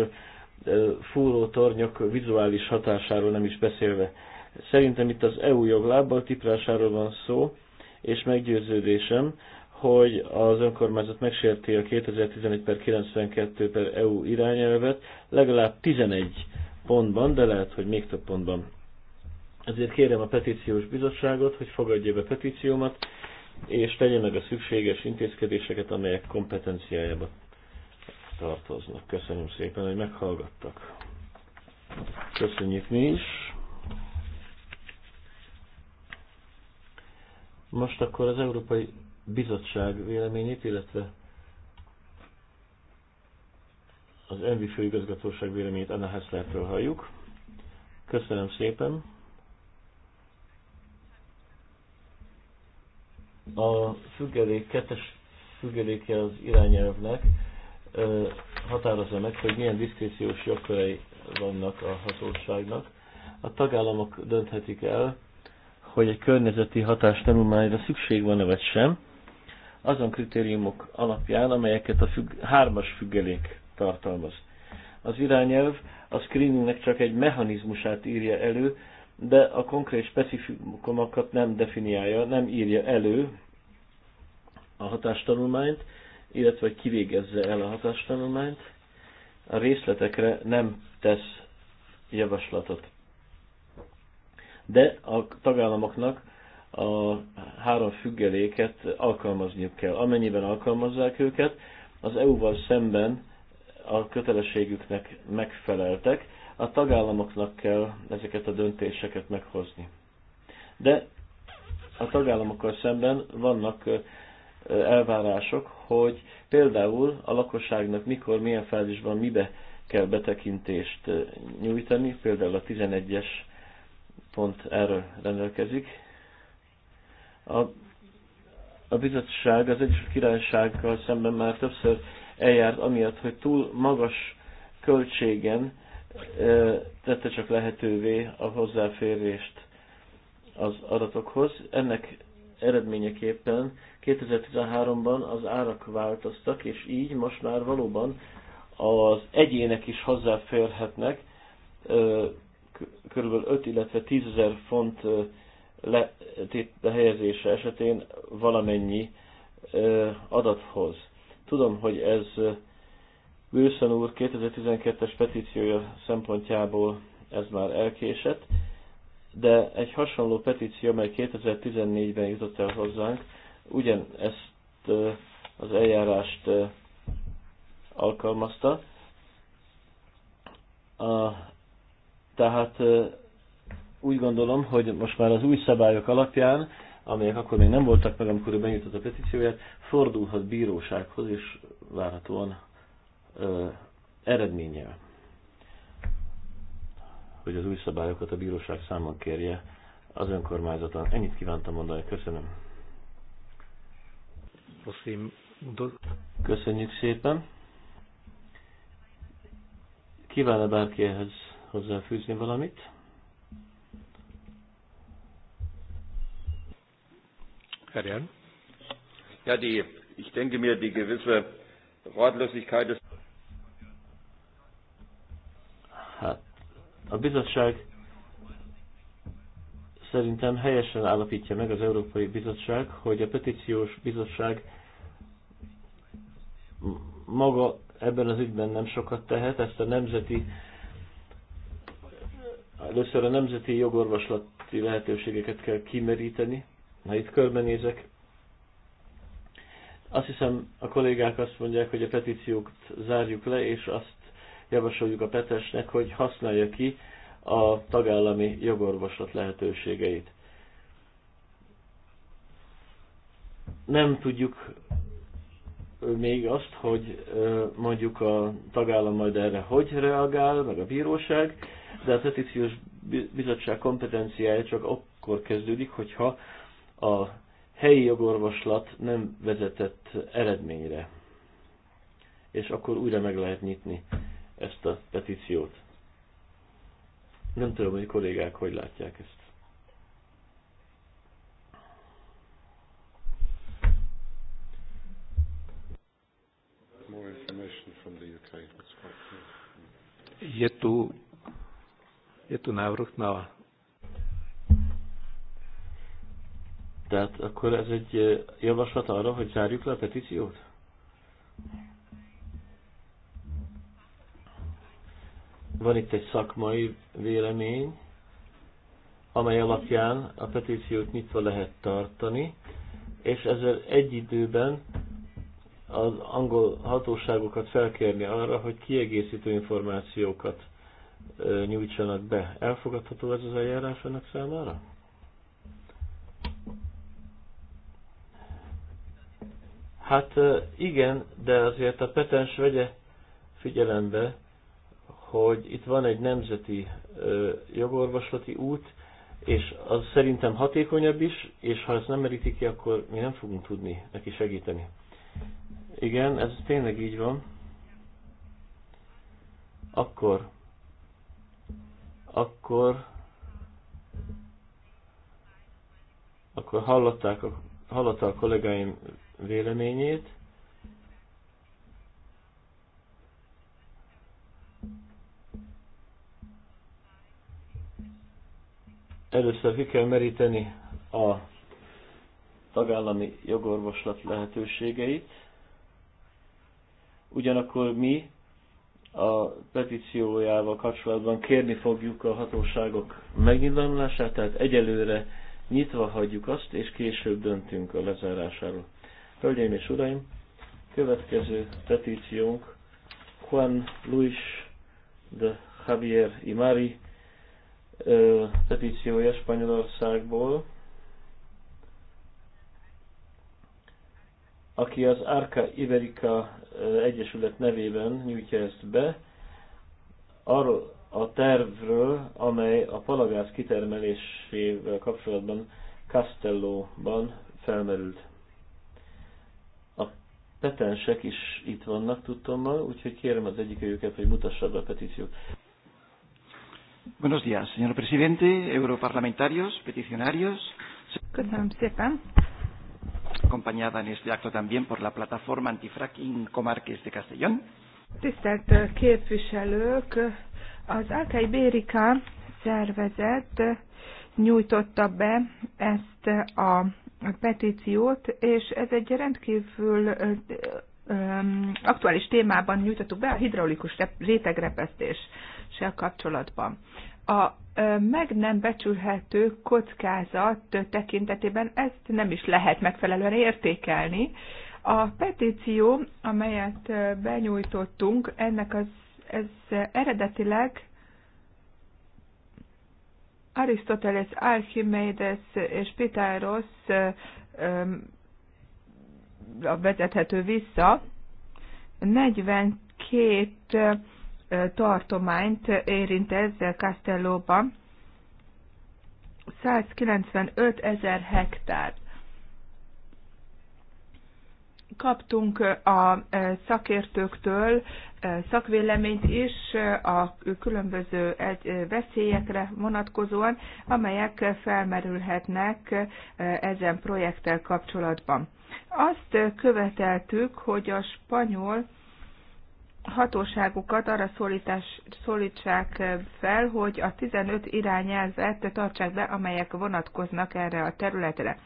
fúró tornyok vizuális hatásáról nem is beszélve. Szerintem itt az EU joglábbal tiprásáról van szó, és meggyőződésem, hogy az önkormányzat megsérti a 2011 per 92 per EU irányelvet legalább 11 pontban, de lehet, hogy még több pontban. Ezért kérem a petíciós bizottságot, hogy fogadja be petíciómat, és tegye meg a szükséges intézkedéseket, amelyek kompetenciájába tartoznak. Köszönöm szépen, hogy meghallgattak. Köszönjük mi is. Most akkor az Európai Bizottság véleményét, illetve az Envi Főigazgatóság véleményét Anna Hesslertől halljuk. Köszönöm szépen! A függelék, kettes függeléke az irányelvnek határozza meg, hogy milyen diszkréciós jogkörei vannak a hatóságnak. A tagállamok dönthetik el, hogy egy környezeti tanulmányra szükség van-e vagy sem, azon kritériumok alapján, amelyeket a függ, hármas függelék tartalmaz. Az irányelv a screeningnek csak egy mechanizmusát írja elő, de a konkrét specifikumokat nem definiálja, nem írja elő a hatástanulmányt, illetve hogy kivégezze el a hatástanulmányt, a részletekre nem tesz javaslatot. De a tagállamoknak a három függeléket alkalmazniuk kell. Amennyiben alkalmazzák őket, az EU-val szemben a kötelességüknek megfeleltek, a tagállamoknak kell ezeket a döntéseket meghozni. De a tagállamokkal szemben vannak elvárások, hogy például a lakosságnak mikor, milyen fázisban, mibe kell betekintést nyújtani, például a 11-es pont erről rendelkezik. A, a bizottság az Egyesült Királysággal szemben már többször eljárt amiatt, hogy túl magas költségen tette csak lehetővé a hozzáférést az adatokhoz. Ennek eredményeképpen 2013-ban az árak változtak, és így most már valóban az egyének is hozzáférhetnek kb. 5, illetve 10 ezer font lehelyezése esetén valamennyi adathoz. Tudom, hogy ez Wilson úr 2012-es petíciója szempontjából ez már elkésett, de egy hasonló petíció, mely 2014-ben jutott el hozzánk, ugyan ezt az eljárást alkalmazta. A, tehát úgy gondolom, hogy most már az új szabályok alapján, amelyek akkor még nem voltak meg, amikor ő benyújtott a petícióját, fordulhat bírósághoz, és várhatóan ö, hogy az új szabályokat a bíróság számon kérje az önkormányzaton. Ennyit kívántam mondani, köszönöm. Köszönjük szépen. Kívánna bárki ehhez hozzáfűzni valamit? Herr Jan? Ja, die, ich denke mir, die gewisse Ratlosigkeit des Hát a bizottság szerintem helyesen állapítja meg az Európai Bizottság, hogy a petíciós bizottság maga ebben az ügyben nem sokat tehet, ezt a nemzeti először a nemzeti jogorvoslati lehetőségeket kell kimeríteni. Ha itt körbenézek, azt hiszem a kollégák azt mondják, hogy a petíciót zárjuk le, és azt javasoljuk a petesnek, hogy használja ki a tagállami jogorvoslat lehetőségeit. Nem tudjuk még azt, hogy mondjuk a tagállam majd erre hogy reagál, meg a bíróság, de a petíciós bizottság kompetenciája csak akkor kezdődik, hogyha a helyi jogorvoslat nem vezetett eredményre. És akkor újra meg lehet nyitni ezt a petíciót. Nem tudom, hogy kollégák hogy látják ezt. Je tu, je tu návrh na... Tehát akkor ez egy eh, javaslat arra, hogy zárjuk le a petíciót? Van itt egy szakmai vélemény, amely alapján a petíciót nyitva lehet tartani, és ezzel egy időben az angol hatóságokat felkérni arra, hogy kiegészítő információkat nyújtsanak be. Elfogadható ez az eljárás önök számára? Hát igen, de azért a petens vegye figyelembe, hogy itt van egy nemzeti jogorvoslati út, és az szerintem hatékonyabb is, és ha ezt nem merítik ki, akkor mi nem fogunk tudni neki segíteni. Igen, ez tényleg így van. Akkor, akkor, akkor hallották a, hallotta a kollégáim véleményét, Először ki kell meríteni a tagállami jogorvoslat lehetőségeit. Ugyanakkor mi a petíciójával kapcsolatban kérni fogjuk a hatóságok megnyilvánulását, tehát egyelőre nyitva hagyjuk azt, és később döntünk a lezárásáról. Hölgyeim és Uraim, következő petíciónk Juan Luis de Javier Imari ö, petíciója Spanyolországból, aki az Arca Iberica Egyesület nevében nyújtja ezt be, arról a tervről, amely a palagáz kitermelésével kapcsolatban Castellóban felmerült. A petensek is itt vannak, tudtommal, úgyhogy kérem az egyik őket, hogy mutassa be a petíciót. Buenos días, señor presidente, europarlamentarios, peticionarios. Köszönöm szépen. Acompañada en este acto también por la plataforma antifracking Comarques de Castellón. Tisztelt eh, képviselők, az Alkai Bérika szervezet nyújtotta be ezt a petíciót, és ez egy rendkívül aktuális témában nyújtottuk be a hidraulikus rétegrepesztés se kapcsolatban. A meg nem becsülhető kockázat tekintetében ezt nem is lehet megfelelően értékelni. A petíció, amelyet benyújtottunk, ennek az, ez eredetileg Aristoteles, Archimedes és Pitáros vezethető vissza. 42 tartományt érint ez Castellóban. 195 ezer hektár. Kaptunk a szakértőktől szakvéleményt is a különböző veszélyekre vonatkozóan, amelyek felmerülhetnek ezen projekttel kapcsolatban. Azt követeltük, hogy a spanyol hatóságukat arra szólítás, szólítsák fel, hogy a 15 irányelvet tartsák be, amelyek vonatkoznak erre a területre.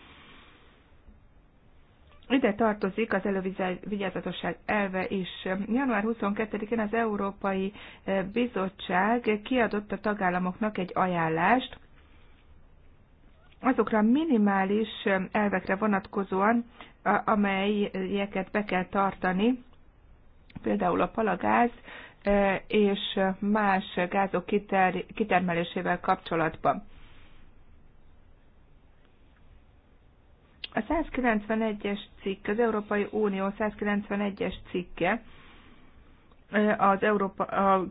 Ide tartozik az elővigyázatosság elve is. Január 22-én az Európai Bizottság kiadott a tagállamoknak egy ajánlást azokra a minimális elvekre vonatkozóan, amelyeket be kell tartani például a palagáz és más gázok kiter, kitermelésével kapcsolatban. A 191-es cikk, az Európai Unió 191-es cikke, az Európa a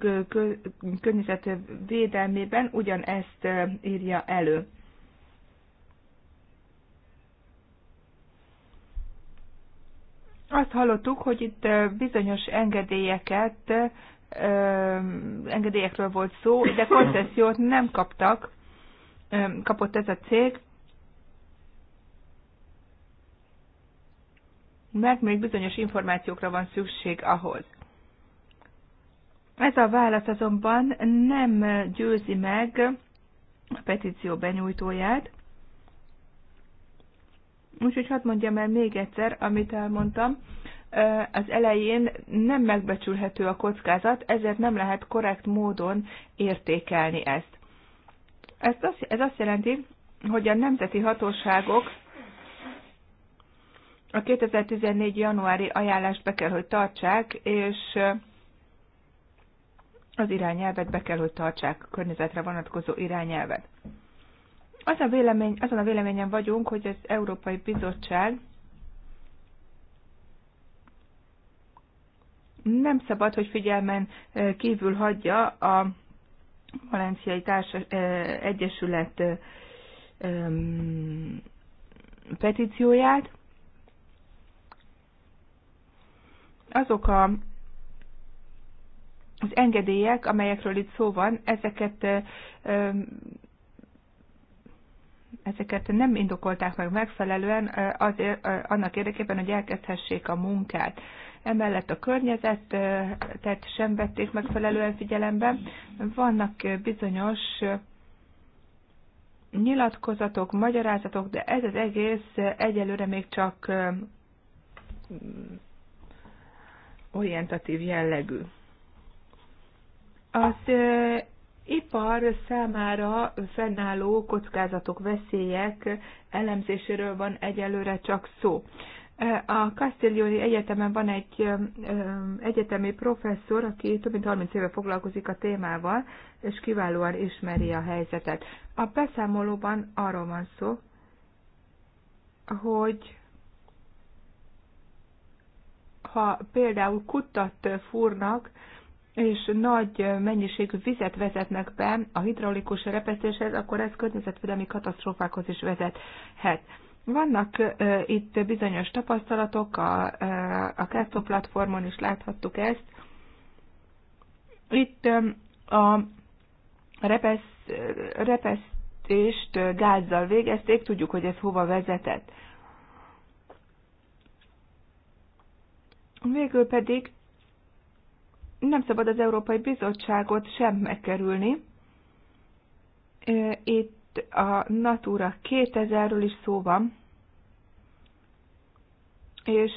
környezet védelmében ugyanezt írja elő. Azt hallottuk, hogy itt bizonyos engedélyeket, engedélyekről volt szó, de koncesziót nem kaptak, kapott ez a cég, mert még bizonyos információkra van szükség ahhoz. Ez a válasz azonban nem győzi meg a petíció benyújtóját, Úgyhogy hadd mondjam el még egyszer, amit elmondtam. Az elején nem megbecsülhető a kockázat, ezért nem lehet korrekt módon értékelni ezt. ezt azt, ez azt jelenti, hogy a nemzeti hatóságok a 2014. januári ajánlást be kell, hogy tartsák, és az irányelvet be kell, hogy tartsák, a környezetre vonatkozó irányelvet. Az a vélemény, azon a véleményen vagyunk, hogy az Európai Bizottság nem szabad, hogy figyelmen kívül hagyja a Valenciai Társas Egyesület petícióját. Azok a, az engedélyek, amelyekről itt szó van, ezeket ezeket nem indokolták meg megfelelően azért, annak érdekében, hogy elkezdhessék a munkát. Emellett a környezetet sem vették megfelelően figyelembe. Vannak bizonyos nyilatkozatok, magyarázatok, de ez az egész egyelőre még csak orientatív jellegű. Az ipar számára fennálló kockázatok, veszélyek elemzéséről van egyelőre csak szó. A Castiglioni Egyetemen van egy egyetemi professzor, aki több mint 30 éve foglalkozik a témával, és kiválóan ismeri a helyzetet. A beszámolóban arról van szó, hogy ha például kutat fúrnak, és nagy mennyiségű vizet vezetnek be a hidraulikus repesztéshez, akkor ez környezetvédelmi katasztrófákhoz is vezethet. Vannak ö, itt bizonyos tapasztalatok, a, ö, a Kesto platformon is láthattuk ezt. Itt ö, a repesz, repesztést gázzal végezték, tudjuk, hogy ez hova vezetett. Végül pedig nem szabad az Európai Bizottságot sem megkerülni. Itt a Natura 2000-ről is szó van, és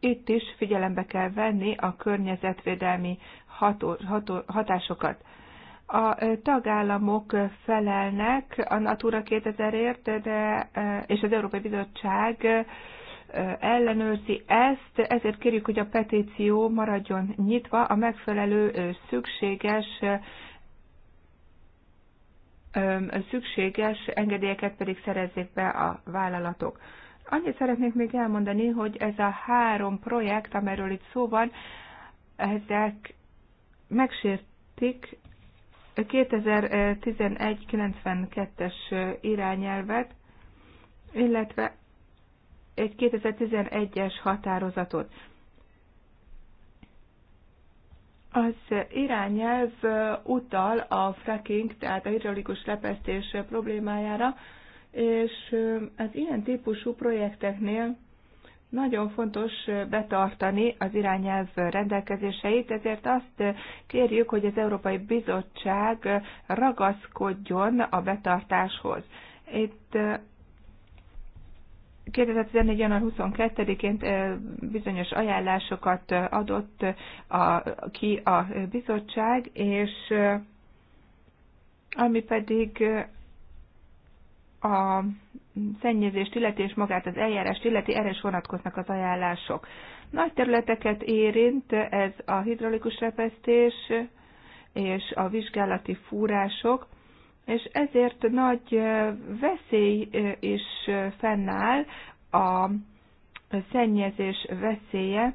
itt is figyelembe kell venni a környezetvédelmi ható, ható, hatásokat. A tagállamok felelnek a Natura 2000-ért, de, és az Európai Bizottság ellenőrzi ezt, ezért kérjük, hogy a petíció maradjon nyitva a megfelelő szükséges szükséges engedélyeket pedig szerezzék be a vállalatok. Annyit szeretnék még elmondani, hogy ez a három projekt, amelyről itt szó van, ezek megsértik 2011-92-es irányelvet, illetve egy 2011-es határozatot. Az irányelv utal a fracking, tehát a hidraulikus lepesztés problémájára, és az ilyen típusú projekteknél nagyon fontos betartani az irányelv rendelkezéseit, ezért azt kérjük, hogy az Európai Bizottság ragaszkodjon a betartáshoz. Itt 2014. január 22-én bizonyos ajánlásokat adott a, ki a bizottság, és ami pedig a szennyezést illeti és magát az eljárást illeti, erre is vonatkoznak az ajánlások. Nagy területeket érint ez a hidraulikus repesztés és a vizsgálati fúrások és ezért nagy veszély is fennáll, a szennyezés veszélye.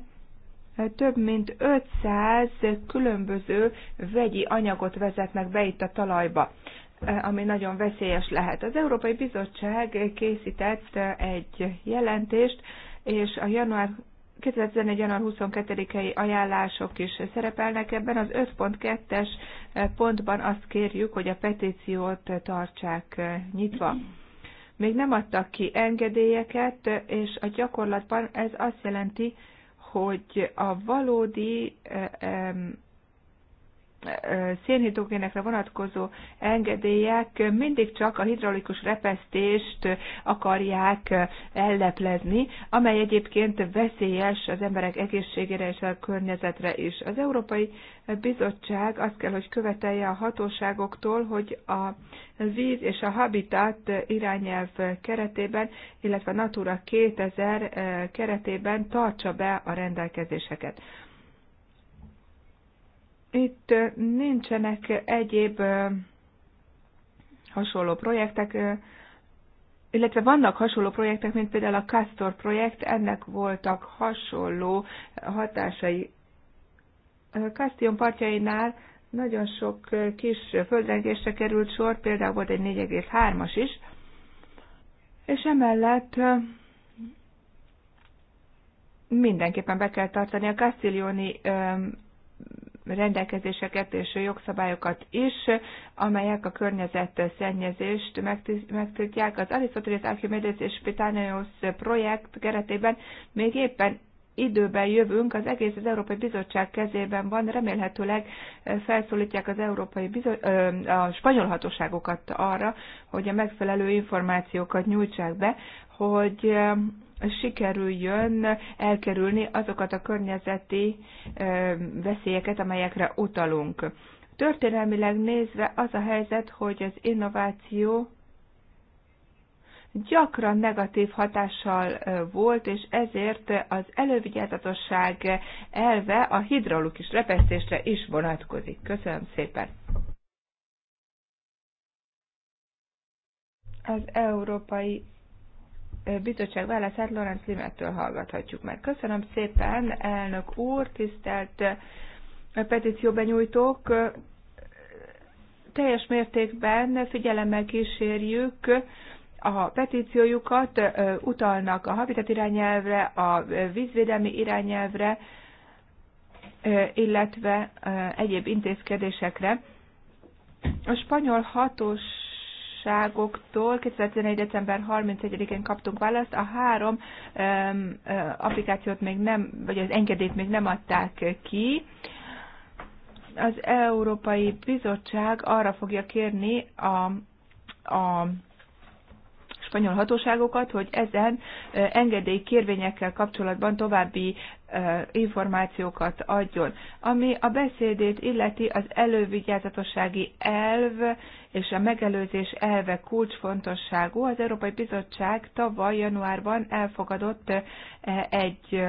Több mint 500 különböző vegyi anyagot vezetnek be itt a talajba, ami nagyon veszélyes lehet. Az Európai Bizottság készített egy jelentést, és a január 2014. január 22-i ajánlások is szerepelnek ebben. Az 5.2-es pontban azt kérjük, hogy a petíciót tartsák nyitva. Még nem adtak ki engedélyeket, és a gyakorlatban ez azt jelenti, hogy a valódi szénhidrogénekre vonatkozó engedélyek mindig csak a hidraulikus repesztést akarják elleplezni, amely egyébként veszélyes az emberek egészségére és a környezetre is. Az Európai Bizottság azt kell, hogy követelje a hatóságoktól, hogy a víz és a habitat irányelv keretében, illetve Natura 2000 keretében tartsa be a rendelkezéseket. Itt nincsenek egyéb hasonló projektek, illetve vannak hasonló projektek, mint például a Castor projekt, ennek voltak hasonló hatásai. Castion partjainál nagyon sok kis földrengésre került sor, például volt egy 4,3-as is, és emellett mindenképpen be kell tartani a Castiglioni rendelkezéseket és jogszabályokat is, amelyek a környezet szennyezést megtiltják. Az Aristoteles Archimedes és Pitanios projekt keretében még éppen időben jövünk, az egész az Európai Bizottság kezében van, remélhetőleg felszólítják az Európai Bizo- a spanyol hatóságokat arra, hogy a megfelelő információkat nyújtsák be, hogy sikerüljön elkerülni azokat a környezeti veszélyeket, amelyekre utalunk. Történelmileg nézve az a helyzet, hogy az innováció gyakran negatív hatással volt, és ezért az elővigyázatosság elve a hidraulikus repesztésre is vonatkozik. Köszönöm szépen! Az Európai bizottság válaszát Lorenz Limettől hallgathatjuk meg. Köszönöm szépen, elnök úr, tisztelt eh, petícióbenyújtók. Teljes mértékben figyelemmel kísérjük a petíciójukat, eh, utalnak a habitat irányelvre, a vízvédelmi irányelvre, eh, illetve egyéb intézkedésekre. A spanyol hatós hatóságoktól 2011. december 31-én kaptunk választ, a három um, applikációt még nem, vagy az engedélyt még nem adták ki. Az Európai Bizottság arra fogja kérni a, a spanyol hatóságokat, hogy ezen engedélykérvényekkel kapcsolatban további információkat adjon. Ami a beszédét illeti, az elővigyázatossági elv és a megelőzés elve kulcsfontosságú. Az Európai Bizottság tavaly januárban elfogadott egy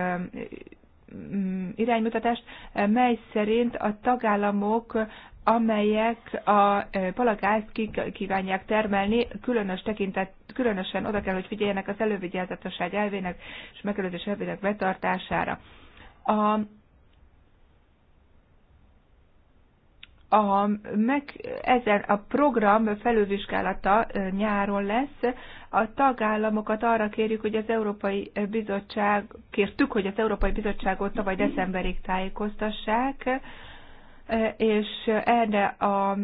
Mm, iránymutatást, eh, mely szerint a tagállamok amelyek a eh, palagázt kívánják termelni, különös tekintet, különösen oda kell, hogy figyeljenek az elővigyázatosság elvének és megelőzés elvének betartására. A a, meg, ezen a program felülvizsgálata nyáron lesz. A tagállamokat arra kérjük, hogy az Európai Bizottság, kértük, hogy az Európai Bizottságot tavaly decemberig tájékoztassák és erre a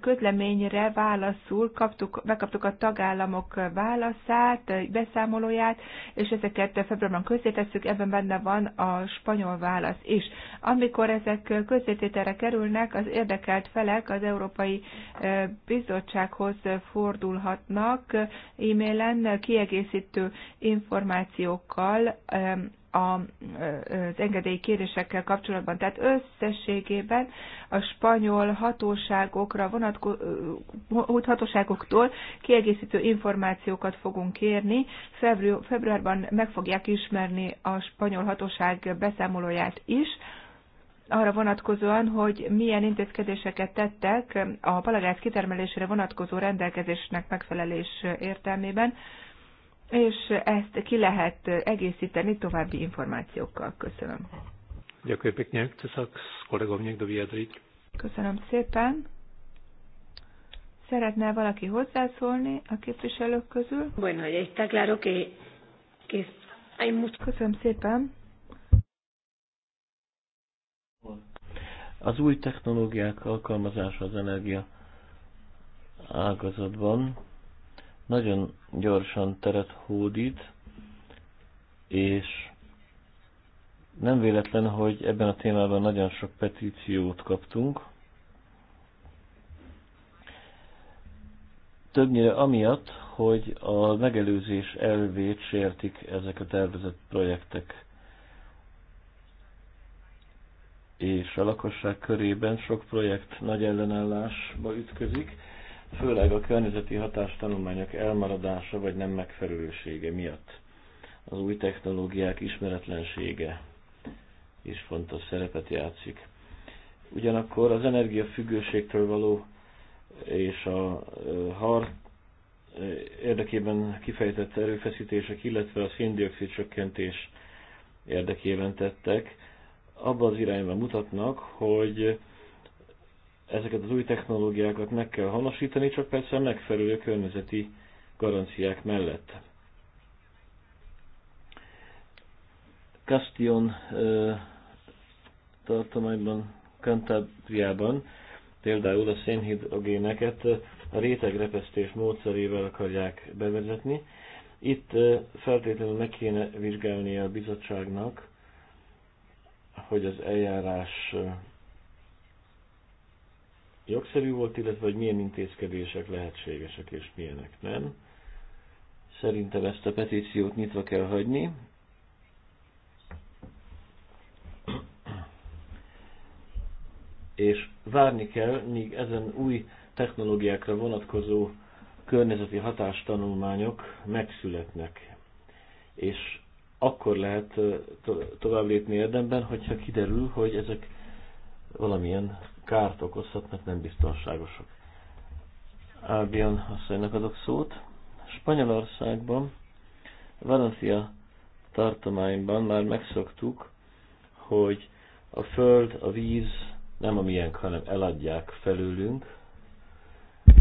közleményre válaszul kaptuk, megkaptuk a tagállamok válaszát, beszámolóját, és ezeket februárban közzétesszük, ebben benne van a spanyol válasz is. Amikor ezek közzétételre kerülnek, az érdekelt felek az Európai Bizottsághoz fordulhatnak e-mailen kiegészítő információkkal az kérésekkel kapcsolatban. Tehát összességében a spanyol hatóságokra vonatko, hatóságoktól kiegészítő információkat fogunk kérni. Februárban meg fogják ismerni a spanyol hatóság beszámolóját is, arra vonatkozóan, hogy milyen intézkedéseket tettek a palagáz kitermelésére vonatkozó rendelkezésnek megfelelés értelmében és ezt ki lehet egészíteni további információkkal. Köszönöm. Ďakujem pekne. Chce sa s kolegom niekto vyjadriť? Köszönöm szépen. Szeretne valaki hozzászólni a képviselők közül? Bueno, ya está claro que, que hay mucho... Köszönöm szépen. Az új technológiák alkalmazása az energia ágazatban nagyon gyorsan teret hódít, és nem véletlen, hogy ebben a témában nagyon sok petíciót kaptunk. Többnyire amiatt, hogy a megelőzés elvét sértik ezek a tervezett projektek. És a lakosság körében sok projekt nagy ellenállásba ütközik főleg a környezeti hatástanulmányok elmaradása vagy nem megfelelősége miatt. Az új technológiák ismeretlensége is fontos szerepet játszik. Ugyanakkor az energiafüggőségtől való és a har érdekében kifejtett erőfeszítések, illetve a széndiokszid csökkentés érdekében tettek, abba az irányba mutatnak, hogy ezeket az új technológiákat meg kell honosítani, csak persze megfelelő környezeti garanciák mellett. Castillon tartományban, Cantabriában például a szénhidrogéneket a rétegrepesztés módszerével akarják bevezetni. Itt feltétlenül meg kéne vizsgálnia a bizottságnak, hogy az eljárás jogszerű volt, illetve hogy milyen intézkedések lehetségesek és milyenek nem. Szerintem ezt a petíciót nyitva kell hagyni. És várni kell, míg ezen új technológiákra vonatkozó környezeti hatástanulmányok megszületnek. És akkor lehet tovább lépni érdemben, hogyha kiderül, hogy ezek valamilyen kárt okozhatnak, nem biztonságosak. Albion asszonynak adok szót. Spanyolországban, Valencia tartományban már megszoktuk, hogy a föld, a víz nem a miénk, hanem eladják felőlünk.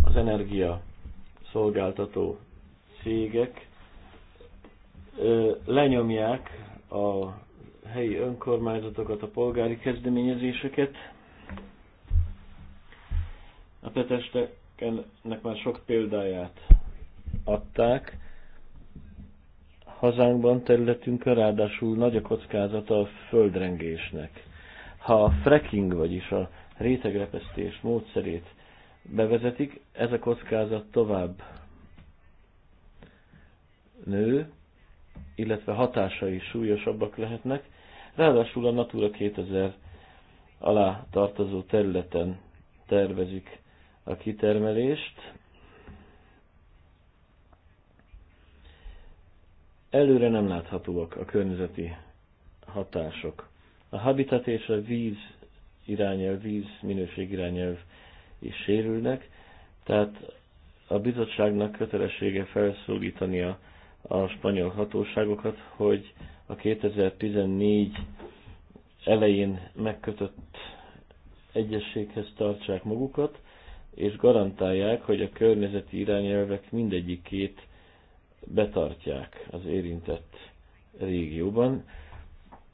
Az energia szolgáltató cégek ö, lenyomják a helyi önkormányzatokat, a polgári kezdeményezéseket, a petesteknek már sok példáját adták. Hazánkban, területünkön ráadásul nagy a kockázata a földrengésnek. Ha a fracking, vagyis a rétegrepesztés módszerét bevezetik, ez a kockázat tovább nő, illetve hatásai súlyosabbak lehetnek, ráadásul a Natura 2000 alá tartozó területen tervezik a kitermelést. Előre nem láthatóak a környezeti hatások. A habitat és a víz irányelv, víz minőség irányelv is sérülnek, tehát a bizottságnak kötelessége felszólítania a spanyol hatóságokat, hogy a 2014 elején megkötött egyességhez tartsák magukat, és garantálják, hogy a környezeti irányelvek mindegyikét betartják az érintett régióban,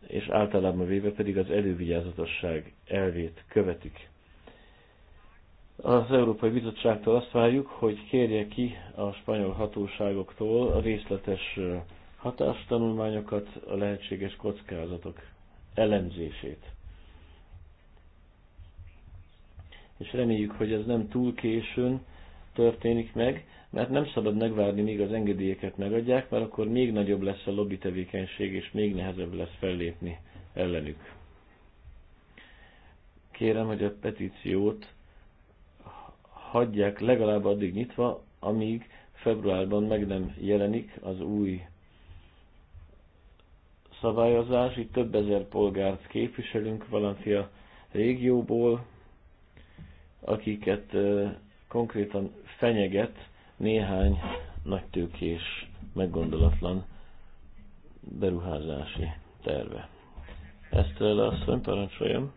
és általában véve pedig az elővigyázatosság elvét követik. Az Európai Bizottságtól azt várjuk, hogy kérje ki a spanyol hatóságoktól a részletes hatástanulmányokat, a lehetséges kockázatok elemzését. és reméljük, hogy ez nem túl későn történik meg, mert nem szabad megvárni, míg az engedélyeket megadják, mert akkor még nagyobb lesz a lobby tevékenység, és még nehezebb lesz fellépni ellenük. Kérem, hogy a petíciót hagyják legalább addig nyitva, amíg februárban meg nem jelenik az új szabályozás. Itt több ezer polgárt képviselünk Valencia régióból, akiket konkrétan fenyeget néhány tőkés, meggondolatlan beruházási terve. Ezt le asszony parancsoljam.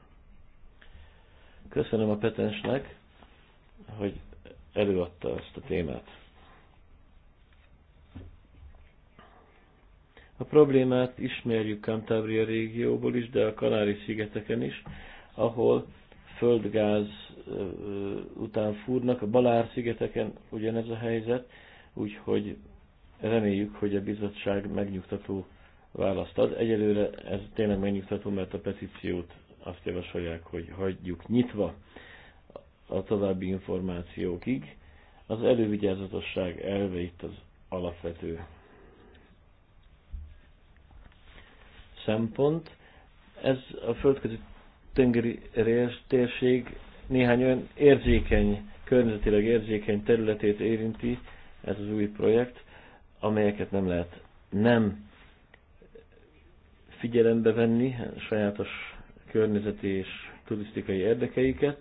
Köszönöm a petensnek, hogy előadta ezt a témát. A problémát ismerjük Cantabria régióból is, de a Kanári-szigeteken is, ahol földgáz után fúrnak. A Balár-szigeteken ugyanez a helyzet, úgyhogy reméljük, hogy a bizottság megnyugtató választ ad. Egyelőre ez tényleg megnyugtató, mert a petíciót azt javasolják, hogy hagyjuk nyitva a további információkig. Az elővigyázatosság elve itt az alapvető szempont. Ez a földközi tengeri térség néhány olyan érzékeny, környezetileg érzékeny területét érinti ez az új projekt, amelyeket nem lehet nem figyelembe venni, sajátos környezeti és turisztikai érdekeiket.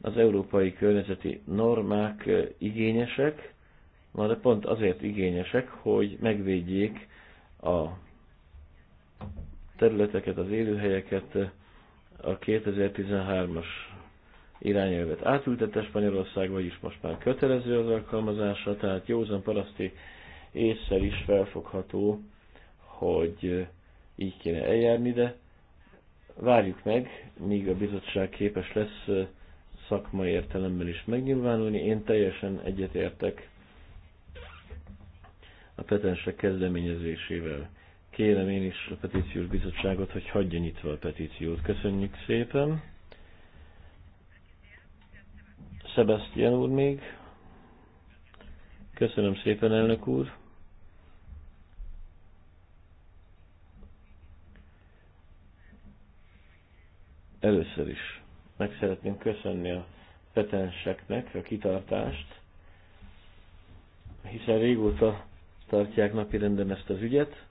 Az európai környezeti normák igényesek, de pont azért igényesek, hogy megvédjék a területeket, az élőhelyeket, a 2013-as irányelvet átültette Spanyolország, vagyis most már kötelező az alkalmazása, tehát józan paraszti észre is felfogható, hogy így kéne eljárni, de várjuk meg, míg a bizottság képes lesz szakmai értelemben is megnyilvánulni. Én teljesen egyetértek a petensek kezdeményezésével kérem én is a petíciós bizottságot, hogy hagyja nyitva a petíciót. Köszönjük szépen. Sebastian úr még. Köszönöm szépen, elnök úr. Először is meg szeretném köszönni a petenseknek a kitartást, hiszen régóta tartják napirenden ezt az ügyet,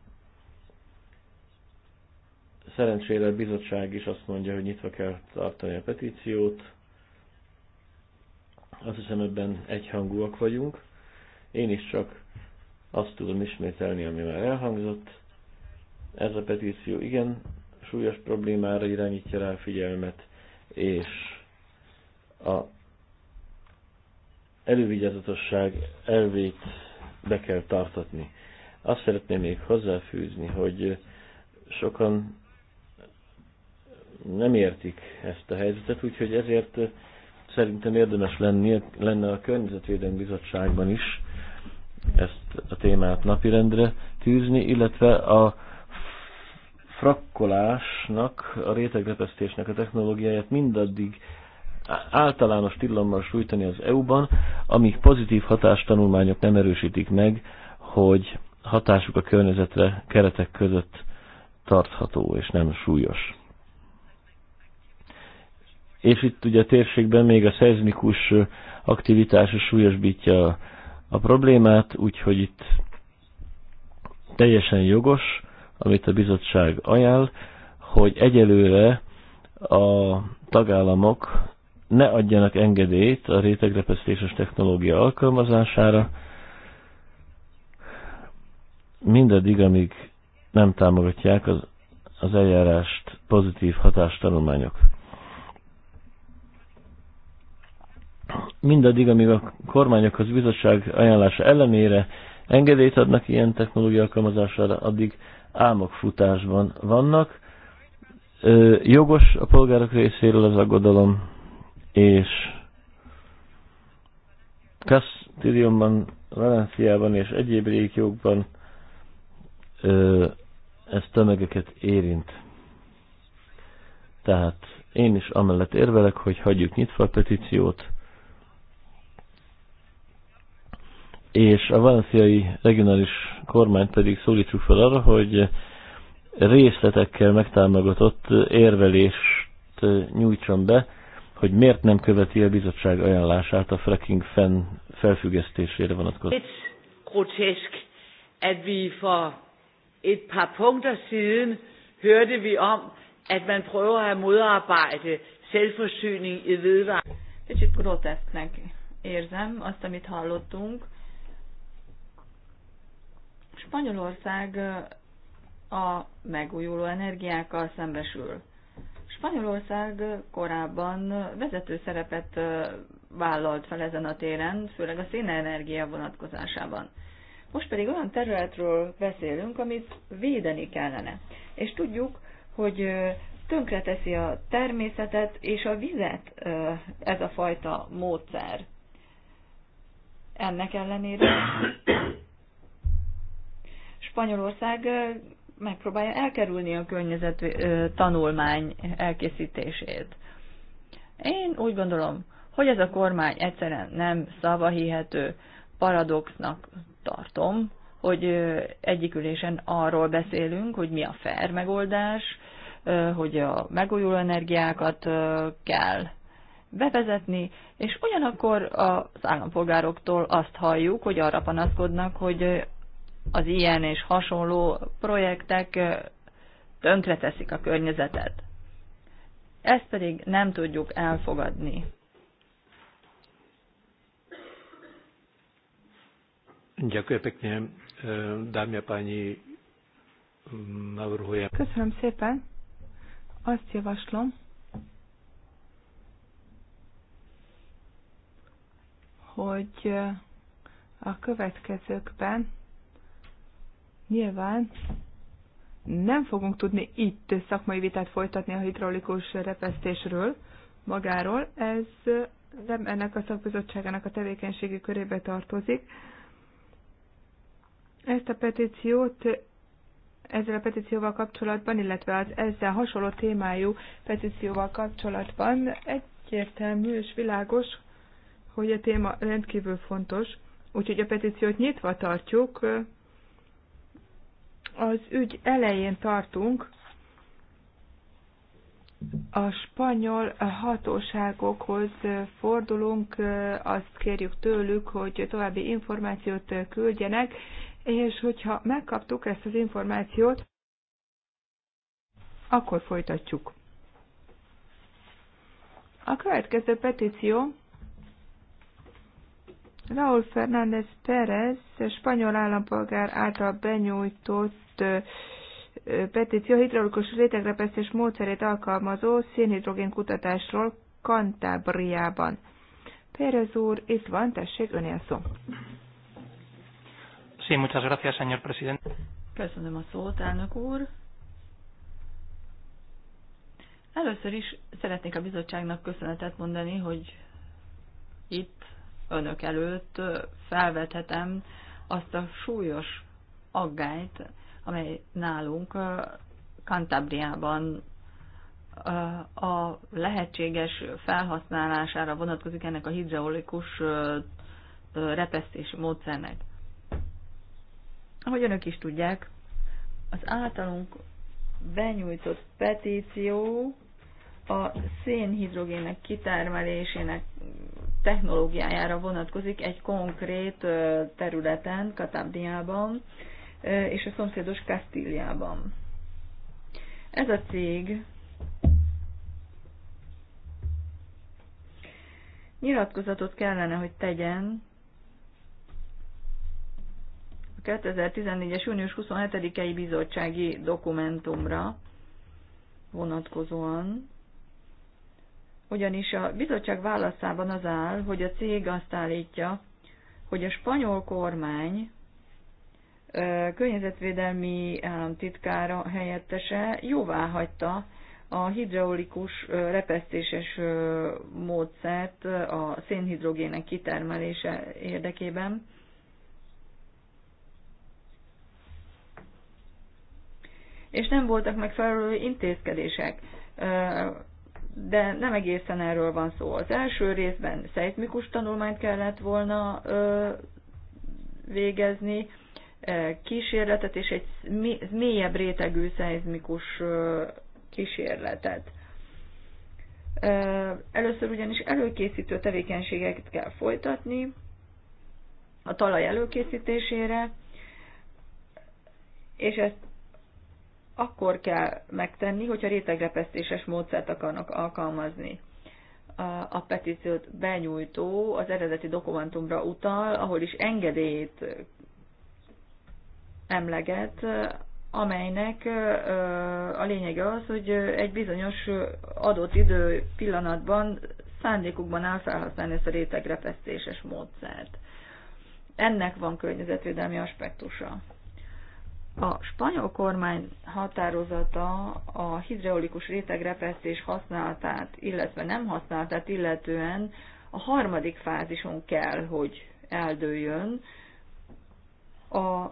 Szerencsére a bizottság is azt mondja, hogy nyitva kell tartani a petíciót. Azt hiszem ebben egyhangúak vagyunk. Én is csak azt tudom ismételni, ami már elhangzott. Ez a petíció igen súlyos problémára irányítja rá a figyelmet, és a elővigyázatosság elvét be kell tartatni. Azt szeretném még hozzáfűzni, hogy sokan nem értik ezt a helyzetet, úgyhogy ezért eh, szerintem érdemes lenni, lenne a Környezetvédelmi Bizottságban is ezt a témát napirendre tűzni, illetve a frakkolásnak, a rétegrepesztésnek a technológiáját mindaddig általános tillammal sújtani az EU-ban, amíg pozitív hatástanulmányok nem erősítik meg, hogy hatásuk a környezetre keretek között tartható és nem súlyos és itt ugye a térségben még a szezmikus aktivitása súlyosbítja a problémát, úgyhogy itt teljesen jogos, amit a bizottság ajánl, hogy egyelőre a tagállamok ne adjanak engedélyt a rétegrepesztéses technológia alkalmazására, mindaddig, amíg nem támogatják az, az eljárást pozitív hatástanulmányok. mindaddig, amíg a kormányok az bizottság ajánlása ellenére engedélyt adnak ilyen technológia alkalmazására, addig álmok futásban vannak. Ö, jogos a polgárok részéről az aggodalom, és Kastillionban, Valenciában és egyéb régiókban ö, ez tömegeket érint. Tehát én is amellett érvelek, hogy hagyjuk nyitva a petíciót, és a valenciai regionális kormányt pedig szólítsuk fel arra, hogy részletekkel megtámogatott érvelést nyújtson be, hogy miért nem követi a bizottság ajánlását a fracking fenn felfüggesztésére vonatkozó. vonatkozóan. grotesk, at vi for et par punkter siden hørte vi om, at man prøver at modarbejde selvforsyning i vedvarende. Kicsit grotesknek érzem azt, amit hallottunk, Spanyolország a megújuló energiákkal szembesül. Spanyolország korábban vezető szerepet vállalt fel ezen a téren, főleg a szénenergia vonatkozásában. Most pedig olyan területről beszélünk, amit védeni kellene. És tudjuk, hogy tönkreteszi a természetet és a vizet ez a fajta módszer. Ennek ellenére Spanyolország megpróbálja elkerülni a környezet tanulmány elkészítését. Én úgy gondolom, hogy ez a kormány egyszerűen nem szavahihető paradoxnak tartom, hogy egyik ülésen arról beszélünk, hogy mi a fair megoldás, hogy a megújuló energiákat kell bevezetni, és ugyanakkor az állampolgároktól azt halljuk, hogy arra panaszkodnak, hogy az ilyen és hasonló projektek tönkreteszik a környezetet. Ezt pedig nem tudjuk elfogadni. Ďakujem pekne, e, dámy a páni, navrhujem. Köszönöm szépen. Azt javaslom, hogy e, a következőkben Nyilván nem fogunk tudni itt szakmai vitát folytatni a hidraulikus repesztésről magáról. Ez nem ennek a szakbizottságának a tevékenységi körébe tartozik. Ezt a petíciót ezzel a petícióval kapcsolatban, illetve az ezzel hasonló témájú petícióval kapcsolatban egyértelmű és világos, hogy a téma rendkívül fontos, úgyhogy a petíciót nyitva tartjuk, az ügy elején tartunk, a spanyol hatóságokhoz fordulunk, azt kérjük tőlük, hogy további információt küldjenek, és hogyha megkaptuk ezt az információt, akkor folytatjuk. A következő petíció Raúl Fernández Pérez, spanyol állampolgár által benyújtott petíció hidraulikus rétegrepesztés módszerét alkalmazó szénhidrogén kutatásról Kantábriában. Pérez úr, itt van, tessék, a szó. Sí, muchas gracias, señor presidente. Köszönöm a szót, elnök úr. Először is szeretnék a bizottságnak köszönetet mondani, hogy itt önök előtt felvethetem azt a súlyos aggályt, amely nálunk kantabriában a lehetséges felhasználására vonatkozik ennek a hidraulikus repesztési módszernek. Ahogy önök is tudják, az általunk benyújtott petíció a szénhidrogének kitermelésének technológiájára vonatkozik egy konkrét területen, Katabdiában és a szomszédos Kastíliában. Ez a cég nyilatkozatot kellene, hogy tegyen a 2014-es június 27-i bizottsági dokumentumra vonatkozóan, ugyanis a bizottság válaszában az áll, hogy a cég azt állítja, hogy a spanyol kormány környezetvédelmi államtitkára helyettese jóvá hagyta a hidraulikus repesztéses módszert a szénhidrogének kitermelése érdekében. És nem voltak megfelelő intézkedések de nem egészen erről van szó. Az első részben szeizmikus tanulmányt kellett volna ö, végezni, kísérletet és egy mélyebb rétegű szeizmikus kísérletet. Először ugyanis előkészítő tevékenységeket kell folytatni a talaj előkészítésére, és ezt akkor kell megtenni, hogyha rétegrepesztéses módszert akarnak alkalmazni. A petíciót benyújtó az eredeti dokumentumra utal, ahol is engedélyt emleget, amelynek a lényege az, hogy egy bizonyos adott idő pillanatban szándékukban áll felhasználni ezt a rétegrepesztéses módszert. Ennek van környezetvédelmi aspektusa. A spanyol kormány határozata a hidraulikus rétegrepesztés használatát, illetve nem használatát illetően a harmadik fázison kell, hogy eldőjön. A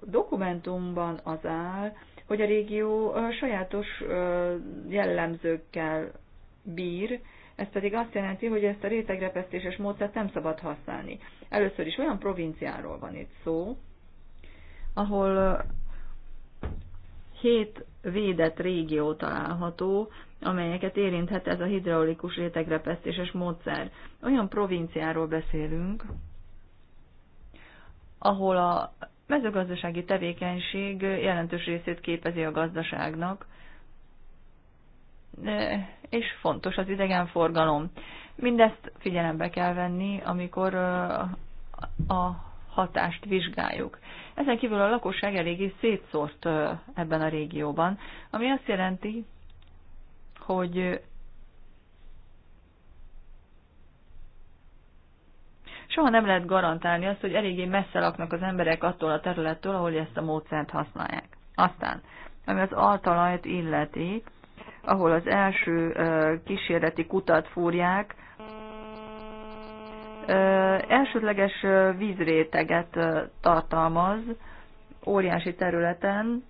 dokumentumban az áll, hogy a régió sajátos jellemzőkkel bír, ez pedig azt jelenti, hogy ezt a rétegrepesztéses módszert nem szabad használni. Először is olyan provinciáról van itt szó, ahol hét védett régió található, amelyeket érinthet ez a hidraulikus rétegrepesztéses módszer. Olyan provinciáról beszélünk, ahol a mezőgazdasági tevékenység jelentős részét képezi a gazdaságnak, és fontos az idegenforgalom. Mindezt figyelembe kell venni, amikor a hatást vizsgáljuk. Ezen kívül a lakosság eléggé szétszórt ebben a régióban, ami azt jelenti, hogy soha nem lehet garantálni azt, hogy eléggé messze laknak az emberek attól a területtől, ahol ezt a módszert használják. Aztán, ami az altalajt illeti, ahol az első kísérleti kutat fúrják, elsődleges vízréteget tartalmaz óriási területen,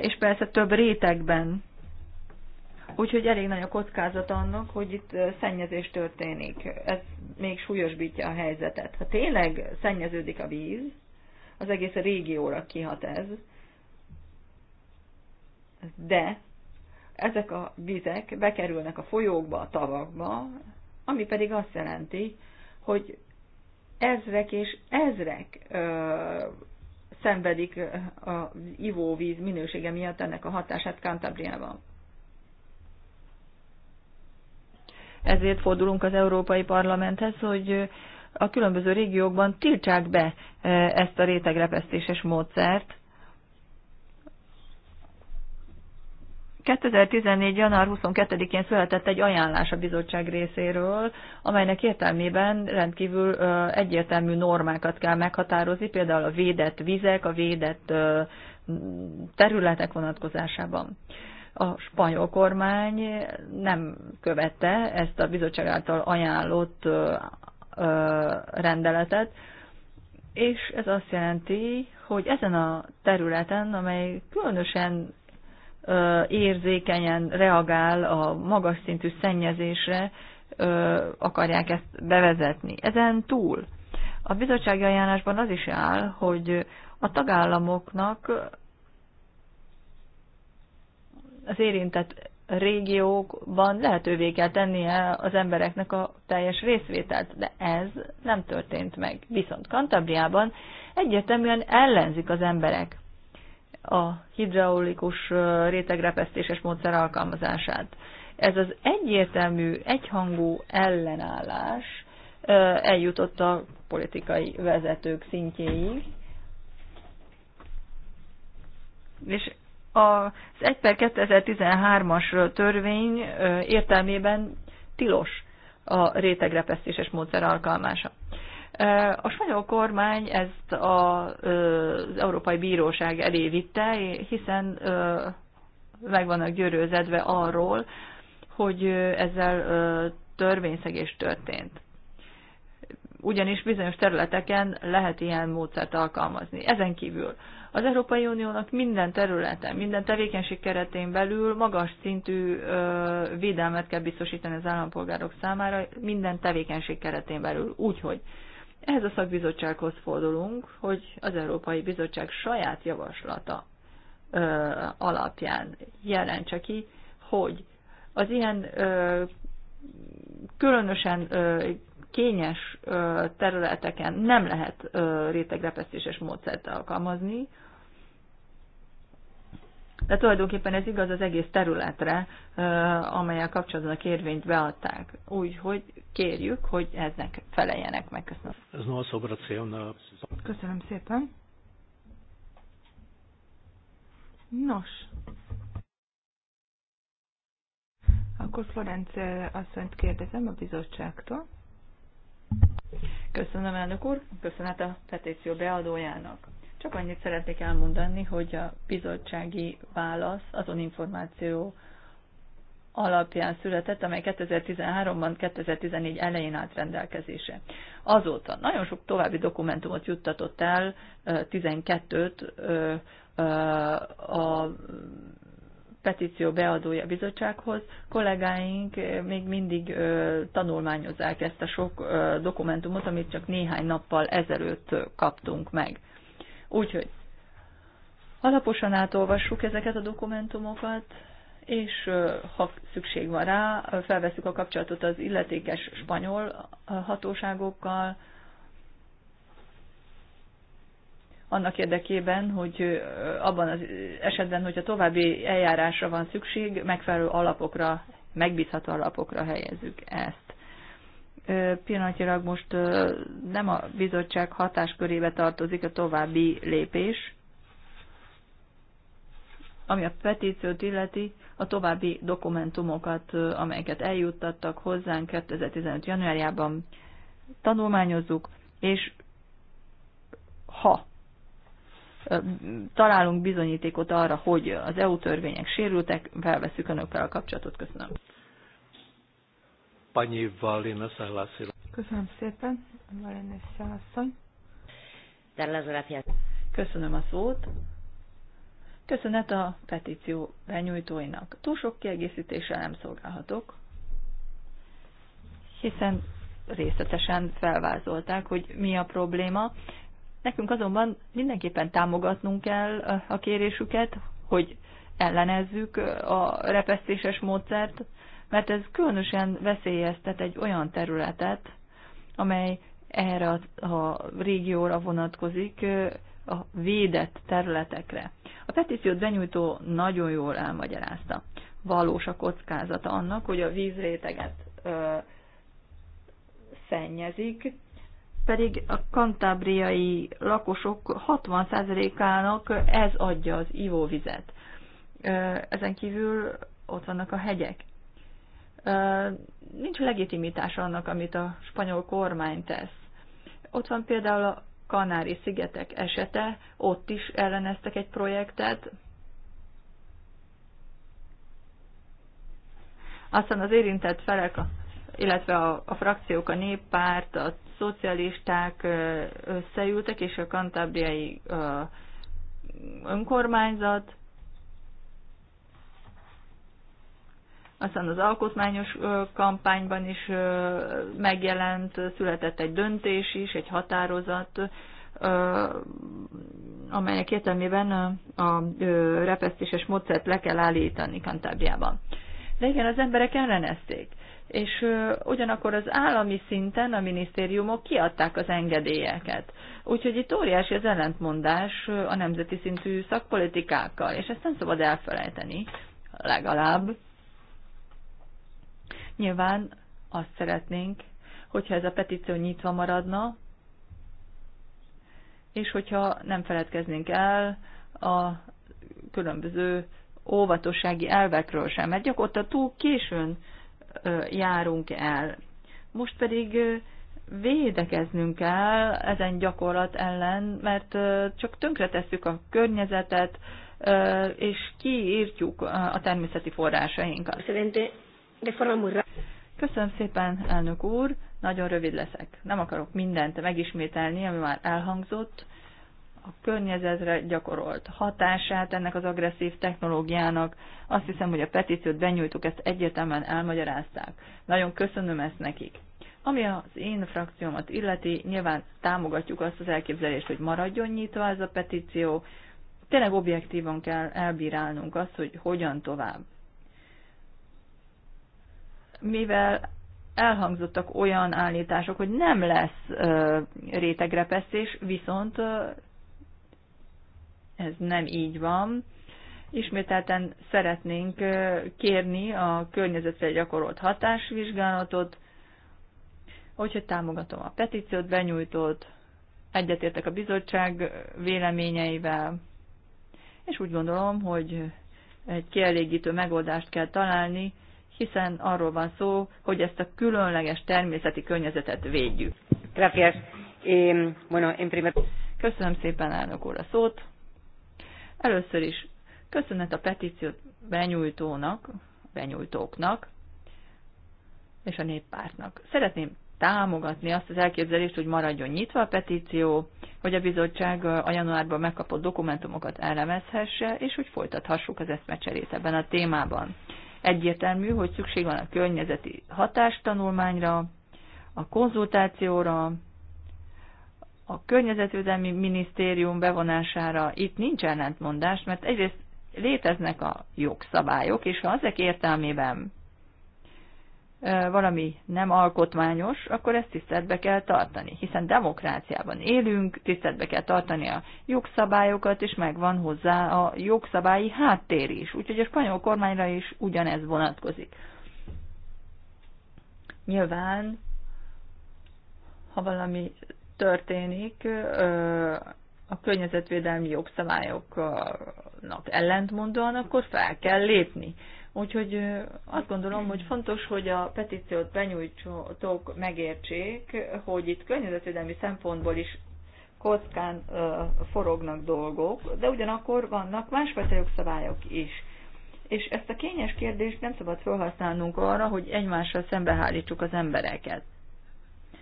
és persze több rétegben. Úgyhogy elég nagy a kockázat annak, hogy itt szennyezés történik. Ez még súlyosbítja a helyzetet. Ha tényleg szennyeződik a víz, az egész a régióra kihat ez, de ezek a vizek bekerülnek a folyókba, a tavakba, ami pedig azt jelenti, hogy ezrek és ezrek ö, szenvedik az ivóvíz minősége miatt ennek a hatását Cantabriában. Ezért fordulunk az Európai Parlamenthez, hogy a különböző régiókban tiltsák be ezt a rétegrepesztéses módszert, 2014. január 22-én született egy ajánlás a bizottság részéről, amelynek értelmében rendkívül egyértelmű normákat kell meghatározni, például a védett vizek, a védett területek vonatkozásában. A spanyol kormány nem követte ezt a bizottság által ajánlott rendeletet, és ez azt jelenti, hogy ezen a területen, amely különösen érzékenyen reagál a magas szintű szennyezésre, akarják ezt bevezetni. Ezen túl a bizottsági ajánlásban az is áll, hogy a tagállamoknak az érintett régiókban lehetővé kell tennie az embereknek a teljes részvételt, de ez nem történt meg. Viszont Kantabriában egyértelműen ellenzik az emberek a hidraulikus rétegrepesztéses módszer alkalmazását. Ez az egyértelmű, egyhangú ellenállás eljutott a politikai vezetők szintjéig, és az 1 per 2013-as törvény értelmében tilos a rétegrepesztéses módszer alkalmása. A spanyol kormány ezt a, az Európai Bíróság elé vitte, hiszen meg vannak győrőzedve arról, hogy ezzel törvényszegés történt. Ugyanis bizonyos területeken lehet ilyen módszert alkalmazni. Ezen kívül az Európai Uniónak minden területen, minden tevékenység keretén belül magas szintű védelmet kell biztosítani az állampolgárok számára, minden tevékenység keretén belül. Úgyhogy ehhez a szakbizottsághoz fordulunk, hogy az Európai Bizottság saját javaslata ö, alapján jelentse ki, hogy az ilyen ö, különösen ö, kényes ö, területeken nem lehet ö, rétegrepesztéses módszert alkalmazni, de tulajdonképpen ez igaz az egész területre, amelyel kapcsolatban a kérvényt beadták. Úgyhogy kérjük, hogy eznek feleljenek meg. Köszönöm. Ez no a Köszönöm szépen. Nos. Akkor Florence asszonyt kérdezem a bizottságtól. Köszönöm, elnök úr. Köszönet a petíció beadójának. Csak annyit szeretnék elmondani, hogy a bizottsági válasz azon információ alapján született, amely 2013-ban, 2014 elején állt rendelkezése. Azóta nagyon sok további dokumentumot juttatott el, 12-t a petíció beadója bizottsághoz. Kollégáink még mindig tanulmányozzák ezt a sok dokumentumot, amit csak néhány nappal ezelőtt kaptunk meg. Úgyhogy alaposan átolvassuk ezeket a dokumentumokat, és ha szükség van rá, felveszük a kapcsolatot az illetékes spanyol hatóságokkal, annak érdekében, hogy abban az esetben, hogyha további eljárásra van szükség, megfelelő alapokra, megbízható alapokra helyezzük ezt pillanatilag most nem a bizottság hatáskörébe tartozik a további lépés, ami a petíciót illeti, a további dokumentumokat, amelyeket eljuttattak hozzánk 2015. januárjában tanulmányozzuk, és ha találunk bizonyítékot arra, hogy az EU törvények sérültek, felveszük önökkel a kapcsolatot. Köszönöm. Pani Valina Szállászira. Köszönöm szépen, Valina Szállászony. Köszönöm a szót. Köszönet a petíció benyújtóinak. Túl sok kiegészítéssel nem szolgálhatok, hiszen részletesen felvázolták, hogy mi a probléma. Nekünk azonban mindenképpen támogatnunk kell a kérésüket, hogy ellenezzük a repesztéses módszert, mert ez különösen veszélyeztet egy olyan területet, amely erre a régióra vonatkozik, a védett területekre. A petíciót benyújtó nagyon jól elmagyarázta. Valós a kockázata annak, hogy a vízréteget ö, szennyezik, pedig a kantábriai lakosok 60%-ának ez adja az ivóvizet. Ezen kívül ott vannak a hegyek nincs legitimitása annak, amit a spanyol kormány tesz. Ott van például a Kanári-szigetek esete, ott is elleneztek egy projektet, aztán az érintett felek, illetve a, a frakciók, a néppárt, a szocialisták összeültek, és a kantábriai önkormányzat aztán az alkotmányos kampányban is megjelent, született egy döntés is, egy határozat, amelyek értelmében a repesztéses módszert le kell állítani Kantábriában. De igen, az emberek ellenezték. És ugyanakkor az állami szinten a minisztériumok kiadták az engedélyeket. Úgyhogy itt óriási az ellentmondás a nemzeti szintű szakpolitikákkal, és ezt nem szabad elfelejteni, legalább Nyilván azt szeretnénk, hogyha ez a petíció nyitva maradna, és hogyha nem feledkeznénk el a különböző óvatossági elvekről sem, mert gyakorlatilag túl későn járunk el. Most pedig védekeznünk kell ezen gyakorlat ellen, mert csak tönkretesszük a környezetet, és kiírtjuk a természeti forrásainkat. Szerintem de forma muy Köszönöm szépen, elnök úr, nagyon rövid leszek. Nem akarok mindent megismételni, ami már elhangzott. A környezetre gyakorolt hatását ennek az agresszív technológiának. Azt hiszem, hogy a petíciót benyújtuk, ezt egyértelműen elmagyarázták. Nagyon köszönöm ezt nekik. Ami az én frakciómat illeti, nyilván támogatjuk azt az elképzelést, hogy maradjon nyitva ez a petíció. Tényleg objektívan kell elbírálnunk azt, hogy hogyan tovább mivel elhangzottak olyan állítások, hogy nem lesz rétegrepesztés, viszont ez nem így van. Ismételten szeretnénk kérni a környezetre gyakorolt hatásvizsgálatot, hogyha támogatom a petíciót, benyújtott, egyetértek a bizottság véleményeivel, és úgy gondolom, hogy egy kielégítő megoldást kell találni, hiszen arról van szó, hogy ezt a különleges természeti környezetet védjük. Gracias. Köszönöm szépen, elnök úr, a szót. Először is köszönet a petíciót benyújtónak, benyújtóknak és a néppártnak. Szeretném támogatni azt az elképzelést, hogy maradjon nyitva a petíció, hogy a bizottság a januárban megkapott dokumentumokat elemezhesse, és hogy folytathassuk az eszmecserét ebben a témában. Egyértelmű, hogy szükség van a környezeti hatástanulmányra, a konzultációra, a környezetvédelmi minisztérium bevonására. Itt nincs ellentmondás, mert egyrészt léteznek a jogszabályok, és ha ezek értelmében valami nem alkotmányos, akkor ezt tiszteletbe kell tartani, hiszen demokráciában élünk, tiszteletbe kell tartani a jogszabályokat, és megvan hozzá a jogszabályi háttér is, úgyhogy a spanyol kormányra is ugyanez vonatkozik. Nyilván, ha valami történik, a környezetvédelmi jogszabályoknak ellentmondóan, akkor fel kell lépni. Úgyhogy azt gondolom, hogy fontos, hogy a petíciót benyújtók megértsék, hogy itt környezetvédelmi szempontból is kockán forognak dolgok, de ugyanakkor vannak másfajta jogszabályok is. És ezt a kényes kérdést nem szabad felhasználnunk arra, hogy egymással szembehállítsuk az embereket.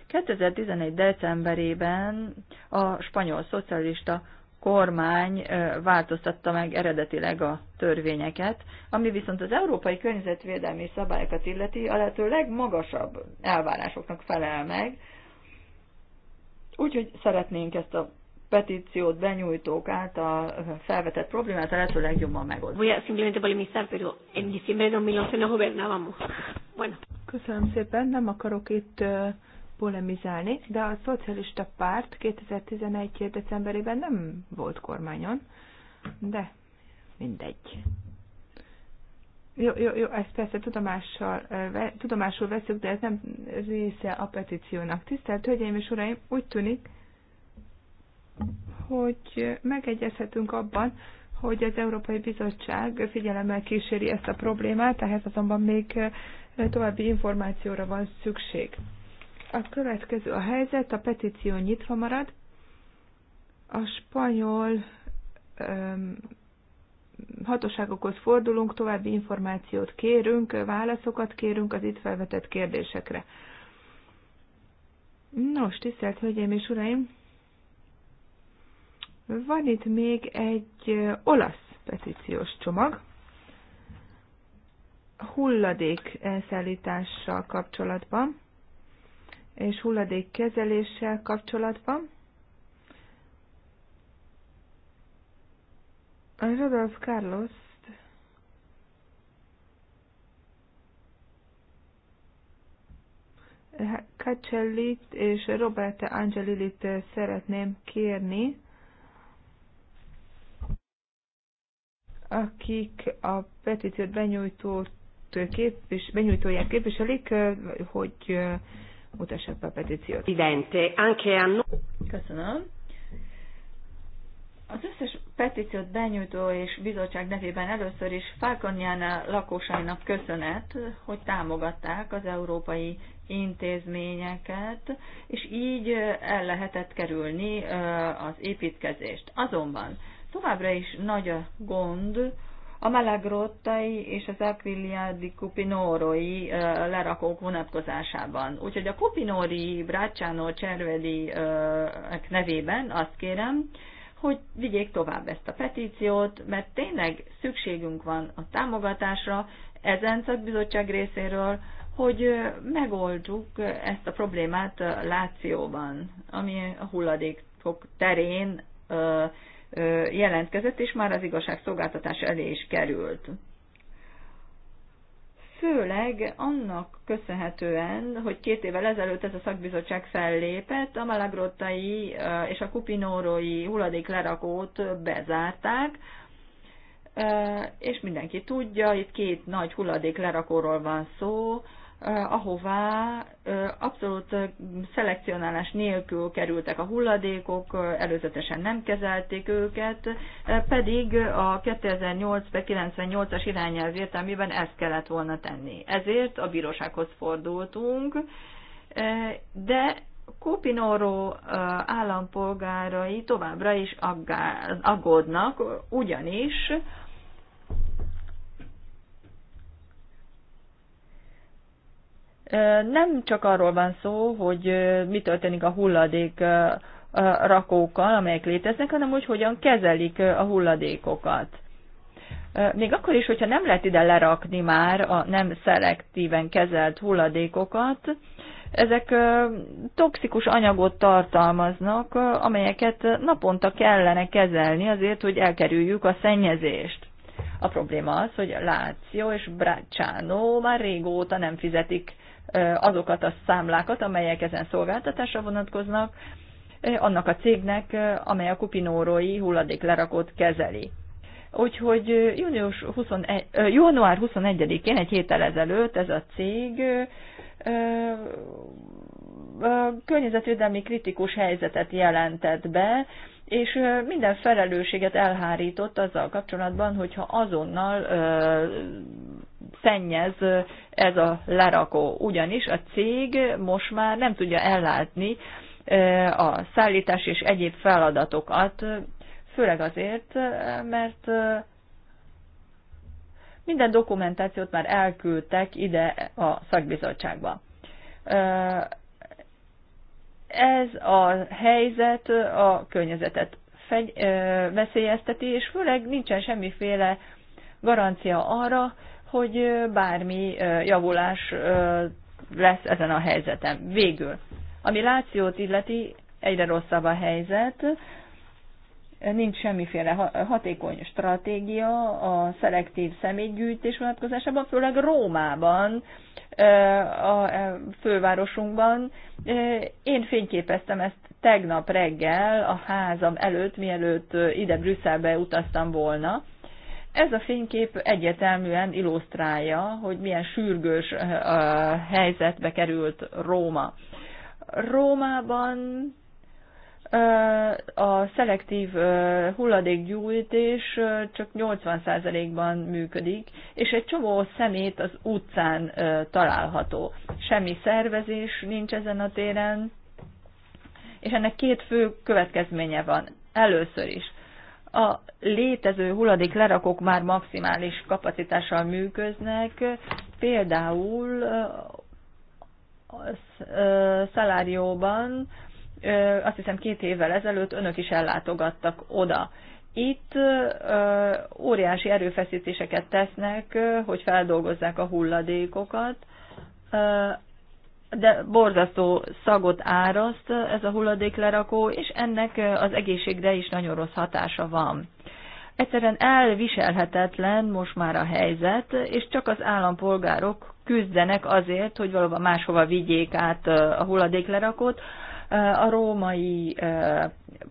2011. decemberében a spanyol szocialista kormány változtatta meg eredetileg a törvényeket, ami viszont az európai környezetvédelmi szabályokat illeti a lehető legmagasabb elvárásoknak felel meg. Úgyhogy szeretnénk ezt a petíciót benyújtók által felvetett problémát a lehető legjobban megoldani. Köszönöm szépen, nem akarok itt uh polemizálni, de a szocialista párt 2011. decemberében nem volt kormányon, de mindegy. Jó, jó, jó, ezt persze tudomással, tudomásul veszük, de ez nem része a petíciónak. Tisztelt Hölgyeim és Uraim, úgy tűnik, hogy megegyezhetünk abban, hogy az Európai Bizottság figyelemmel kíséri ezt a problémát, ehhez azonban még további információra van szükség. A következő a helyzet, a petíció nyitva marad. A spanyol öm, hatóságokhoz fordulunk, további információt kérünk, válaszokat kérünk az itt felvetett kérdésekre. Nos, tisztelt Hölgyeim és Uraim! Van itt még egy olasz petíciós csomag, hulladék elszállítással kapcsolatban és kezeléssel kapcsolatban. Rodolf Carlos Kacellit és Roberta Angelilit szeretném kérni, akik a petíciót benyújtót képvis, benyújtóját képviselik, hogy mutassák be a petíciót. Köszönöm. Az összes petíciót benyújtó és bizottság nevében először is Falconiana lakosainak köszönet, hogy támogatták az európai intézményeket, és így el lehetett kerülni az építkezést. Azonban továbbra is nagy a gond, a melegrottai és az Aquiliadi Cupinorói lerakók vonatkozásában. Úgyhogy a Cupinori, Bracciano, Cservedi nevében azt kérem, hogy vigyék tovább ezt a petíciót, mert tényleg szükségünk van a támogatásra ezen szakbizottság részéről, hogy megoldjuk ezt a problémát Lációban, ami a hulladékok terén jelentkezett, és már az igazságszolgáltatás elé is került. Főleg annak köszönhetően, hogy két évvel ezelőtt ez a szakbizottság fellépett, a malagrottai és a kupinórói hulladéklerakót bezárták, és mindenki tudja, itt két nagy hulladéklerakóról van szó, Eh, ahová eh, abszolút eh, szelekcionálás nélkül kerültek a hulladékok, előzetesen nem kezelték őket, pedig a 2008-98-as irányelv értelmében ezt kellett volna tenni. Ezért a bírósághoz fordultunk, de Kupinoró állampolgárai továbbra is aggódnak, ugyanis nem csak arról van szó, hogy mi történik a hulladék rakókkal, amelyek léteznek, hanem úgy, hogyan kezelik a hulladékokat. Még akkor is, hogyha nem lehet ide lerakni már a nem szelektíven kezelt hulladékokat, ezek toxikus anyagot tartalmaznak, amelyeket naponta kellene kezelni azért, hogy elkerüljük a szennyezést. A probléma az, hogy Láció és Bracciano már régóta nem fizetik azokat a számlákat, amelyek ezen szolgáltatásra vonatkoznak, annak a cégnek, amely a kupinórói hulladéklerakót kezeli. Úgyhogy június 21, január 21-én, egy héttel ezelőtt ez a cég környezetvédelmi kritikus helyzetet jelentett be, és minden felelősséget elhárított azzal kapcsolatban, hogyha azonnal ö, szennyez ez a lerakó. Ugyanis a cég most már nem tudja ellátni ö, a szállítás és egyéb feladatokat, főleg azért, mert ö, minden dokumentációt már elküldtek ide a szakbizottságba. Ez a helyzet a környezetet fegy, ö, veszélyezteti, és főleg nincsen semmiféle garancia arra, hogy bármi javulás lesz ezen a helyzeten. Végül, ami Lációt illeti, egyre rosszabb a helyzet, nincs semmiféle hatékony stratégia a szelektív személygyűjtés vonatkozásában, főleg Rómában, a e, fővárosunkban. Én fényképeztem ezt tegnap reggel a házam előtt, mielőtt ide Brüsszelbe utaztam volna. Ez a fénykép egyetelműen illusztrálja, hogy milyen sürgős helyzetbe került Róma. Rómában a szelektív hulladékgyújtés csak 80%-ban működik, és egy csomó szemét az utcán található. Semmi szervezés nincs ezen a téren, és ennek két fő következménye van. Először is, a létező hulladék lerakók már maximális kapacitással működnek, például szalárióban azt hiszem két évvel ezelőtt önök is ellátogattak oda. Itt óriási erőfeszítéseket tesznek, hogy feldolgozzák a hulladékokat, de borzasztó szagot áraszt ez a hulladéklerakó, és ennek az egészségre is nagyon rossz hatása van. Egyszerűen elviselhetetlen most már a helyzet, és csak az állampolgárok küzdenek azért, hogy valóban máshova vigyék át a hulladéklerakót, a római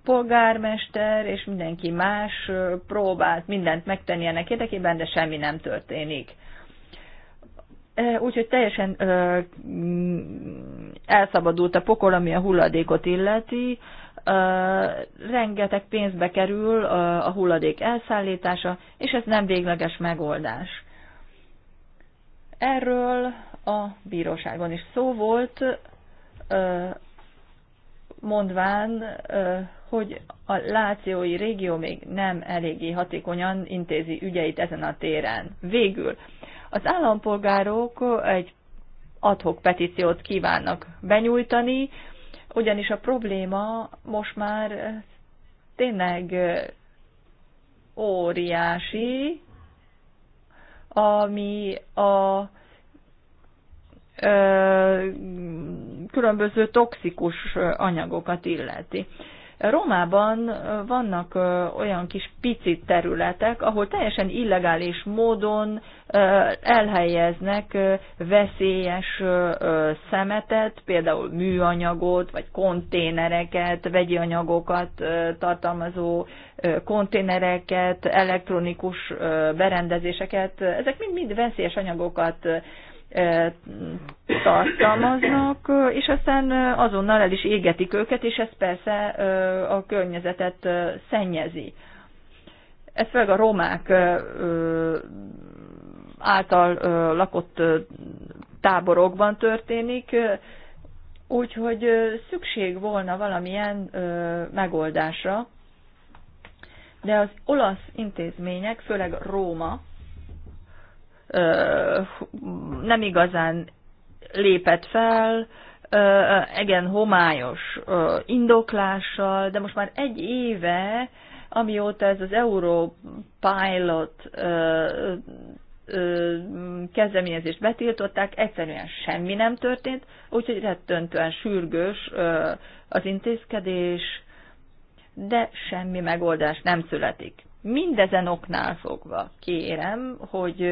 polgármester és mindenki más próbált mindent megtenni ennek érdekében, de semmi nem történik. Úgyhogy teljesen elszabadult a pokol, ami a hulladékot illeti. rengeteg pénzbe kerül a, hulladék elszállítása, és ez nem végleges megoldás. Erről a bíróságon is szó volt mondván, hogy a lációi régió még nem eléggé hatékonyan intézi ügyeit ezen a téren. Végül, az állampolgárok egy adhok petíciót kívánnak benyújtani, ugyanis a probléma most már tényleg óriási, ami a különböző toxikus anyagokat illeti. Romában vannak olyan kis pici területek, ahol teljesen illegális módon elhelyeznek veszélyes szemetet, például műanyagot, vagy konténereket, vegyi anyagokat tartalmazó konténereket, elektronikus berendezéseket. Ezek mind-mind veszélyes anyagokat tartalmaznak, és aztán azonnal el is égetik őket, és ez persze a környezetet szennyezi. Ez főleg a romák által lakott táborokban történik, úgyhogy szükség volna valamilyen megoldásra, de az olasz intézmények, főleg Róma, nem igazán lépett fel, igen, homályos indoklással, de most már egy éve, amióta ez az Europilot kezdeményezést betiltották, egyszerűen semmi nem történt, úgyhogy rettöntően sürgős az intézkedés, de semmi megoldás nem születik. Mindezen oknál fogva kérem, hogy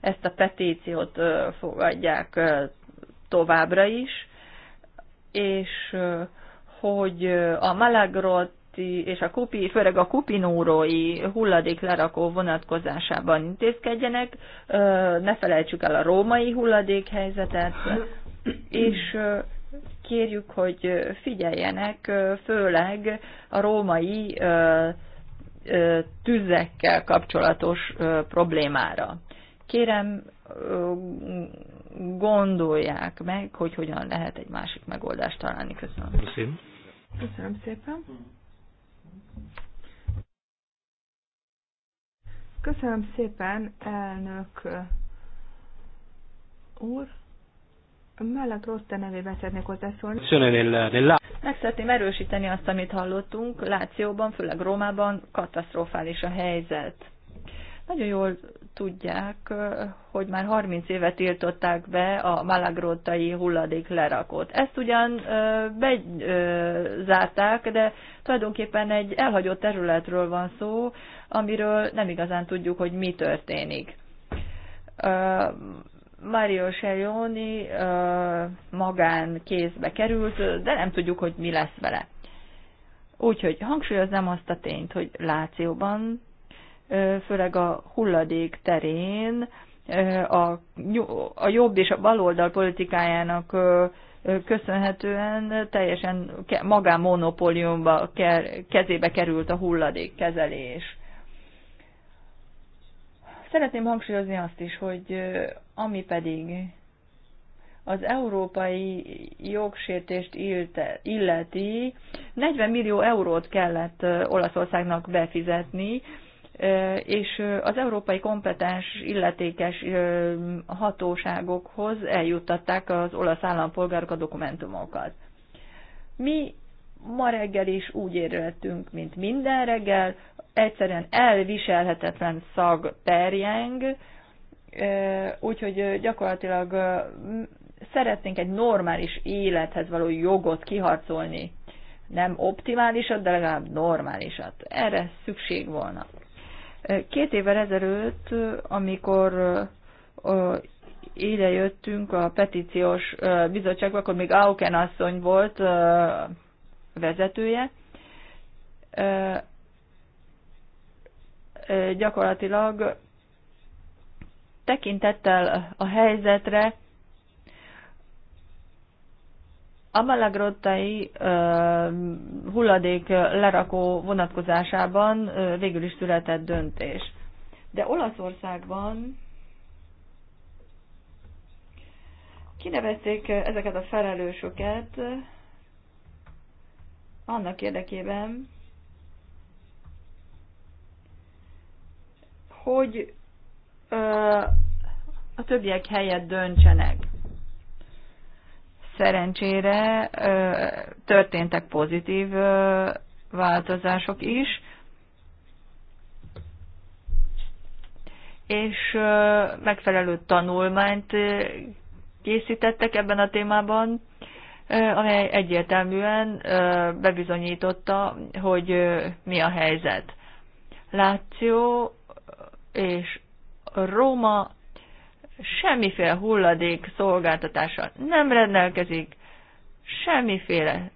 ezt a petíciót fogadják továbbra is, és hogy a Malagrotti és a Kupi, főleg a Kupinórói hulladék lerakó vonatkozásában intézkedjenek, ne felejtsük el a római hulladékhelyzetet, és kérjük, hogy figyeljenek főleg a római tüzekkel kapcsolatos problémára. Kérem, gondolják meg, hogy hogyan lehet egy másik megoldást találni. Köszönöm. Köszönöm, Köszönöm szépen. Köszönöm szépen, elnök úr. Mellett Roster nevében szeretnék hozzászólni. Meg szeretném erősíteni azt, amit hallottunk. Lációban, főleg Rómában katasztrofális a helyzet. Nagyon jól tudják, hogy már 30 éve tiltották be a malagrótai hulladék lerakót. Ezt ugyan bezárták, de tulajdonképpen egy elhagyott területről van szó, amiről nem igazán tudjuk, hogy mi történik Mario Serioni magán kézbe került, de nem tudjuk, hogy mi lesz vele. Úgyhogy hangsúlyoznám azt a tényt, hogy Lációban, főleg a hulladék terén, a, a jobb és a baloldal politikájának köszönhetően teljesen magán magánmonopóliumba kezébe került a hulladékkezelés. Szeretném hangsúlyozni azt is, hogy ami pedig az európai jogsértést illeti, 40 millió eurót kellett Olaszországnak befizetni, és az európai kompetens illetékes hatóságokhoz eljuttatták az olasz állampolgárok a dokumentumokat. Mi ma reggel is úgy érültünk, mint minden reggel, egyszerűen elviselhetetlen szag terjeng, úgyhogy gyakorlatilag szeretnénk egy normális élethez való jogot kiharcolni. Nem optimálisat, de legalább normálisat. Erre szükség volna. Két évvel ezelőtt, amikor ide jöttünk a petíciós bizottságba, akkor még Auken asszony volt vezetője, gyakorlatilag tekintettel a helyzetre a malagrottai hulladék lerakó vonatkozásában végül is született döntés. De Olaszországban kinevezték ezeket a felelősöket, annak érdekében, hogy a többiek helyett döntsenek. Szerencsére történtek pozitív változások is, és megfelelő tanulmányt készítettek ebben a témában, amely egyértelműen bebizonyította, hogy mi a helyzet. Láció és Róma semmiféle hulladék szolgáltatása nem rendelkezik, semmiféle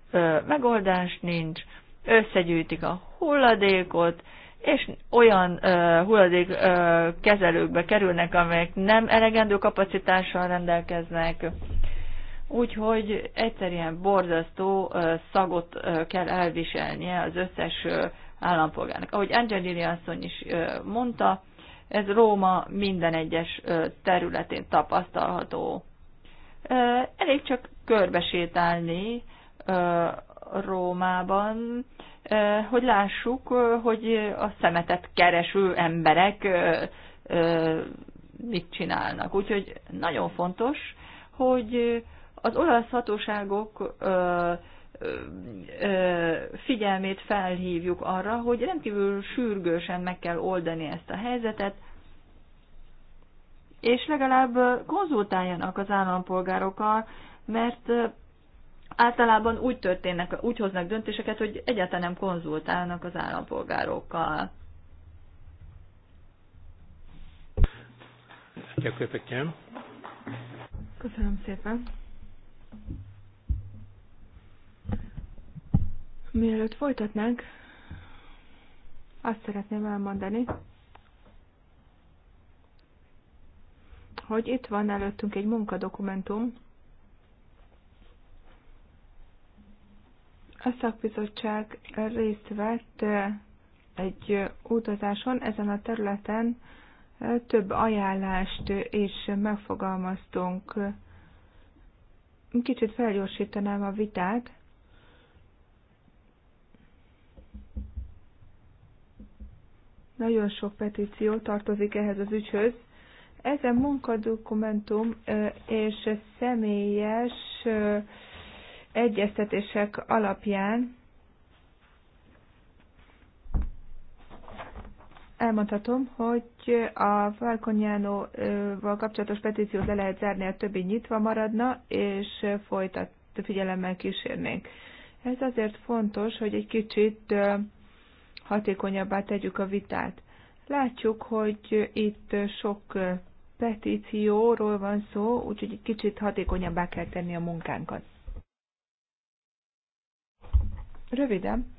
megoldás nincs, összegyűjtik a hulladékot, és olyan uh, hulladék uh, kezelőkbe kerülnek, amelyek nem elegendő kapacitással rendelkeznek, úgyhogy egyszerűen borzasztó szagot kell elviselnie az összes állampolgárnak. Ahogy Angelini asszony is mondta, ez Róma minden egyes területén tapasztalható. Elég csak körbesétálni Rómában, hogy lássuk, hogy a szemetet kereső emberek mit csinálnak. Úgyhogy nagyon fontos, hogy az olasz hatóságok figyelmét felhívjuk arra, hogy rendkívül sürgősen meg kell oldani ezt a helyzetet, és legalább konzultáljanak az állampolgárokkal, mert általában úgy történnek, úgy hoznak döntéseket, hogy egyáltalán nem konzultálnak az állampolgárokkal. Köszönöm szépen. Mielőtt folytatnánk, azt szeretném elmondani, hogy itt van előttünk egy munkadokumentum. A szakbizottság részt vett egy utazáson ezen a területen, több ajánlást is megfogalmaztunk Kicsit felgyorsítanám a vitát. Nagyon sok petíció tartozik ehhez az ügyhöz. a munkadokumentum és személyes egyeztetések alapján elmondhatom, hogy a Falconiano-val kapcsolatos petíciót le lehet zárni, a többi nyitva maradna, és folytat figyelemmel kísérnénk. Ez azért fontos, hogy egy kicsit hatékonyabbá tegyük a vitát. Látjuk, hogy itt sok petícióról van szó, úgyhogy egy kicsit hatékonyabbá kell tenni a munkánkat. Röviden.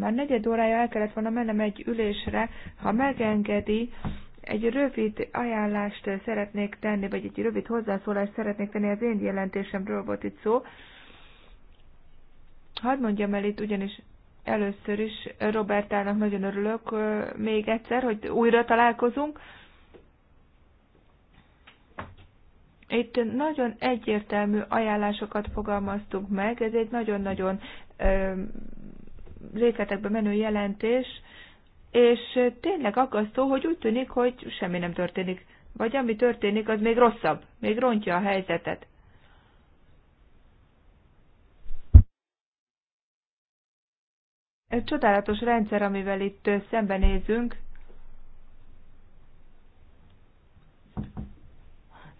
Már negyed órája el kellett volna mennem egy ülésre, ha megengedi, egy rövid ajánlást szeretnék tenni, vagy egy rövid hozzászólást szeretnék tenni, az én jelentésemről volt itt szó. Hadd mondjam el itt ugyanis először is Robertának nagyon örülök még egyszer, hogy újra találkozunk. Itt nagyon egyértelmű ajánlásokat fogalmaztunk meg, ez egy nagyon-nagyon részletekbe menő jelentés, és tényleg aggasztó, hogy úgy tűnik, hogy semmi nem történik. Vagy ami történik, az még rosszabb, még rontja a helyzetet. Egy csodálatos rendszer, amivel itt szembenézünk,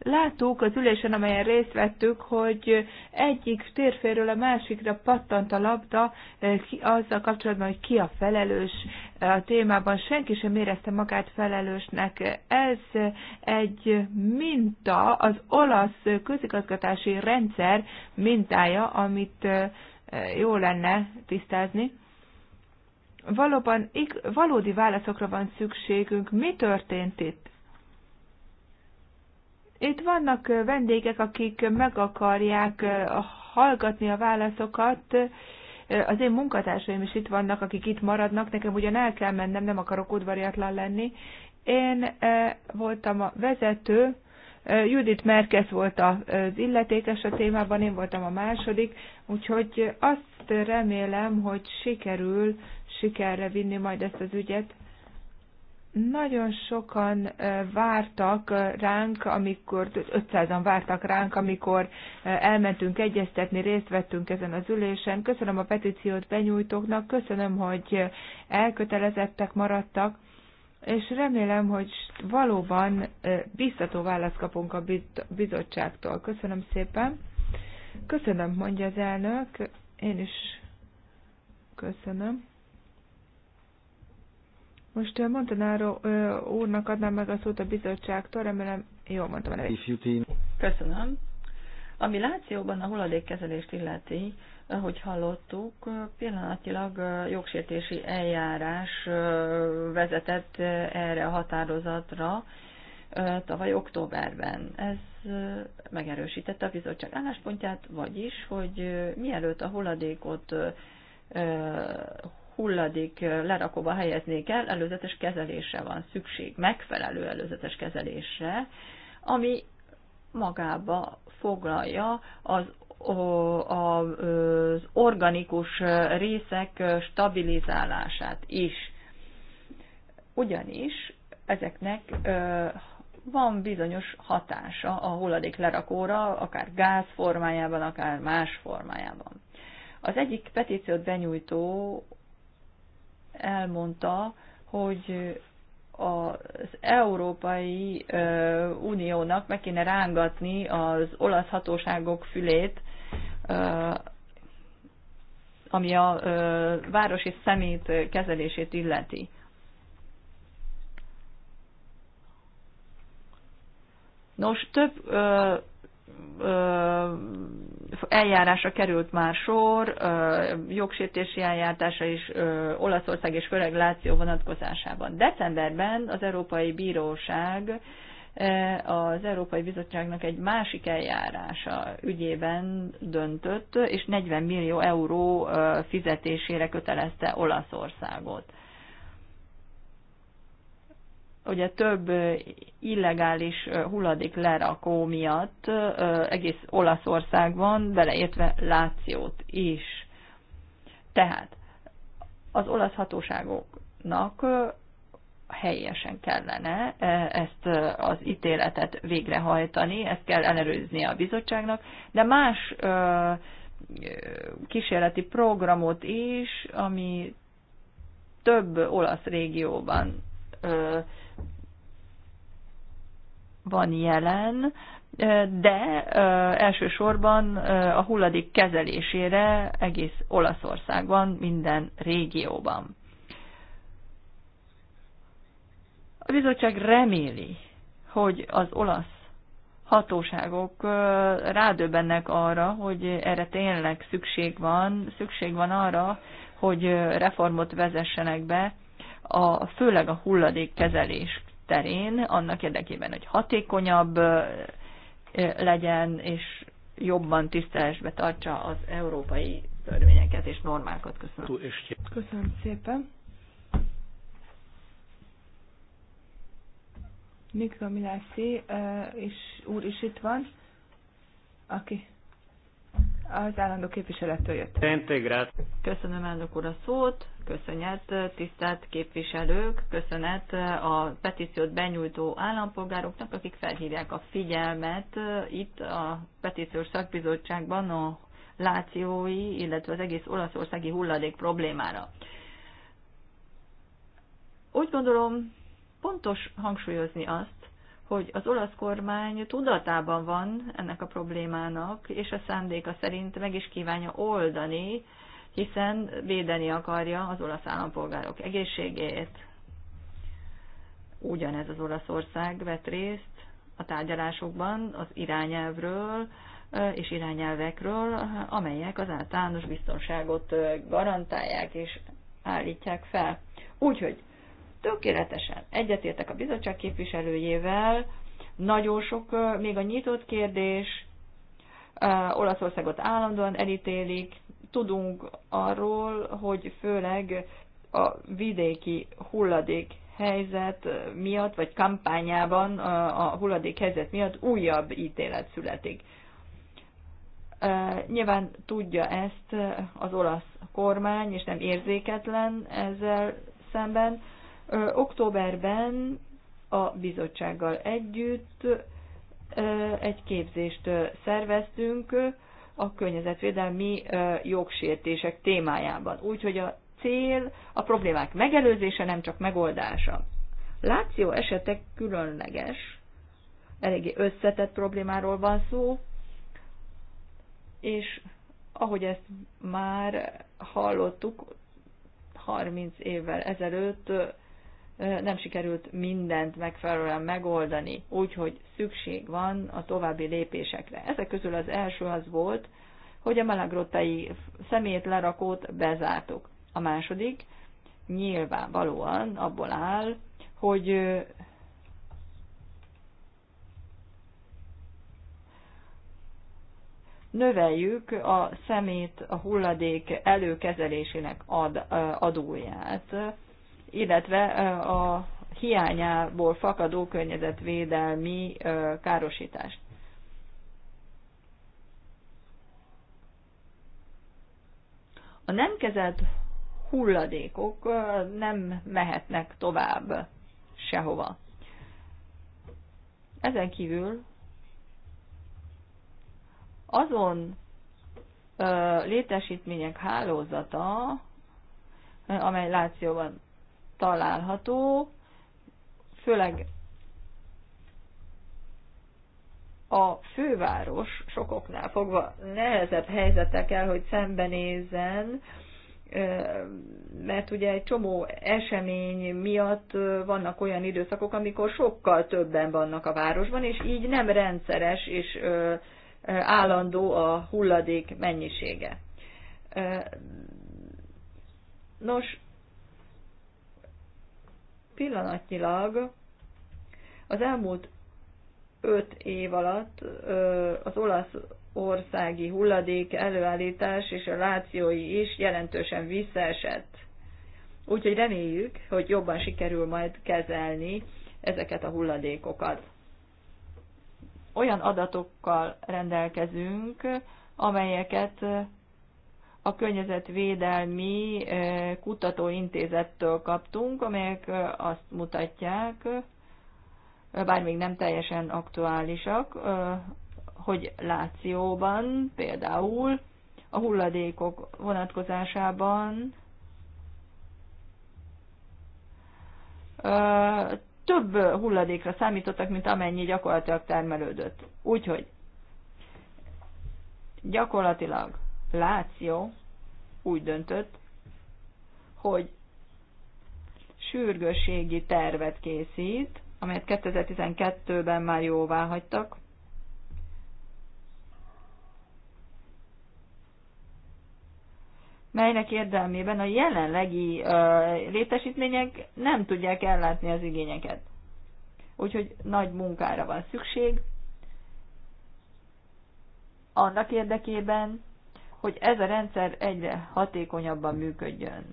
Láttuk az ülésen, amelyen részt vettük, hogy egyik térféről a másikra pattant a labda eh, azzal kapcsolatban, hogy ki a felelős eh, a témában. Senki sem érezte magát felelősnek. Ez egy minta, az olasz közigazgatási rendszer mintája, amit eh, jó lenne tisztázni. Valóban valódi válaszokra van szükségünk. Mi történt itt? Itt vannak vendégek, akik meg akarják hallgatni a válaszokat. Az én munkatársaim is itt vannak, akik itt maradnak. Nekem ugyan el kell mennem, nem akarok udvariatlan lenni. Én voltam a vezető, Judit Merkez volt az illetékes a témában, én voltam a második, úgyhogy azt remélem, hogy sikerül sikerre vinni majd ezt az ügyet. Nagyon sokan vártak ránk, amikor 500-an vártak ránk, amikor elmentünk egyeztetni, részt vettünk ezen az ülésen. Köszönöm a petíciót benyújtóknak, köszönöm, hogy elkötelezettek maradtak, és remélem, hogy valóban biztató választ kapunk a bizottságtól. Köszönöm szépen. Köszönöm, mondja az elnök. Én is köszönöm. Most uh, úrnak adnám meg a szót a bizottságtól, remélem jól mondtam el. Köszönöm. Ami Lációban a hulladékkezelést illeti, ahogy hallottuk, pillanatilag jogsértési eljárás vezetett erre a határozatra tavaly októberben. Ez megerősítette a bizottság álláspontját, vagyis, hogy mielőtt a hulladékot hulladék lerakóba helyezni kell, előzetes kezelésre van szükség, megfelelő előzetes kezelésre, ami magába foglalja az, az organikus részek stabilizálását is. Ugyanis ezeknek van bizonyos hatása a hulladék lerakóra, akár gáz formájában, akár más formájában. Az egyik petíciót benyújtó elmondta, hogy az Európai Uniónak meg kéne rángatni az olasz hatóságok fülét, ami a városi szemét kezelését illeti. Nos, több eljárásra került már sor, jogsértési eljárása is Olaszország és főleg Láció vonatkozásában. Decemberben az Európai Bíróság az Európai Bizottságnak egy másik eljárása ügyében döntött, és 40 millió euró fizetésére kötelezte Olaszországot ugye több illegális hulladék lerakó miatt egész Olaszországban, beleértve Lációt is. Tehát az olasz hatóságoknak helyesen kellene ezt az ítéletet végrehajtani, ezt kell ellenőrizni a bizottságnak, de más kísérleti programot is, ami több olasz régióban van jelen, de elsősorban a hulladék kezelésére egész Olaszországban, minden régióban. A bizottság reméli, hogy az olasz hatóságok rádöbbennek arra, hogy erre tényleg szükség van, szükség van arra, hogy reformot vezessenek be, a, főleg a hulladékkezelés terén, annak érdekében, hogy hatékonyabb legyen, és jobban tisztelesbe tartsa az európai törvényeket és normákat. Köszönöm. Köszönöm szépen. Mikro Milászi és úr is itt van, aki az állandó képviselettől jött. Köszönöm elnök úr a szót köszönet, tisztelt képviselők, köszönet a petíciót benyújtó állampolgároknak, akik felhívják a figyelmet itt a petíciós szakbizottságban a lációi, illetve az egész olaszországi hulladék problémára. Úgy gondolom, pontos hangsúlyozni azt, hogy az olasz kormány tudatában van ennek a problémának, és a szándéka szerint meg is kívánja oldani, hiszen védeni akarja az olasz állampolgárok egészségét. Ugyanez az Olaszország vett részt a tárgyalásokban az irányelvről és irányelvekről, amelyek az általános biztonságot garantálják és állítják fel. Úgyhogy tökéletesen egyetértek a bizottság képviselőjével, nagyon sok még a nyitott kérdés, Olaszországot állandóan elítélik, tudunk arról, hogy főleg a vidéki hulladék helyzet miatt, vagy kampányában a hulladék helyzet miatt újabb ítélet születik. Nyilván tudja ezt az olasz kormány, és nem érzéketlen ezzel szemben. Októberben a bizottsággal együtt egy képzést szerveztünk, a környezetvédelmi jogsértések témájában. Úgyhogy a cél a problémák megelőzése, nem csak megoldása. Láció esetek különleges, eléggé összetett problémáról van szó, és ahogy ezt már hallottuk 30 évvel ezelőtt, nem sikerült mindent megfelelően megoldani, úgyhogy szükség van a további lépésekre. Ezek közül az első az volt, hogy a szemét lerakót bezártuk. A második nyilvánvalóan abból áll, hogy növeljük a szemét, a hulladék előkezelésének ad, adóját, illetve a hiányából fakadó környezetvédelmi károsítást. A nem kezelt hulladékok nem mehetnek tovább sehova. Ezen kívül azon létesítmények hálózata, amely Lációban található, főleg a főváros sokoknál fogva nehezebb helyzetek el, hogy szembenézzen, mert ugye egy csomó esemény miatt vannak olyan időszakok, amikor sokkal többen vannak a városban, és így nem rendszeres és állandó a hulladék mennyisége. Nos, pillanatnyilag az elmúlt öt év alatt az olasz országi hulladék előállítás és a lációi is jelentősen visszaesett. Úgyhogy reméljük, hogy jobban sikerül majd kezelni ezeket a hulladékokat. Olyan adatokkal rendelkezünk, amelyeket a Környezetvédelmi eh, Kutatóintézettől kaptunk, amelyek eh, azt mutatják, eh, bár még nem teljesen aktuálisak, hogy Lációban például a hulladékok vonatkozásában több hulladékra számítottak, mint amennyi gyakorlatilag termelődött. Úgyhogy gyakorlatilag Láció úgy döntött, hogy sürgőségi tervet készít, amelyet 2012-ben már jóvá hagytak. melynek érdelmében a jelenlegi ö, létesítmények nem tudják ellátni az igényeket. Úgyhogy nagy munkára van szükség. Annak érdekében, hogy ez a rendszer egyre hatékonyabban működjön.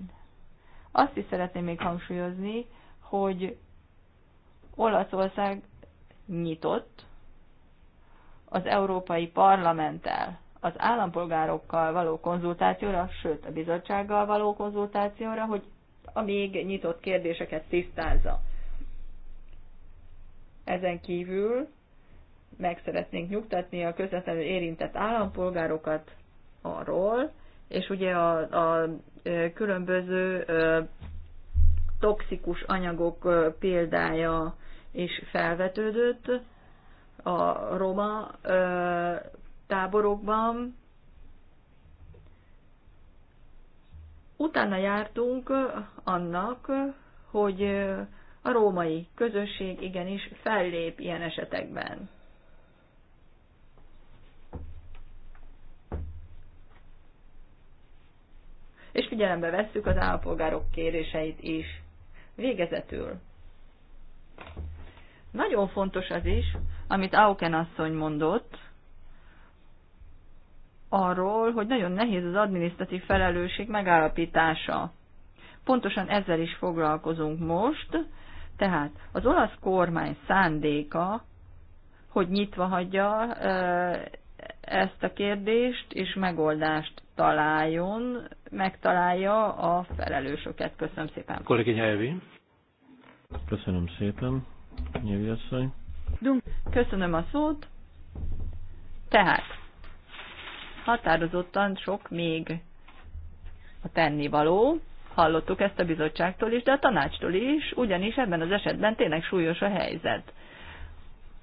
Azt is szeretném még hangsúlyozni, hogy Olaszország nyitott az Európai Parlamenttel, az állampolgárokkal való konzultációra, sőt a bizottsággal való konzultációra, hogy a még nyitott kérdéseket tisztázza. Ezen kívül meg szeretnénk nyugtatni a közvetlenül érintett állampolgárokat arról, és ugye a, a különböző toxikus anyagok példája is felvetődött a roma táborokban. Utána jártunk annak, hogy a római közösség igenis fellép ilyen esetekben. és figyelembe vesszük az állapolgárok kéréseit is. Végezetül. Nagyon fontos az is, amit Auken asszony mondott, arról, hogy nagyon nehéz az adminisztratív felelősség megállapítása. Pontosan ezzel is foglalkozunk most, tehát az olasz kormány szándéka, hogy nyitva hagyja ezt a kérdést, és megoldást találjon, megtalálja a felelősöket. Köszönöm szépen. Kolléginya Evi. Köszönöm szépen, Nyelvi asszony. Köszönöm a szót. Tehát, határozottan sok még a tennivaló, hallottuk ezt a bizottságtól is, de a tanácstól is, ugyanis ebben az esetben tényleg súlyos a helyzet.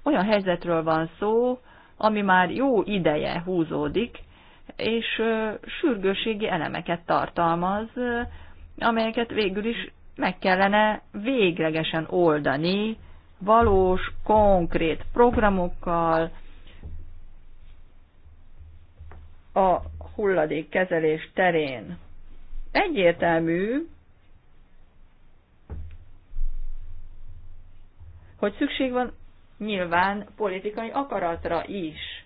Olyan helyzetről van szó, ami már jó ideje húzódik, és sürgőségi elemeket tartalmaz, amelyeket végül is meg kellene véglegesen oldani valós, konkrét programokkal, a hulladékkezelés terén. Egyértelmű, hogy szükség van nyilván politikai akaratra is.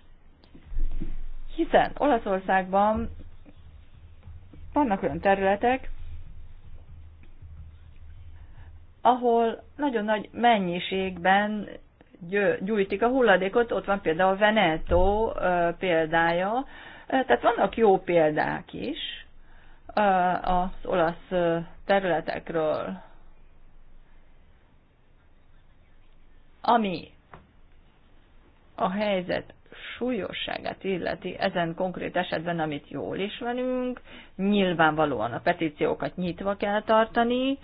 Hiszen Olaszországban vannak olyan területek, ahol nagyon nagy mennyiségben gyújtik a hulladékot, ott van például Veneto példája, tehát vannak jó példák is az olasz területekről, ami a helyzet súlyosságát illeti ezen konkrét esetben, amit jól ismerünk, nyilvánvalóan a petíciókat nyitva kell tartani,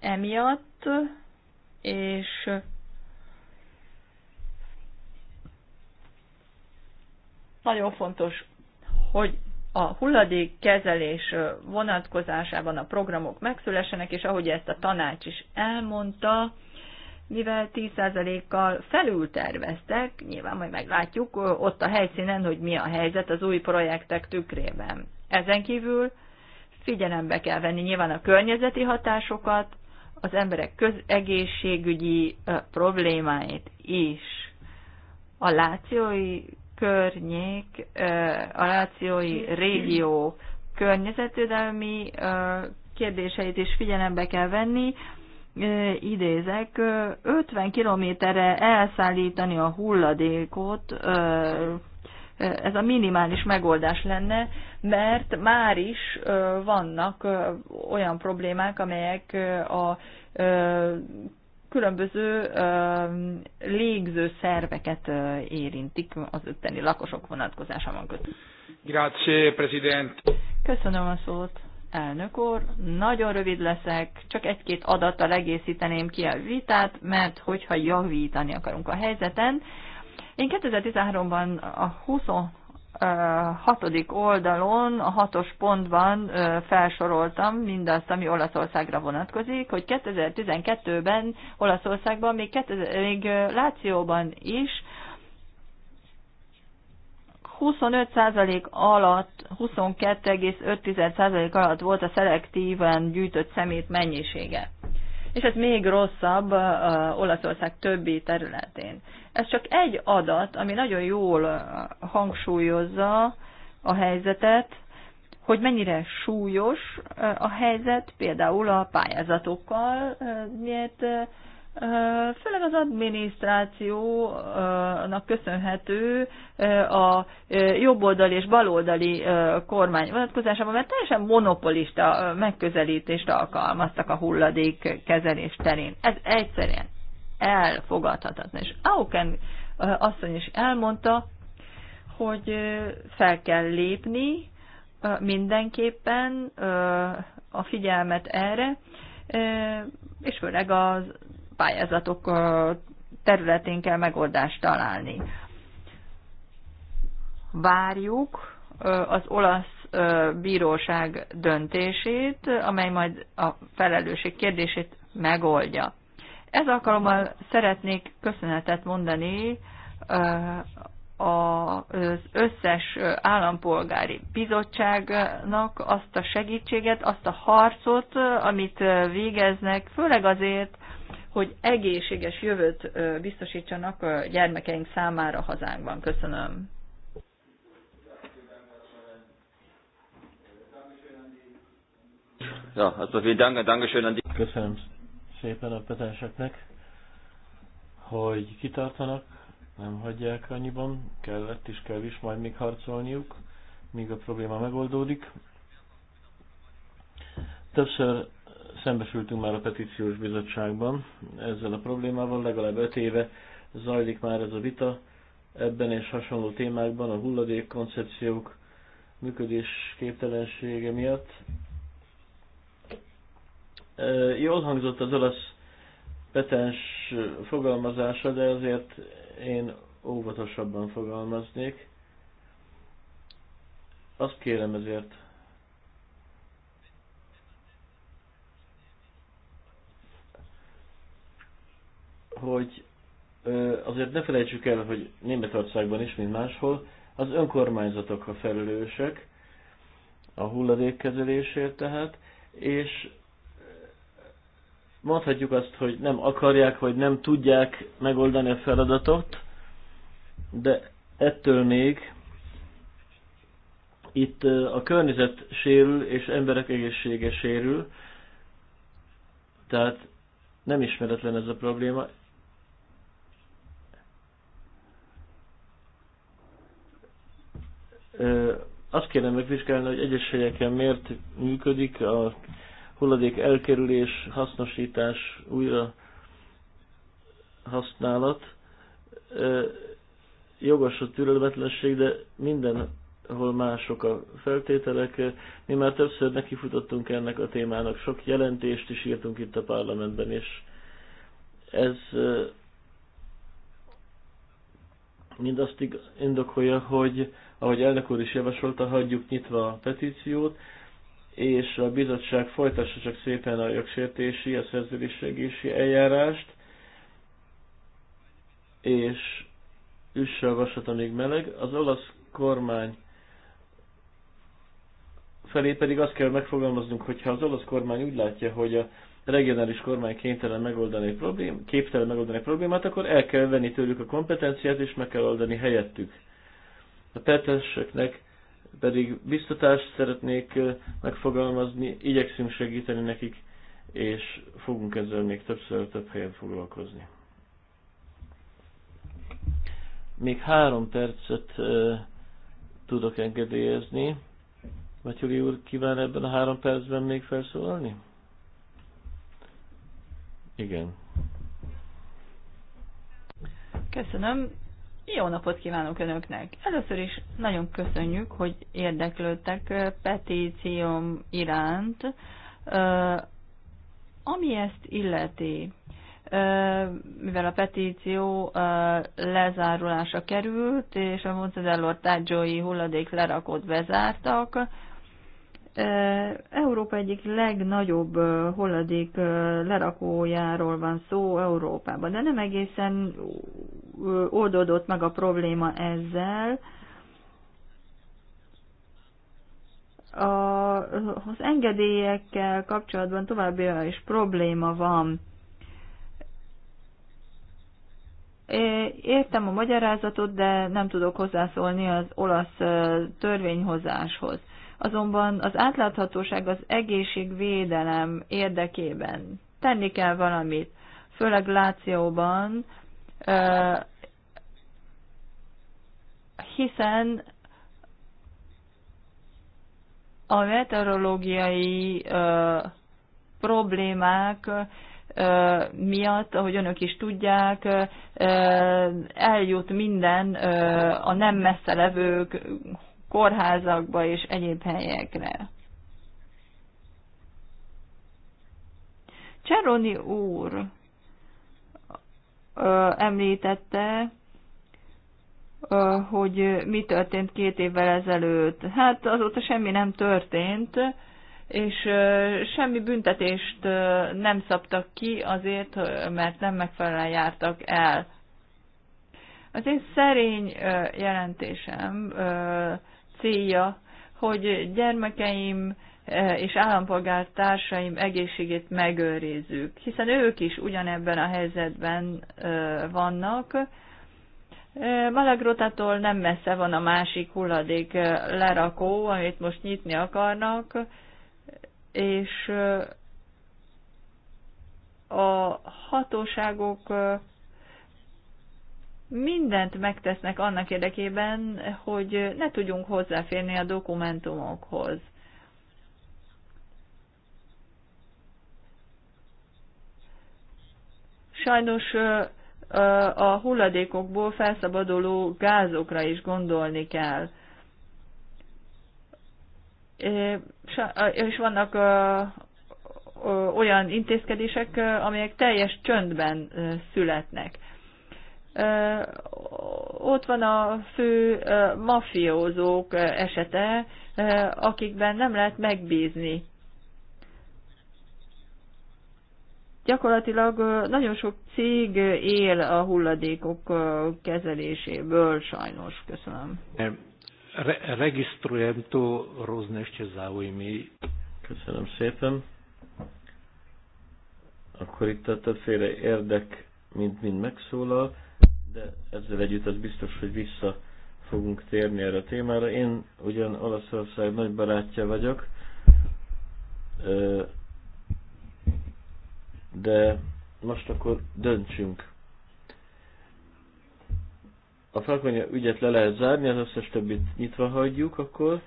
emiatt, és nagyon fontos, hogy a hulladékkezelés vonatkozásában a programok megszülessenek, és ahogy ezt a tanács is elmondta, mivel 10%-kal felül terveztek, nyilván majd meglátjuk ott a helyszínen, hogy mi a helyzet az új projektek tükrében. Ezen kívül figyelembe kell venni nyilván a környezeti hatásokat, az emberek közegészségügyi problémáit is. A lációi környék, a lációi régió környezetvédelmi kérdéseit is figyelembe kell venni, idézek, 50 kilométerre elszállítani a hulladékot, ez a minimális megoldás lenne, mert már is vannak olyan problémák, amelyek a különböző légző szerveket érintik az ötteni lakosok vonatkozásában között. Grazie, President. Köszönöm a szót. Elnök úr, nagyon rövid leszek, csak egy-két adattal egészíteném ki a vitát, mert hogyha javítani akarunk a helyzeten. Én 2013-ban a 26. oldalon, a hatos pontban felsoroltam mindazt, ami Olaszországra vonatkozik, hogy 2012-ben Olaszországban, még, 2000, még Lációban is 25% alatt, 22,5% alatt volt a szelektíven gyűjtött szemét mennyisége. És ez még rosszabb Olaszország többi területén. Ez csak egy adat, ami nagyon jól hangsúlyozza a helyzetet, hogy mennyire súlyos a helyzet például a pályázatokkal, miért főleg az adminisztrációnak köszönhető a jobboldali és baloldali kormány vonatkozásában, mert teljesen monopolista megközelítést alkalmaztak a hulladék kezelés terén. Ez egyszerűen elfogadhatatlan. És Auken asszony is elmondta, hogy fel kell lépni mindenképpen a figyelmet erre, és főleg az pályázatok területén kell megoldást találni. Várjuk az olasz bíróság döntését, amely majd a felelősség kérdését megoldja. Ez alkalommal szeretnék köszönetet mondani az összes állampolgári bizottságnak azt a segítséget, azt a harcot, amit végeznek, főleg azért, hogy egészséges jövőt biztosítsanak a gyermekeink számára hazánkban. Köszönöm. Ja, hát Köszönöm szépen a petenseknek, hogy kitartanak, nem hagyják annyiban, kellett is kell is majd még harcolniuk, míg a probléma megoldódik. Többször szembesültünk már a petíciós bizottságban ezzel a problémával, legalább öt éve zajlik már ez a vita ebben és hasonló témákban a hulladék koncepciók működés képtelensége miatt. Jól hangzott az olasz petens fogalmazása, de azért én óvatosabban fogalmaznék. Azt kérem ezért hogy azért ne felejtsük el, hogy Németországban is, mint máshol, az önkormányzatok a felelősek a hulladékkezelésért tehát, és mondhatjuk azt, hogy nem akarják, vagy nem tudják megoldani a feladatot, de ettől még itt a környezet sérül, és emberek egészsége sérül, tehát nem ismeretlen ez a probléma, Azt kéne megvizsgálni, hogy egyes helyeken miért működik a hulladék elkerülés, hasznosítás, újra használat. Jogos a türelmetlenség, de mindenhol mások a feltételek. Mi már többször nekifutottunk ennek a témának, sok jelentést is írtunk itt a parlamentben, és ez mind azt indokolja, hogy ahogy elnök úr is javasolta, hagyjuk nyitva a petíciót, és a bizottság folytassa csak szépen a jogsértési, a szerződéssegési eljárást, és üsse a vasat, amíg meleg. Az olasz kormány felé pedig azt kell megfogalmaznunk, hogy ha az olasz kormány úgy látja, hogy a regionális kormány kénytelen megoldani problém, képtelen megoldani problémát, akkor el kell venni tőlük a kompetenciát, és meg kell oldani helyettük. A tetteseknek pedig biztatást szeretnék megfogalmazni, igyekszünk segíteni nekik, és fogunk ezzel még többször több helyen foglalkozni. Még három percet euh, tudok engedélyezni. Matyuli úr kíván ebben a három percben még felszólalni? Igen. Köszönöm. Jó napot kívánok Önöknek! Először is nagyon köszönjük, hogy érdeklődtek petícióm iránt. Ami ezt illeti, mivel a petíció lezárulása került, és a Montedello tárgyói hulladék lerakót bezártak, Európa egyik legnagyobb hulladék lerakójáról van szó Európában, de nem egészen oldódott meg a probléma ezzel. A, az engedélyekkel kapcsolatban további is probléma van. Értem a magyarázatot, de nem tudok hozzászólni az olasz törvényhozáshoz. Azonban az átláthatóság az egészségvédelem érdekében tenni kell valamit, főleg Lációban, hiszen a meteorológiai problémák miatt, ahogy önök is tudják, eljut minden a nem messze levők kórházakba és egyéb helyekre. Cseroni úr említette, hogy mi történt két évvel ezelőtt. Hát azóta semmi nem történt, és semmi büntetést nem szabtak ki azért, mert nem megfelelően jártak el. Az én szerény jelentésem célja, hogy gyermekeim E, és állampolgártársaim egészségét megőrizzük, hiszen ők is ugyanebben a helyzetben e, vannak. E, Malagrotától nem messze van a másik hulladék lerakó, amit most nyitni akarnak, és a hatóságok mindent megtesznek annak érdekében, hogy ne tudjunk hozzáférni a dokumentumokhoz Sajnos a hulladékokból felszabaduló gázokra is gondolni kell. És vannak olyan intézkedések, amelyek teljes csöndben születnek. Ott van a fő mafiózók esete, akikben nem lehet megbízni Gyakorlatilag nagyon sok cég él a hulladékok kezeléséből, sajnos. Köszönöm. regisztrujem to rózne záujmy. Köszönöm szépen. Akkor itt a többféle érdek mind-mind megszólal, de ezzel együtt az biztos, hogy vissza fogunk térni erre a témára. Én ugyan Olaszország nagy barátja vagyok, de most akkor döntsünk. A felkonya ügyet le lehet zárni, az összes többit nyitva hagyjuk akkor,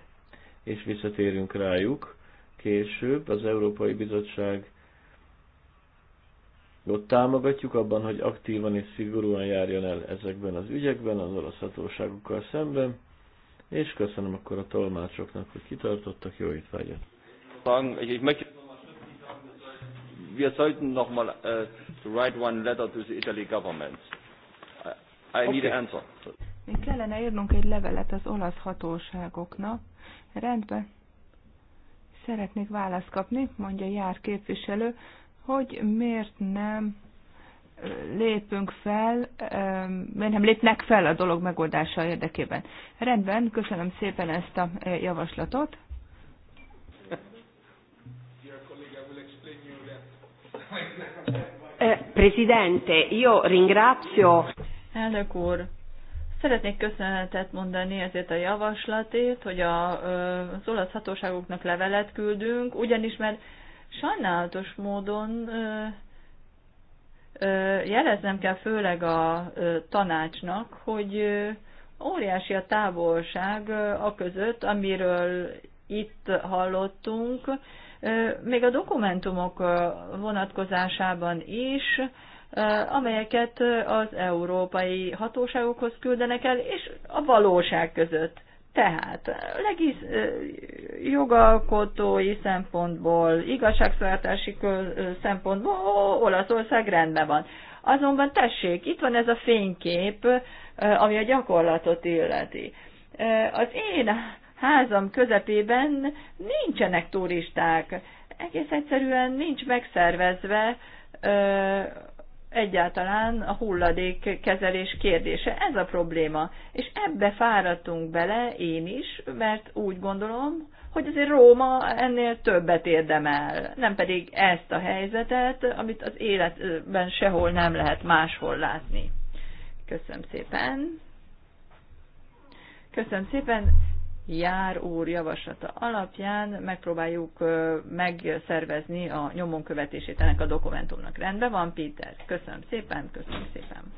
és visszatérünk rájuk később. Az Európai Bizottság ott támogatjuk abban, hogy aktívan és szigorúan járjon el ezekben az ügyekben, az olasz hatóságokkal szemben, és köszönöm akkor a tolmácsoknak, hogy kitartottak, jó étvágyat! Sagen, egy, egy wir sollten nochmal uh, äh, to write one letter to the Italy government. I need okay. an answer. Mi kellene írnunk egy levelet az olasz hatóságoknak. Rendben. Szeretnék választ kapni, mondja jár képviselő, hogy miért nem lépünk fel, miért nem lépnek fel a dolog megoldása érdekében. Rendben, köszönöm szépen ezt a javaslatot. Eh, Presidente, io ringrazio. Elnök úr, szeretnék köszönetet mondani ezért a javaslatét, hogy a, az olasz hatóságoknak levelet küldünk, ugyanis mert sajnálatos módon jeleznem kell főleg a tanácsnak, hogy óriási a távolság a között, amiről itt hallottunk, még a dokumentumok vonatkozásában is, amelyeket az európai hatóságokhoz küldenek el, és a valóság között. Tehát legis jogalkotói szempontból, igazságszolgáltási szempontból ó, Olaszország rendben van. Azonban tessék, itt van ez a fénykép, ami a gyakorlatot illeti. Az én házam közepében nincsenek turisták. Egész egyszerűen nincs megszervezve ö, egyáltalán a hulladékkezelés kérdése. Ez a probléma. És ebbe fáradtunk bele én is, mert úgy gondolom, hogy azért Róma ennél többet érdemel, nem pedig ezt a helyzetet, amit az életben sehol nem lehet máshol látni. Köszönöm szépen. Köszönöm szépen jár úr javaslata alapján megpróbáljuk megszervezni a nyomon követését ennek a dokumentumnak. Rendben van, Péter? Köszönöm szépen, köszönöm szépen.